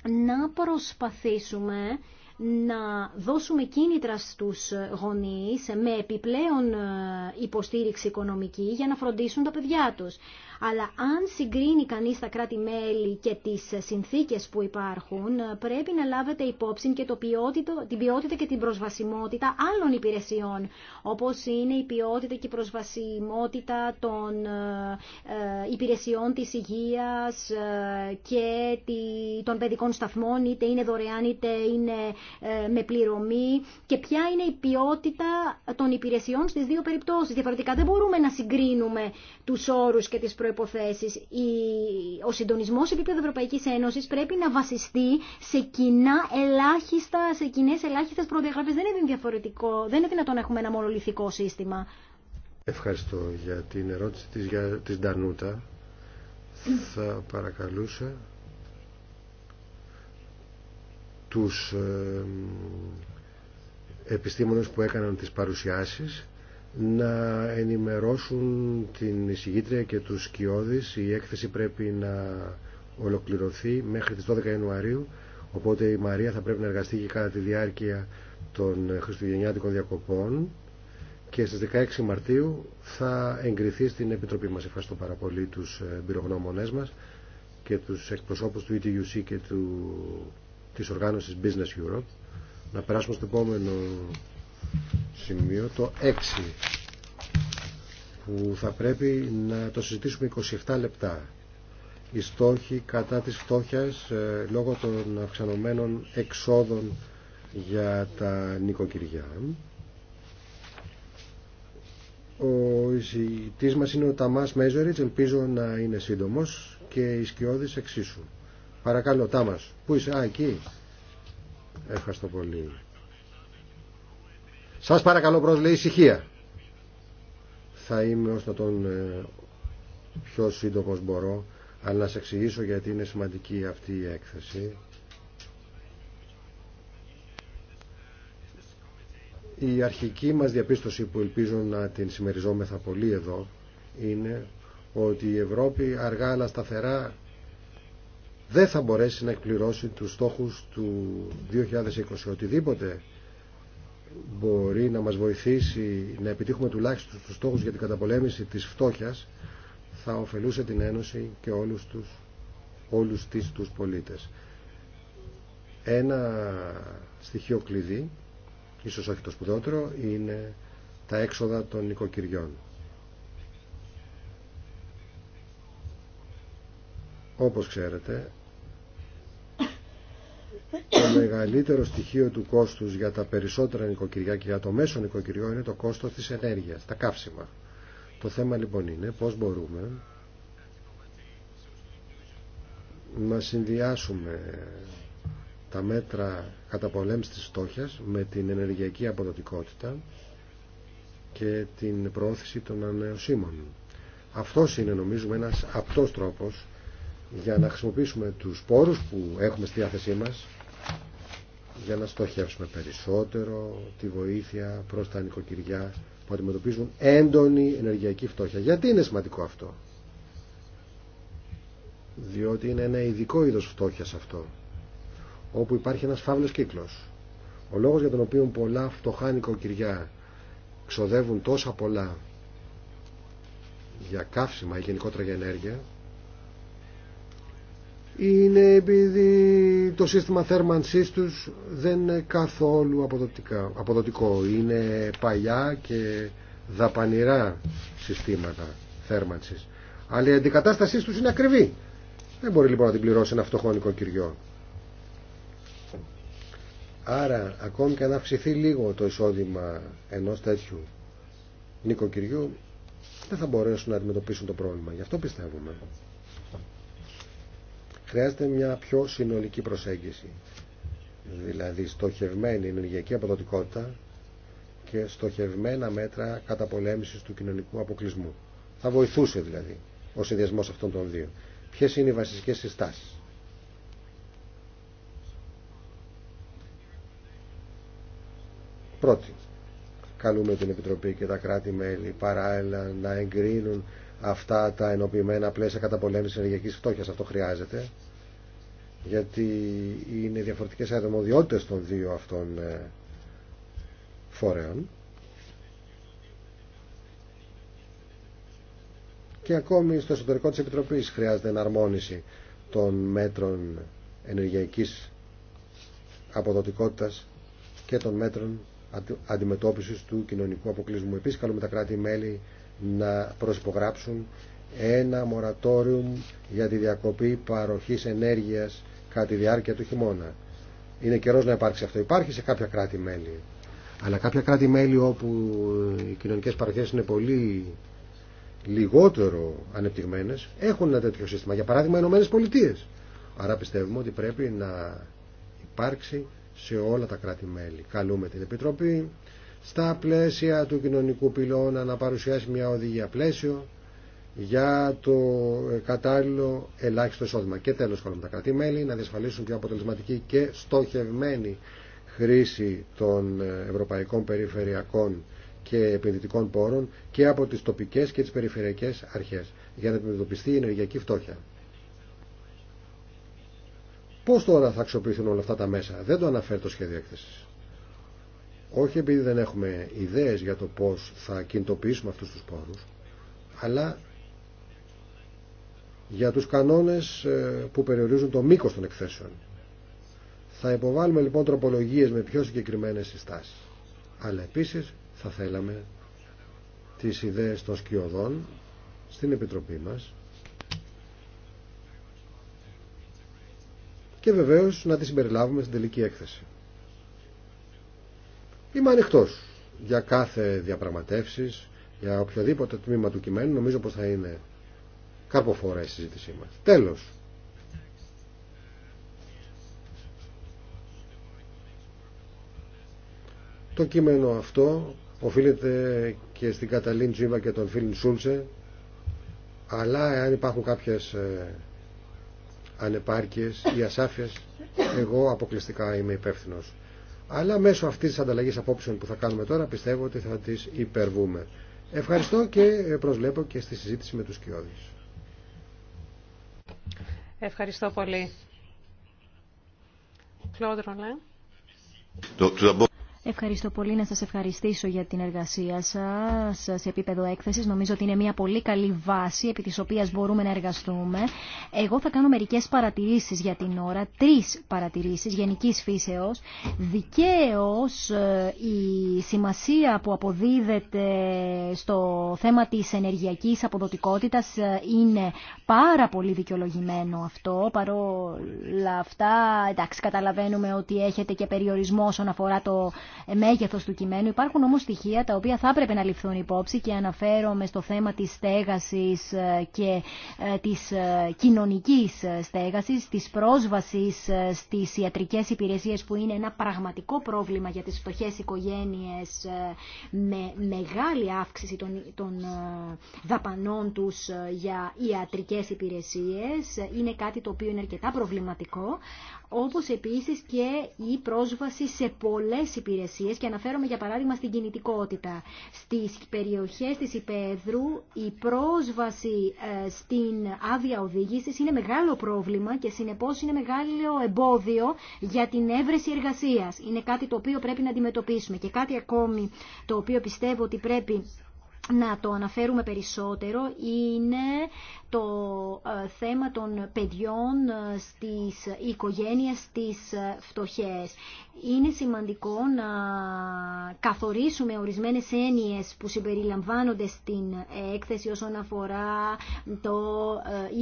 να προσπαθήσουμε να δώσουμε κίνητρα στους γονείς με επιπλέον ε, υποστήριξη οικονομική για να φροντίσουν τα παιδιά τους. Αλλά αν συγκρίνει κανείς τα κράτη-μέλη και τις συνθήκες που υπάρχουν, πρέπει να λάβετε υπόψη και το ποιότητα, την ποιότητα και την προσβασιμότητα άλλων υπηρεσιών, όπως είναι η ποιότητα και η προσβασιμότητα των ε, ε, υπηρεσιών της υγείας ε, και των παιδικών σταθμών, είτε είναι δωρεάν είτε είναι με πληρωμή και ποια είναι η ποιότητα των υπηρεσιών στις δύο περιπτώσεις. Διαφορετικά δεν μπορούμε να συγκρίνουμε τους όρους και τις προϋποθέσεις ο συντονισμός σε επίπεδο Ευρωπαϊκής Ένωσης πρέπει να βασιστεί σε κοινά ελάχιστα, σε κοινές ελάχιστες προδιαγραφές. Δεν είναι, διαφορετικό, δεν είναι δυνατόν να έχουμε ένα μονολυθικό σύστημα. Ευχαριστώ για την ερώτηση της, για, της Ντανούτα. Θα παρακαλούσα τους ε, επιστήμονες που έκαναν τις παρουσιάσεις να ενημερώσουν την εισηγήτρια και τους σκιώδεις. Η έκθεση πρέπει να ολοκληρωθεί μέχρι τις 12 Ιανουαρίου, οπότε η Μαρία θα πρέπει να εργαστεί και κατά τη διάρκεια των Χριστουγεννιάτικων διακοπών και στις 16 Μαρτίου θα εγκριθεί στην Επιτροπή μας. Ευχαριστώ πάρα πολύ τους εμπειρογνώμονές μας και τους εκπροσώπους του ETUC και του, της οργάνωσης Business Europe. Να περάσουμε στο επόμενο σημείο το 6 που θα πρέπει να το συζητήσουμε 27 λεπτά οι στόχοι κατά της φτώχειας ε, λόγω των αυξανωμένων εξόδων για τα νοικοκυριά ο εισηγητής μας είναι ο Ταμάς Μέζοριτς ελπίζω να είναι σύντομος και οι εξίσου παρακαλώ Τάμας, πού είσαι, α εκεί ευχαριστώ πολύ σας παρακαλώ προς λέει ησυχία. Θα είμαι να τον ε, πιο σύντομος μπορώ, αλλά να σας εξηγήσω γιατί είναι σημαντική αυτή η έκθεση. Η αρχική μας διαπίστωση που ελπίζω να την συμμεριζόμεθα πολύ εδώ είναι ότι η Ευρώπη αργά αλλά σταθερά δεν θα μπορέσει να εκπληρώσει τους στόχους του 2020. Οτιδήποτε μπορεί να μας βοηθήσει να επιτύχουμε τουλάχιστον τους στόχους για την καταπολέμηση της φτώχειας θα ωφελούσε την Ένωση και όλους, τους, όλους τις τους πολίτες. Ένα στοιχείο κλειδί, ίσως όχι το σπουδότερο, είναι τα έξοδα των νοικοκυριών. Όπως ξέρετε, το μεγαλύτερο στοιχείο του κόστους για τα περισσότερα νοικοκυριά και για το μέσο νοικοκυριό είναι το κόστος της ενέργειας, τα καύσιμα. Το θέμα λοιπόν είναι πώς μπορούμε να συνδυάσουμε τα μέτρα καταπολέμησης της φτώχειας με την ενεργειακή αποδοτικότητα και την προώθηση των ανανεωσίμων. Αυτός είναι νομίζουμε ένας απτός τρόπος για να χρησιμοποιήσουμε τους πόρους που έχουμε στη διάθεσή μας για να στοχεύσουμε περισσότερο τη βοήθεια προς τα νοικοκυριά που αντιμετωπίζουν έντονη ενεργειακή φτώχεια. Γιατί είναι σημαντικό αυτό. Διότι είναι ένα ειδικό είδος φτώχειας αυτό, όπου υπάρχει ένας φαύλος κύκλος. Ο λόγος για τον οποίο πολλά φτωχά νοικοκυριά ξοδεύουν τόσα πολλά για καύσιμα ή γενικότερα για ενέργεια είναι επειδή το σύστημα θέρμανσής τους δεν είναι καθόλου αποδοτικό. Είναι παλιά και δαπανηρά συστήματα θέρμανσης. Αλλά η αντικατάστασή τους είναι ακριβή. Δεν μπορεί λοιπόν να την πληρώσει ένα φτωχό νοικοκυριό. Άρα ακόμη και αν αυξηθεί λίγο το εισόδημα ενός τέτοιου νοικοκυριού δεν θα μπορέσουν να αντιμετωπίσουν το πρόβλημα. Γι' αυτό πιστεύουμε Χρειάζεται μια πιο συνολική προσέγγιση. Δηλαδή στοχευμένη ενεργειακή αποδοτικότητα και στοχευμένα μέτρα καταπολέμησης του κοινωνικού αποκλεισμού. Θα βοηθούσε δηλαδή ο συνδυασμός αυτών των δύο. Ποιες είναι οι βασικές συστάσεις. Πρώτη, καλούμε την Επιτροπή και τα κράτη-μέλη παράλληλα να εγκρίνουν αυτά τα ενοποιημένα πλαίσια καταπολέμησης ενεργειακής φτώχειας. Αυτό χρειάζεται γιατί είναι διαφορετικές αρμοδιότητες των δύο αυτών ε, φορέων. Και ακόμη στο εσωτερικό της Επιτροπής χρειάζεται εναρμόνιση των μέτρων ενεργειακής αποδοτικότητας και των μέτρων αντιμετώπισης του κοινωνικού αποκλεισμού. Επίσης καλούμε τα κράτη-μέλη να προσυπογράψουν ένα μορατόριο για τη διακοπή παροχής ενέργειας κατά τη διάρκεια του χειμώνα. Είναι καιρός να υπάρξει αυτό. Υπάρχει σε κάποια κράτη-μέλη. Αλλά κάποια κράτη-μέλη όπου οι κοινωνικές παροχές είναι πολύ λιγότερο ανεπτυγμένες έχουν ένα τέτοιο σύστημα. Για παράδειγμα, οι Ηνωμένες Πολιτείες. Άρα πιστεύουμε ότι πρέπει να υπάρξει σε όλα τα κράτη-μέλη. Καλούμε την Επιτροπή στα πλαίσια του κοινωνικού πυλώνα να παρουσιάσει μια οδηγία πλαίσιο για το κατάλληλο ελάχιστο εισόδημα. Και τέλος χωρών τα κρατή-μέλη να διασφαλίσουν πιο αποτελεσματική και στοχευμένη χρήση των ευρωπαϊκών περιφερειακών και επενδυτικών πόρων και από τι τοπικέ και τι περιφερειακέ αρχέ, για να αντιμετωπιστεί η ενεργειακή φτώχεια. Πώ τώρα θα αξιοποιηθούν όλα αυτά τα μέσα. Δεν το αναφέρει το σχέδιο έκθεση όχι επειδή δεν έχουμε ιδέες για το πώς θα κινητοποιήσουμε αυτούς τους πόρους, αλλά για τους κανόνες ε, που περιορίζουν το μήκος των εκθέσεων. Θα υποβάλουμε λοιπόν τροπολογίες με πιο συγκεκριμένες συστάσεις. Αλλά επίσης θα θέλαμε τις ιδέες των σκιωδών στην Επιτροπή μας και βεβαίως να τις συμπεριλάβουμε στην τελική έκθεση. Είμαι ανοιχτό για κάθε διαπραγματεύσει για οποιοδήποτε τμήμα του κειμένου. Νομίζω πως θα είναι φορά η συζήτησή μα. Τέλος. Το κείμενο αυτό οφείλεται και στην Καταλήν Τζίβα και τον Φίλιν Σούλτσε αλλά εάν υπάρχουν κάποιες ε, ανεπάρκειες ή ασάφειες εγώ αποκλειστικά είμαι υπεύθυνος αλλά μέσω αυτή τη ανταλλαγή απόψεων που θα κάνουμε τώρα πιστεύω ότι θα τις υπερβούμε. Ευχαριστώ και προσβλέπω και στη συζήτηση με του Κιώδη. Ευχαριστώ πολύ. ναι. Ευχαριστώ πολύ να σας ευχαριστήσω για την εργασία σας σε επίπεδο έκθεσης. Νομίζω ότι είναι μια πολύ καλή βάση επί της οποίας μπορούμε να εργαστούμε. Εγώ θα κάνω μερικές παρατηρήσεις για την ώρα, τρεις παρατηρήσεις γενικής φύσεως. Δικαίως ε, η σημασία που αποδίδεται στο θέμα της ενεργειακής αποδοτικότητας ε, είναι πάρα πολύ δικαιολογημένο αυτό. Παρόλα αυτά, εντάξει, καταλαβαίνουμε ότι έχετε και περιορισμό όσον αφορά το ε, Μέγεθο του κειμένου. Υπάρχουν όμως στοιχεία τα οποία θα έπρεπε να ληφθούν υπόψη και αναφέρομαι στο θέμα της στέγασης ε, και ε, της κοινωνικής στέγασης, της πρόσβασης στις ιατρικές υπηρεσίες που είναι ένα πραγματικό πρόβλημα για τις φτωχέ οικογένειες με μεγάλη αύξηση των δαπανών τους για ιατρικέ υπηρεσίε. Είναι κάτι το οποίο είναι αρκετά προβληματικό όπως επίσης και η πρόσβαση σε πολλές υπηρεσίες και αναφέρομαι για παράδειγμα στην κινητικότητα. Στις περιοχές της Υπέδρου η πρόσβαση ε, στην άδεια οδήγησης είναι μεγάλο πρόβλημα και συνεπώς είναι μεγάλο εμπόδιο για την έβρεση εργασίας. Είναι κάτι το οποίο πρέπει να αντιμετωπίσουμε και κάτι ακόμη το οποίο πιστεύω ότι πρέπει να το αναφέρουμε περισσότερο είναι το ε, θέμα των παιδιών ε, στις οικογένειες, στις ε, φτωχές. Είναι σημαντικό να καθορίσουμε ορισμένες έννοιες που συμπεριλαμβάνονται στην έκθεση όσον αφορά το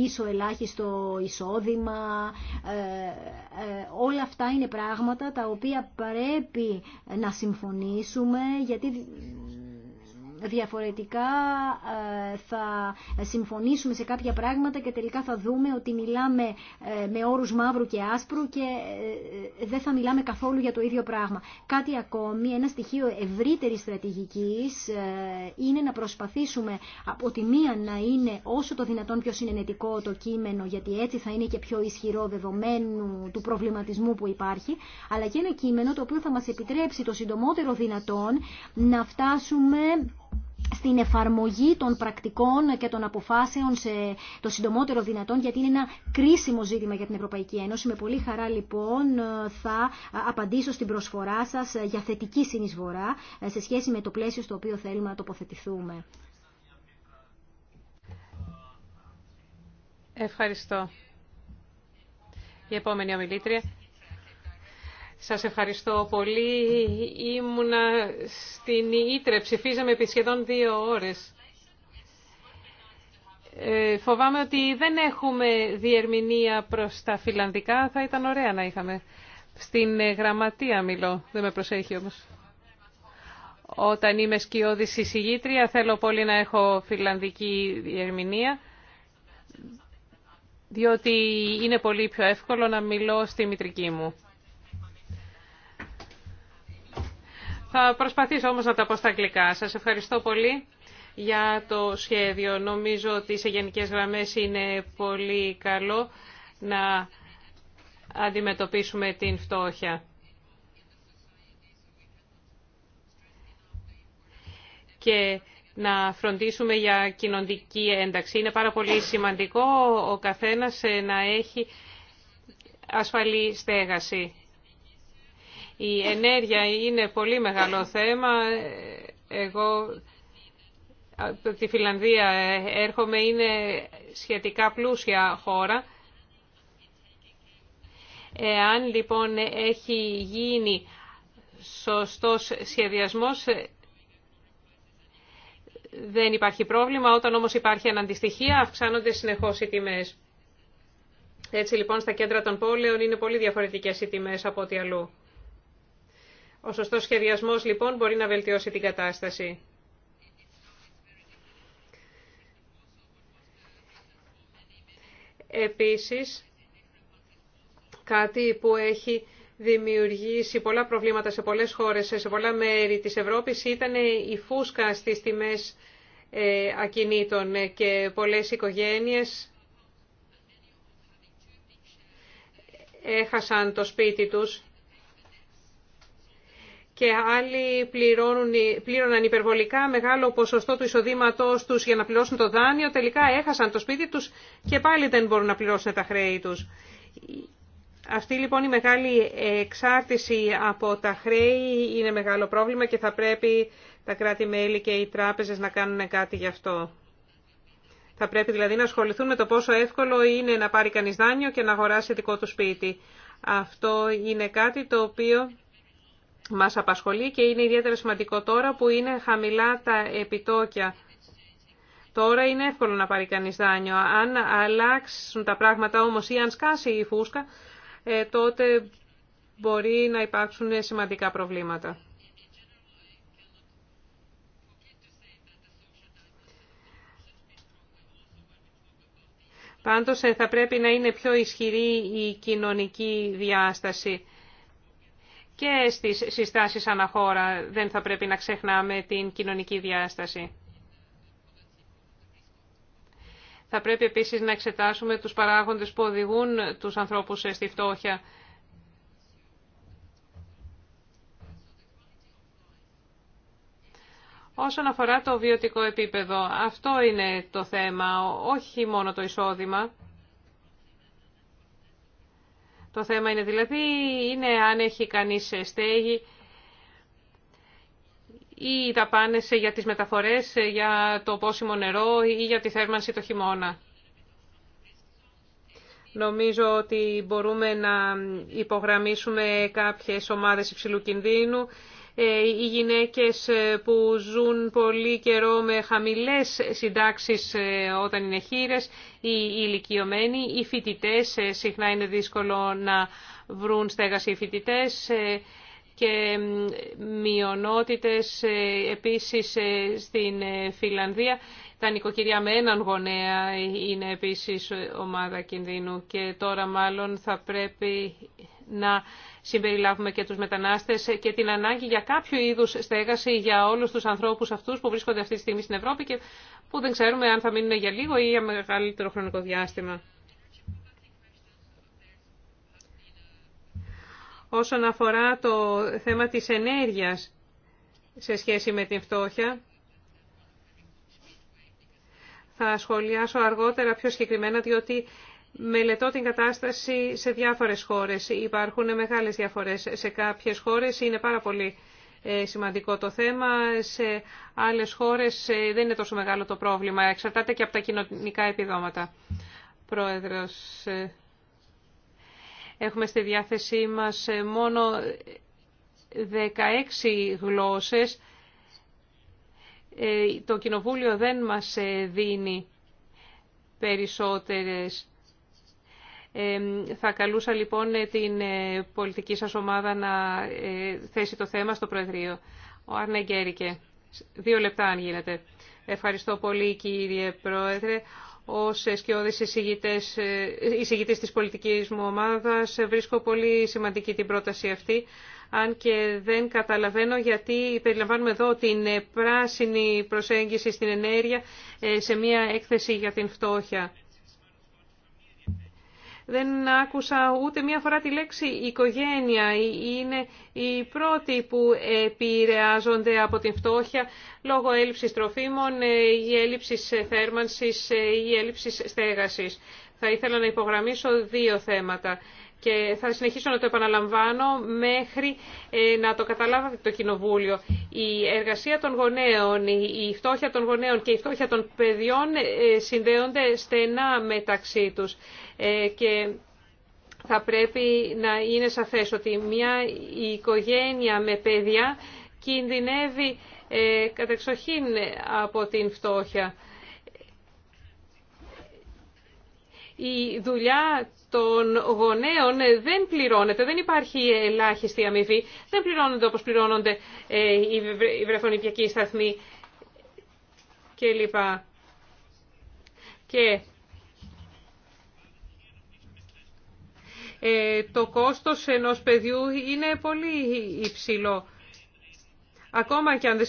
ίσο ελάχιστο εισόδημα. Όλα αυτά είναι πράγματα τα οποία πρέπει να συμφωνήσουμε γιατί διαφορετικά ε, θα συμφωνήσουμε σε κάποια πράγματα και τελικά θα δούμε ότι μιλάμε ε, με όρους μαύρου και άσπρου και ε, δεν θα μιλάμε καθόλου για το ίδιο πράγμα. Κάτι ακόμη, ένα στοιχείο ευρύτερη στρατηγικής είναι να προσπαθήσουμε από τη μία να είναι όσο το δυνατόν πιο συνενετικό το κείμενο γιατί έτσι θα είναι και πιο ισχυρό δεδομένου του προβληματισμού που υπάρχει αλλά και ένα κείμενο το οποίο θα μας επιτρέψει το συντομότερο δυνατόν να φτάσουμε στην εφαρμογή των πρακτικών και των αποφάσεων σε το συντομότερο δυνατόν, γιατί είναι ένα κρίσιμο ζήτημα για την Ευρωπαϊκή Ένωση. Με πολύ χαρά λοιπόν θα απαντήσω στην προσφορά σας για θετική συνεισφορά σε σχέση με το πλαίσιο στο οποίο θέλουμε να τοποθετηθούμε. Ευχαριστώ. Η επόμενη ομιλήτρια σας ευχαριστώ πολύ. Ήμουνα στην Ήτρε, ψηφίζαμε επί σχεδόν δύο ώρες. Ε, φοβάμαι ότι δεν έχουμε διερμηνία προς τα φιλανδικά, θα ήταν ωραία να είχαμε. Στην ε, γραμματεία μιλώ, δεν με προσέχει όμως. Όταν είμαι σκιώδη συσυγήτρια θέλω πολύ να έχω φιλανδική διερμηνία διότι είναι πολύ πιο εύκολο να μιλώ στη μητρική μου. Θα προσπαθήσω όμως να τα πω στα αγγλικά. Σας ευχαριστώ πολύ για το σχέδιο. Νομίζω ότι σε γενικές γραμμές είναι πολύ καλό να αντιμετωπίσουμε την φτώχεια. Και να φροντίσουμε για κοινωνική ένταξη. Είναι πάρα πολύ σημαντικό ο καθένας να έχει ασφαλή στέγαση. Η ενέργεια είναι πολύ μεγάλο θέμα. Εγώ από τη Φιλανδία έρχομαι, είναι σχετικά πλούσια χώρα. Εάν λοιπόν έχει γίνει σωστός σχεδιασμός, δεν υπάρχει πρόβλημα. Όταν όμως υπάρχει αναντιστοιχεία, αυξάνονται συνεχώς οι τιμές. Έτσι λοιπόν στα κέντρα των πόλεων είναι πολύ διαφορετικές οι τιμές από ό,τι αλλού. Ο σωστός σχεδιασμός λοιπόν μπορεί να βελτιώσει την κατάσταση. Επίσης, κάτι που έχει δημιουργήσει πολλά προβλήματα σε πολλές χώρες, σε πολλά μέρη της Ευρώπης, ήταν η φούσκα στις τιμές ε, ακινήτων και πολλές οικογένειες έχασαν το σπίτι τους και άλλοι πληρώνουν, πλήρωναν υπερβολικά μεγάλο ποσοστό του εισοδήματός τους για να πληρώσουν το δάνειο, τελικά έχασαν το σπίτι τους και πάλι δεν μπορούν να πληρώσουν τα χρέη τους. Αυτή λοιπόν η μεγάλη εξάρτηση από τα χρέη είναι μεγάλο πρόβλημα και θα πρέπει τα κράτη-μέλη και οι τράπεζες να κάνουν κάτι γι' αυτό. Θα πρέπει δηλαδή να ασχοληθούν με το πόσο εύκολο είναι να πάρει κανείς δάνειο και να αγοράσει δικό του σπίτι. Αυτό είναι κάτι το οποίο μας απασχολεί και είναι ιδιαίτερα σημαντικό τώρα που είναι χαμηλά τα επιτόκια. Τώρα είναι εύκολο να πάρει κανείς δάνειο. Αν αλλάξουν τα πράγματα όμως ή αν σκάσει η φούσκα, ε, τότε μπορεί να υπάρξουν σημαντικά προβλήματα. Πάντως ε, θα πρέπει να είναι πιο ισχυρή η κοινωνική διάσταση και στις συστάσεις αναχώρα δεν θα πρέπει να ξεχνάμε την κοινωνική διάσταση. Θα πρέπει επίσης να εξετάσουμε τους παράγοντες που οδηγούν τους ανθρώπους στη φτώχεια. Όσον αφορά το βιωτικό επίπεδο, αυτό είναι το θέμα, όχι μόνο το εισόδημα. Το θέμα είναι δηλαδή είναι αν έχει κανείς στέγη ή τα σε για τις μεταφορές, για το πόσιμο νερό ή για τη θέρμανση το χειμώνα. Νομίζω ότι μπορούμε να υπογραμμίσουμε κάποιες ομάδες υψηλού κινδύνου ε, οι γυναίκες ε, που ζουν πολύ καιρό με χαμηλές συντάξεις ε, όταν είναι χείρες, οι ηλικιωμένοι, οι φοιτητές, συχνά είναι δύσκολο να βρουν στέγαση οι φοιτητές, και μειονότητες ε, επίσης ε, στην ε, Φιλανδία. Τα νοικοκυριά με έναν γονέα είναι επίσης ομάδα κινδύνου και τώρα μάλλον θα πρέπει να συμπεριλάβουμε και τους μετανάστες και την ανάγκη για κάποιο είδους στέγαση για όλους τους ανθρώπους αυτούς που βρίσκονται αυτή τη στιγμή στην Ευρώπη και που δεν ξέρουμε αν θα μείνουν για λίγο ή για μεγαλύτερο χρονικό διάστημα. όσον αφορά το θέμα της ενέργειας σε σχέση με την φτώχεια. Θα σχολιάσω αργότερα πιο συγκεκριμένα, διότι μελετώ την κατάσταση σε διάφορες χώρες. Υπάρχουν μεγάλες διαφορές. Σε κάποιες χώρες είναι πάρα πολύ ε, σημαντικό το θέμα. Σε άλλες χώρες ε, δεν είναι τόσο μεγάλο το πρόβλημα. Εξαρτάται και από τα κοινωνικά επιδόματα. Πρόεδρος, ε, Έχουμε στη διάθεσή μας ε, μόνο 16 γλώσσες. Ε, το Κοινοβούλιο δεν μας ε, δίνει περισσότερες. Θα καλούσα λοιπόν την πολιτική σας ομάδα να θέσει το θέμα στο Προεδρείο. Ο Αρνεγκέρικε. Δύο λεπτά αν γίνεται. Ευχαριστώ πολύ κύριε Πρόεδρε ω σκιώδης εισηγητή ε, τη πολιτική μου ομάδα, ε, Βρίσκω πολύ σημαντική την πρόταση αυτή, αν και δεν καταλαβαίνω γιατί περιλαμβάνουμε εδώ την ε, πράσινη προσέγγιση στην ενέργεια σε μια έκθεση για την φτώχεια. Δεν άκουσα ούτε μία φορά τη λέξη οικογένεια. Είναι οι πρώτοι που επηρεάζονται από την φτώχεια λόγω έλλειψης τροφίμων, η ε, έλλειψης θέρμανσης, η ε, έλλειψης στέγασης. Θα ήθελα να υπογραμμίσω δύο θέματα και θα συνεχίσω να το επαναλαμβάνω μέχρι ε, να το καταλάβει το Κοινοβούλιο. Η εργασία των γονέων, η φτώχεια των γονέων και η φτώχεια των παιδιών ε, συνδέονται στενά μεταξύ τους ε, και θα πρέπει να είναι σαφές ότι μια οικογένεια με παιδιά κινδυνεύει κατεξοχήν από την φτώχεια. η δουλειά των γονέων ε, δεν πληρώνεται, δεν υπάρχει ελάχιστη αμοιβή, δεν πληρώνονται όπως πληρώνονται ε, οι βρεφονιπιακοί σταθμοί κλπ. Και ε, το κόστος ενός παιδιού είναι πολύ υψηλό. Ακόμα και αν δεν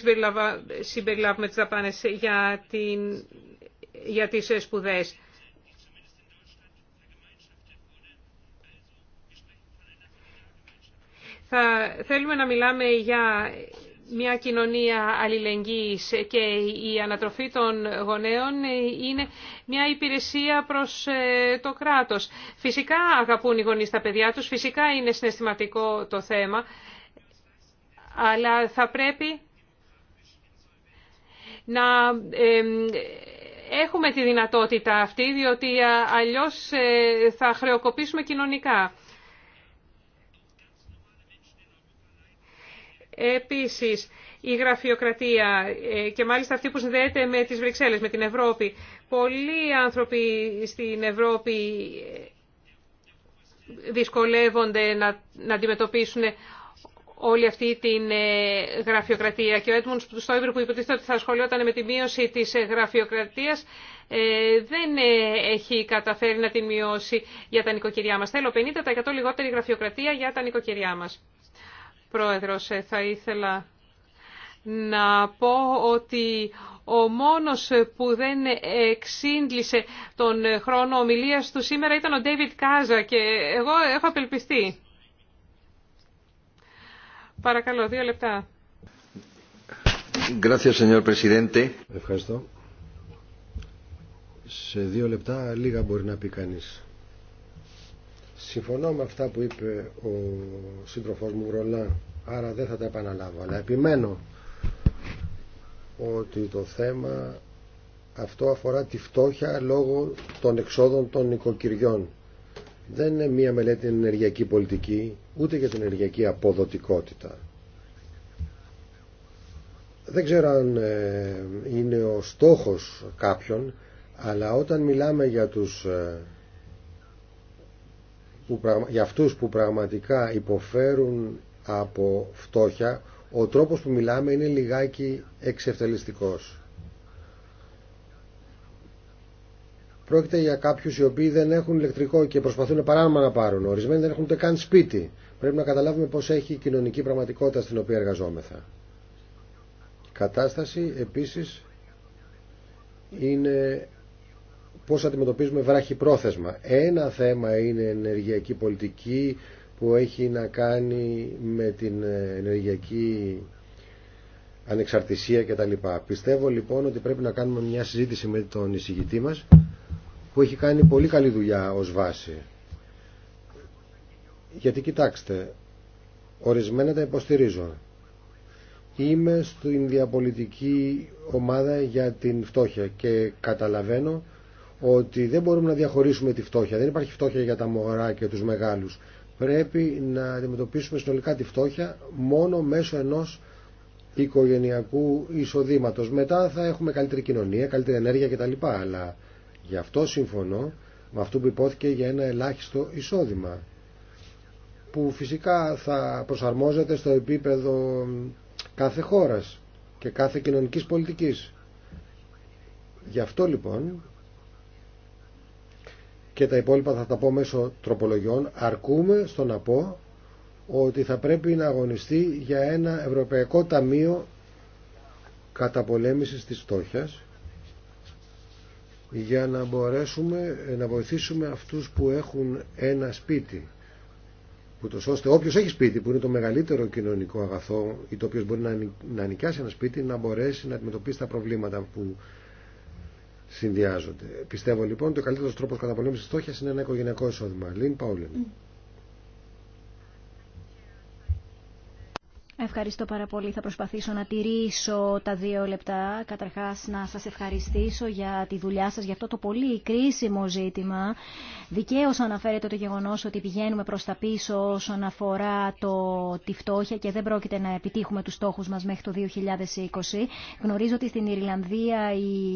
συμπεριλάβουμε τις δαπάνες για, την, για τις σπουδές. Θα θέλουμε να μιλάμε για μια κοινωνία αλληλεγγύης και η ανατροφή των γονέων είναι μια υπηρεσία προς ε, το κράτος. Φυσικά αγαπούν οι γονείς τα παιδιά τους, φυσικά είναι συναισθηματικό το θέμα, αλλά θα πρέπει να έχουμε τη δυνατότητα αυτή, διότι ε, αλλιώς ε, θα χρεοκοπήσουμε κοινωνικά. Επίσης, η γραφειοκρατία ε, και μάλιστα αυτή που συνδέεται με τις Βρυξέλλες, με την Ευρώπη. Πολλοί άνθρωποι στην Ευρώπη ε, δυσκολεύονται να, να αντιμετωπίσουν όλη αυτή την ε, γραφειοκρατία. Και ο Έντμουν Στόιμπερ που υποτίθεται ότι θα ασχολιόταν με τη μείωση της γραφειοκρατίας δεν έχει καταφέρει να την μειώσει για τα νοικοκυριά μας. Θέλω 50% λιγότερη γραφειοκρατία για τα νοικοκυριά μας. Πρόεδρος. Ε, θα ήθελα να πω ότι ο μόνος που δεν εξήγησε τον χρόνο ομιλίας του σήμερα ήταν ο Ντέιβιτ Κάζα και εγώ έχω απελπιστεί. Παρακαλώ, δύο λεπτά. Ευχαριστώ. Σε δύο λεπτά λίγα μπορεί να πει κανείς. Συμφωνώ με αυτά που είπε ο σύντροφός μου ρολά. άρα δεν θα τα επαναλάβω. Αλλά επιμένω ότι το θέμα αυτό αφορά τη φτώχεια λόγω των εξόδων των οικοκυριών. Δεν είναι μία μελέτη ενεργειακή πολιτική, ούτε για την ενεργειακή αποδοτικότητα. Δεν ξέρω αν ε, είναι ο στόχος κάποιον, αλλά όταν μιλάμε για τους ε, που, για αυτούς που πραγματικά υποφέρουν από φτώχεια, ο τρόπος που μιλάμε είναι λιγάκι εξευτελιστικός. Πρόκειται για κάποιους οι οποίοι δεν έχουν ηλεκτρικό και προσπαθούν παράνομα να πάρουν. Ορισμένοι δεν έχουν ούτε καν σπίτι. Πρέπει να καταλάβουμε πώς έχει η κοινωνική πραγματικότητα στην οποία εργαζόμεθα. Η κατάσταση επίσης είναι Πώ αντιμετωπίζουμε βράχη πρόθεσμα. Ένα θέμα είναι ενεργειακή πολιτική που έχει να κάνει με την ε, ενεργειακή ανεξαρτησία κτλ. Πιστεύω λοιπόν ότι πρέπει να κάνουμε μια συζήτηση με τον εισηγητή μας που έχει κάνει πολύ καλή δουλειά ως βάση. Γιατί κοιτάξτε, ορισμένα τα υποστηρίζω. Είμαι στην διαπολιτική ομάδα για την φτώχεια και καταλαβαίνω ότι δεν μπορούμε να διαχωρίσουμε τη φτώχεια. Δεν υπάρχει φτώχεια για τα μωρά και τους μεγάλους. Πρέπει να αντιμετωπίσουμε συνολικά τη φτώχεια μόνο μέσω ενός οικογενειακού εισοδήματος. Μετά θα έχουμε καλύτερη κοινωνία, καλύτερη ενέργεια κτλ. Αλλά γι' αυτό συμφωνώ με αυτό που υπόθηκε για ένα ελάχιστο εισόδημα που φυσικά θα προσαρμόζεται στο επίπεδο κάθε χώρας και κάθε κοινωνικής πολιτικής. Γι' αυτό λοιπόν και τα υπόλοιπα θα τα πω μέσω τροπολογιών, αρκούμε στο να πω ότι θα πρέπει να αγωνιστεί για ένα Ευρωπαϊκό Ταμείο Καταπολέμησης της Φτώχειας για να μπορέσουμε να βοηθήσουμε αυτούς που έχουν ένα σπίτι το σώστε όποιος έχει σπίτι που είναι το μεγαλύτερο κοινωνικό αγαθό ή το οποίο μπορεί να νοικιάσει ένα σπίτι να μπορέσει να αντιμετωπίσει τα προβλήματα που συνδυάζονται. Πιστεύω λοιπόν ότι ο καλύτερο τρόπο καταπολέμηση φτώχεια είναι ένα οικογενειακό εισόδημα. Λίν Πάουλεν. Ευχαριστώ πάρα πολύ. Θα προσπαθήσω να τηρήσω τα δύο λεπτά. Καταρχάς να σας ευχαριστήσω για τη δουλειά σας, για αυτό το πολύ κρίσιμο ζήτημα. Δικαίως αναφέρεται το γεγονός ότι πηγαίνουμε προς τα πίσω όσον αφορά το, τη φτώχεια και δεν πρόκειται να επιτύχουμε τους στόχους μας μέχρι το 2020. Γνωρίζω ότι στην Ιρλανδία η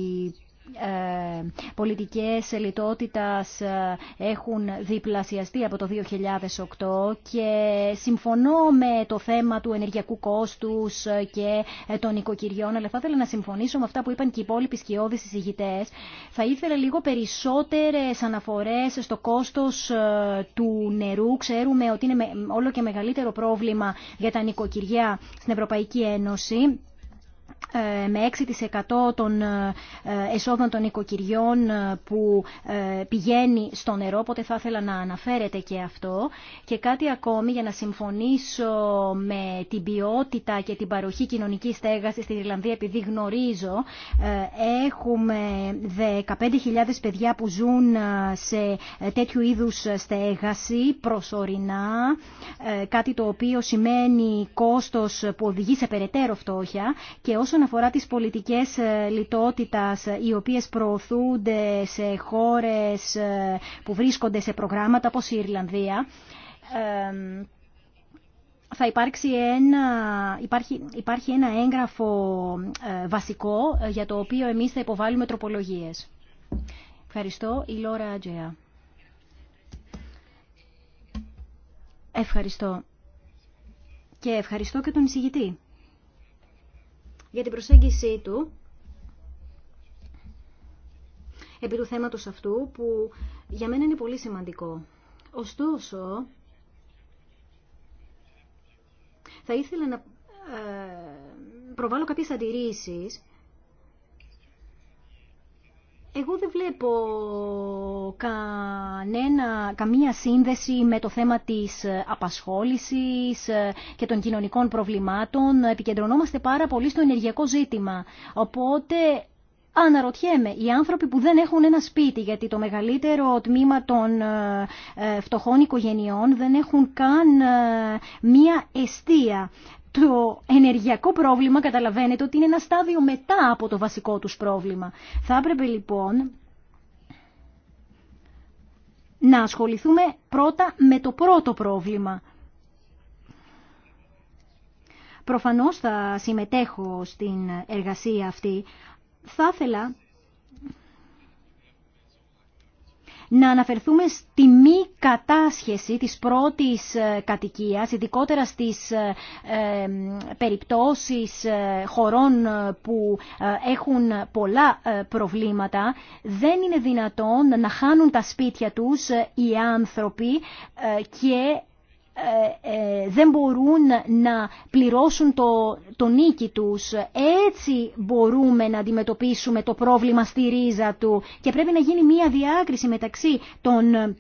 ε, πολιτικές λιτότητας ε, έχουν διπλασιαστεί από το 2008 και συμφωνώ με το θέμα του ενεργειακού κόστους και ε, των οικοκυριών αλλά θα ήθελα να συμφωνήσω με αυτά που είπαν και οι υπόλοιποι σκιώδεις συζητητές. Θα ήθελα λίγο περισσότερες αναφορές στο κόστος του νερού. Ξέρουμε ότι είναι όλο και μεγαλύτερο πρόβλημα για τα νοικοκυριά στην Ευρωπαϊκή Ένωση. Ε, με 6% των ε, εσόδων των οικοκυριών ε, που πηγαίνει στο νερό, οπότε θα ήθελα να αναφέρετε και αυτό. Και κάτι ακόμη για να συμφωνήσω με την ποιότητα και την παροχή κοινωνική στέγαση στην Ιρλανδία, επειδή γνωρίζω, έχουμε 15.000 παιδιά που ζουν σε τέτοιου είδους στέγαση προσωρινά, κάτι το οποίο σημαίνει κόστος που οδηγεί σε περαιτέρω φτώχεια και όσον αφορά τις πολιτικές ε, λιτότητας ε, οι οποίες προωθούνται σε χώρες ε, που βρίσκονται σε προγράμματα όπως η Ιρλανδία, θα υπάρξει ένα, υπάρχει, υπάρχει ένα έγγραφο βασικό για το οποίο εμείς θα υποβάλουμε τροπολογίες. Ευχαριστώ. Η Λόρα Ατζέα. Ευχαριστώ. Και ευχαριστώ και τον εισηγητή για την προσέγγιση του επί του θέματος αυτού που για μένα είναι πολύ σημαντικό. Ωστόσο, θα ήθελα να ε, προβάλλω κάποιες αντιρρήσεις εγώ δεν βλέπω κανένα, καμία σύνδεση με το θέμα της απασχόλησης και των κοινωνικών προβλημάτων. Επικεντρωνόμαστε πάρα πολύ στο ενεργειακό ζήτημα. Οπότε Αναρωτιέμαι, οι άνθρωποι που δεν έχουν ένα σπίτι, γιατί το μεγαλύτερο τμήμα των ε, φτωχών οικογενειών δεν έχουν καν ε, μία εστία το ενεργειακό πρόβλημα καταλαβαίνετε ότι είναι ένα στάδιο μετά από το βασικό τους πρόβλημα. Θα έπρεπε λοιπόν να ασχοληθούμε πρώτα με το πρώτο πρόβλημα. Προφανώς θα συμμετέχω στην εργασία αυτή. Θα ήθελα να αναφερθούμε στη μη κατάσχεση της πρώτης ε, κατοικίας, ειδικότερα στις ε, ε, περιπτώσεις χωρών που έχουν πολλά προβλήματα. Δεν είναι δυνατόν να χάνουν τα σπίτια τους οι άνθρωποι και ε, ε, δεν μπορούν να πληρώσουν το, το νίκη τους. Έτσι μπορούμε να αντιμετωπίσουμε το πρόβλημα στη ρίζα του και πρέπει να γίνει μια διάκριση μεταξύ των ε,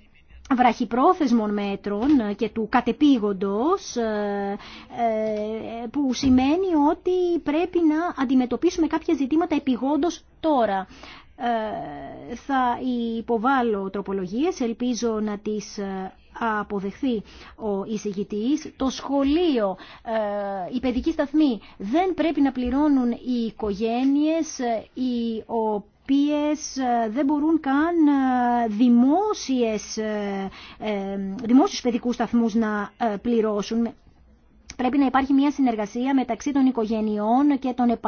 βραχυπρόθεσμων μέτρων και του κατεπήγοντος που σημαίνει ότι πρέπει να αντιμετωπίσουμε κάποια ζητήματα επιγόντως τώρα. Θα υποβάλω τροπολογίες, ελπίζω να τις αποδεχθεί ο εισηγητής. Το σχολείο, ε, η παιδική σταθμή δεν πρέπει να πληρώνουν οι οικογένειες ε, οι οποίες ε, δεν μπορούν καν δημόσιες, δημόσιους παιδικούς σταθμούς να πληρώσουν. Πρέπει να υπάρχει μια συνεργασία μεταξύ των οικογενειών και των,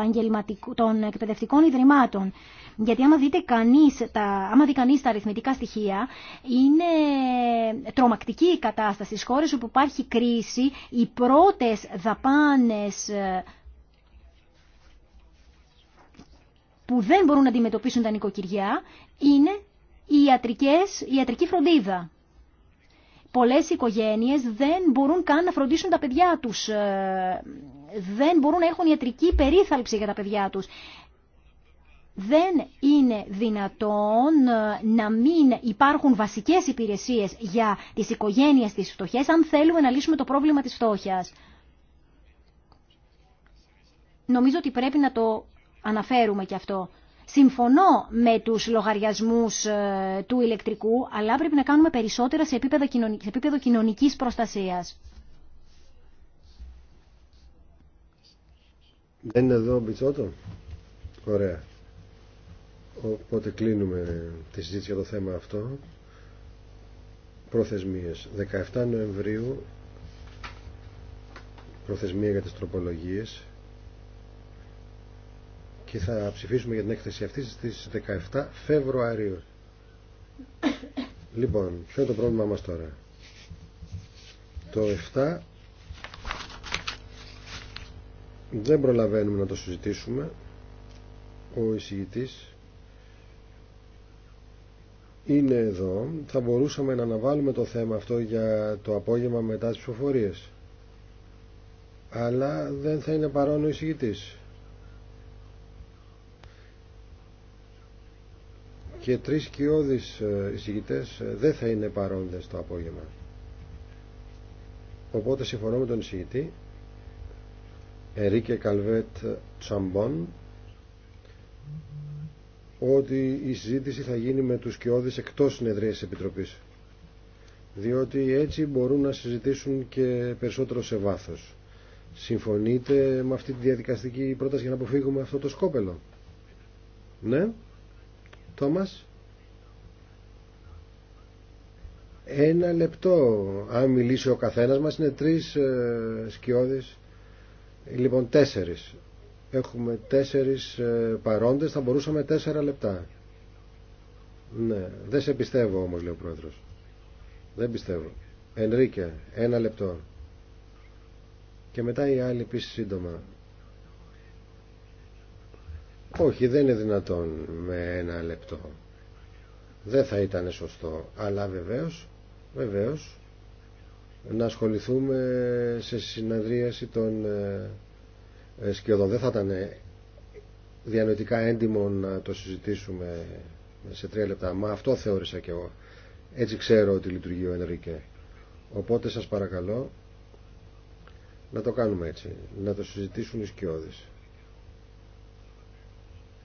των εκπαιδευτικών ιδρυμάτων. Γιατί άμα, δείτε κανείς, τα, άμα δει κανείς τα αριθμητικά στοιχεία, είναι τρομακτική η κατάσταση. Στις χώρες όπου υπάρχει κρίση, οι πρώτες δαπάνες ε, που δεν μπορούν να αντιμετωπίσουν τα νοικοκυριά είναι ιατρικές, η ιατρική φροντίδα πολλές οικογένειες δεν μπορούν καν να φροντίσουν τα παιδιά τους. Ε, δεν μπορούν να έχουν ιατρική περίθαλψη για τα παιδιά τους. Δεν είναι δυνατόν ε, να μην υπάρχουν βασικές υπηρεσίες για τις οικογένειες της φτωχές αν θέλουμε να λύσουμε το πρόβλημα της φτώχειας. Νομίζω ότι πρέπει να το αναφέρουμε και αυτό. Συμφωνώ με τους λογαριασμούς ε, του ηλεκτρικού, αλλά πρέπει να κάνουμε περισσότερα σε επίπεδο κοινωνικής προστασίας. Δεν είναι εδώ ο Μπιτσότο. Ωραία. Οπότε κλείνουμε τη συζήτηση για το θέμα αυτό. Προθεσμίες. 17 Νοεμβρίου προθεσμία για τις τροπολογίες και θα ψηφίσουμε για την έκθεση αυτή στις 17 Φεβρουαρίου. Λοιπόν, ποιο είναι το πρόβλημά μας τώρα. Το 7 δεν προλαβαίνουμε να το συζητήσουμε. Ο εισηγητής είναι εδώ. Θα μπορούσαμε να αναβάλουμε το θέμα αυτό για το απόγευμα μετά τις ψηφοφορίες. Αλλά δεν θα είναι παρόν ο εισηγητής. και τρεις κοιόδης ε, εισηγητές ε, δεν θα είναι παρόντες το απόγευμα. Οπότε συμφωνώ με τον εισηγητή Ερίκε Καλβέτ Τσαμπον ότι η συζήτηση θα γίνει με τους κοιόδης εκτός συνεδρίας Επιτροπής διότι έτσι μπορούν να συζητήσουν και περισσότερο σε βάθος. Συμφωνείτε με αυτή τη διαδικαστική πρόταση για να αποφύγουμε αυτό το σκόπελο. Ναι. Τόμας. Ένα λεπτό. Αν μιλήσει ο καθένας μας είναι τρεις ε, Λοιπόν τέσσερις. Έχουμε τέσσερις ε, παρόντες. Θα μπορούσαμε τέσσερα λεπτά. Ναι. Δεν σε πιστεύω όμως λέει ο πρόεδρος. Δεν πιστεύω. Ενρίκε. Ένα λεπτό. Και μετά οι άλλοι επίση σύντομα. Όχι, δεν είναι δυνατόν με ένα λεπτό. Δεν θα ήταν σωστό. Αλλά βεβαίως, βεβαίως, να ασχοληθούμε σε συναντρίαση των ε, σκιωδών. Δεν θα ήταν διανοητικά έντιμο να το συζητήσουμε σε τρία λεπτά. Μα αυτό θεώρησα κι εγώ. Έτσι ξέρω ότι λειτουργεί ο Ενρίκε. Οπότε σας παρακαλώ να το κάνουμε έτσι. Να το συζητήσουν οι σκιώδεις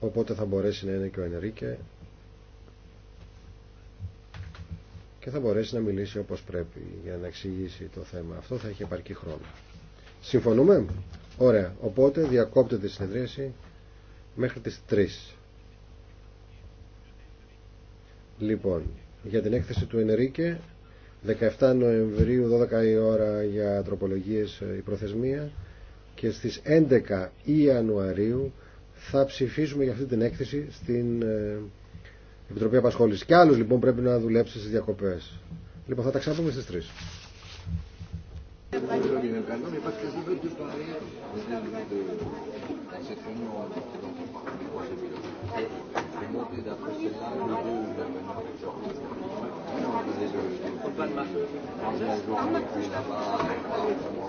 οπότε θα μπορέσει να είναι και ο Ενρίκε και θα μπορέσει να μιλήσει όπως πρέπει για να εξηγήσει το θέμα. Αυτό θα έχει επαρκή χρόνο. Συμφωνούμε? Ωραία. Οπότε διακόπτεται η συνεδρίαση μέχρι τις 3. Λοιπόν, για την έκθεση του Ενρίκε 17 Νοεμβρίου 12 η ώρα για τροπολογίες ε, η προθεσμία και στις 11 Ιανουαρίου θα ψηφίσουμε για αυτή την έκθεση στην ε, Επιτροπή Απασχόλησης. Και άλλους λοιπόν πρέπει να δουλέψει στις διακοπές. Λοιπόν θα τα ξαναπούμε στις 3.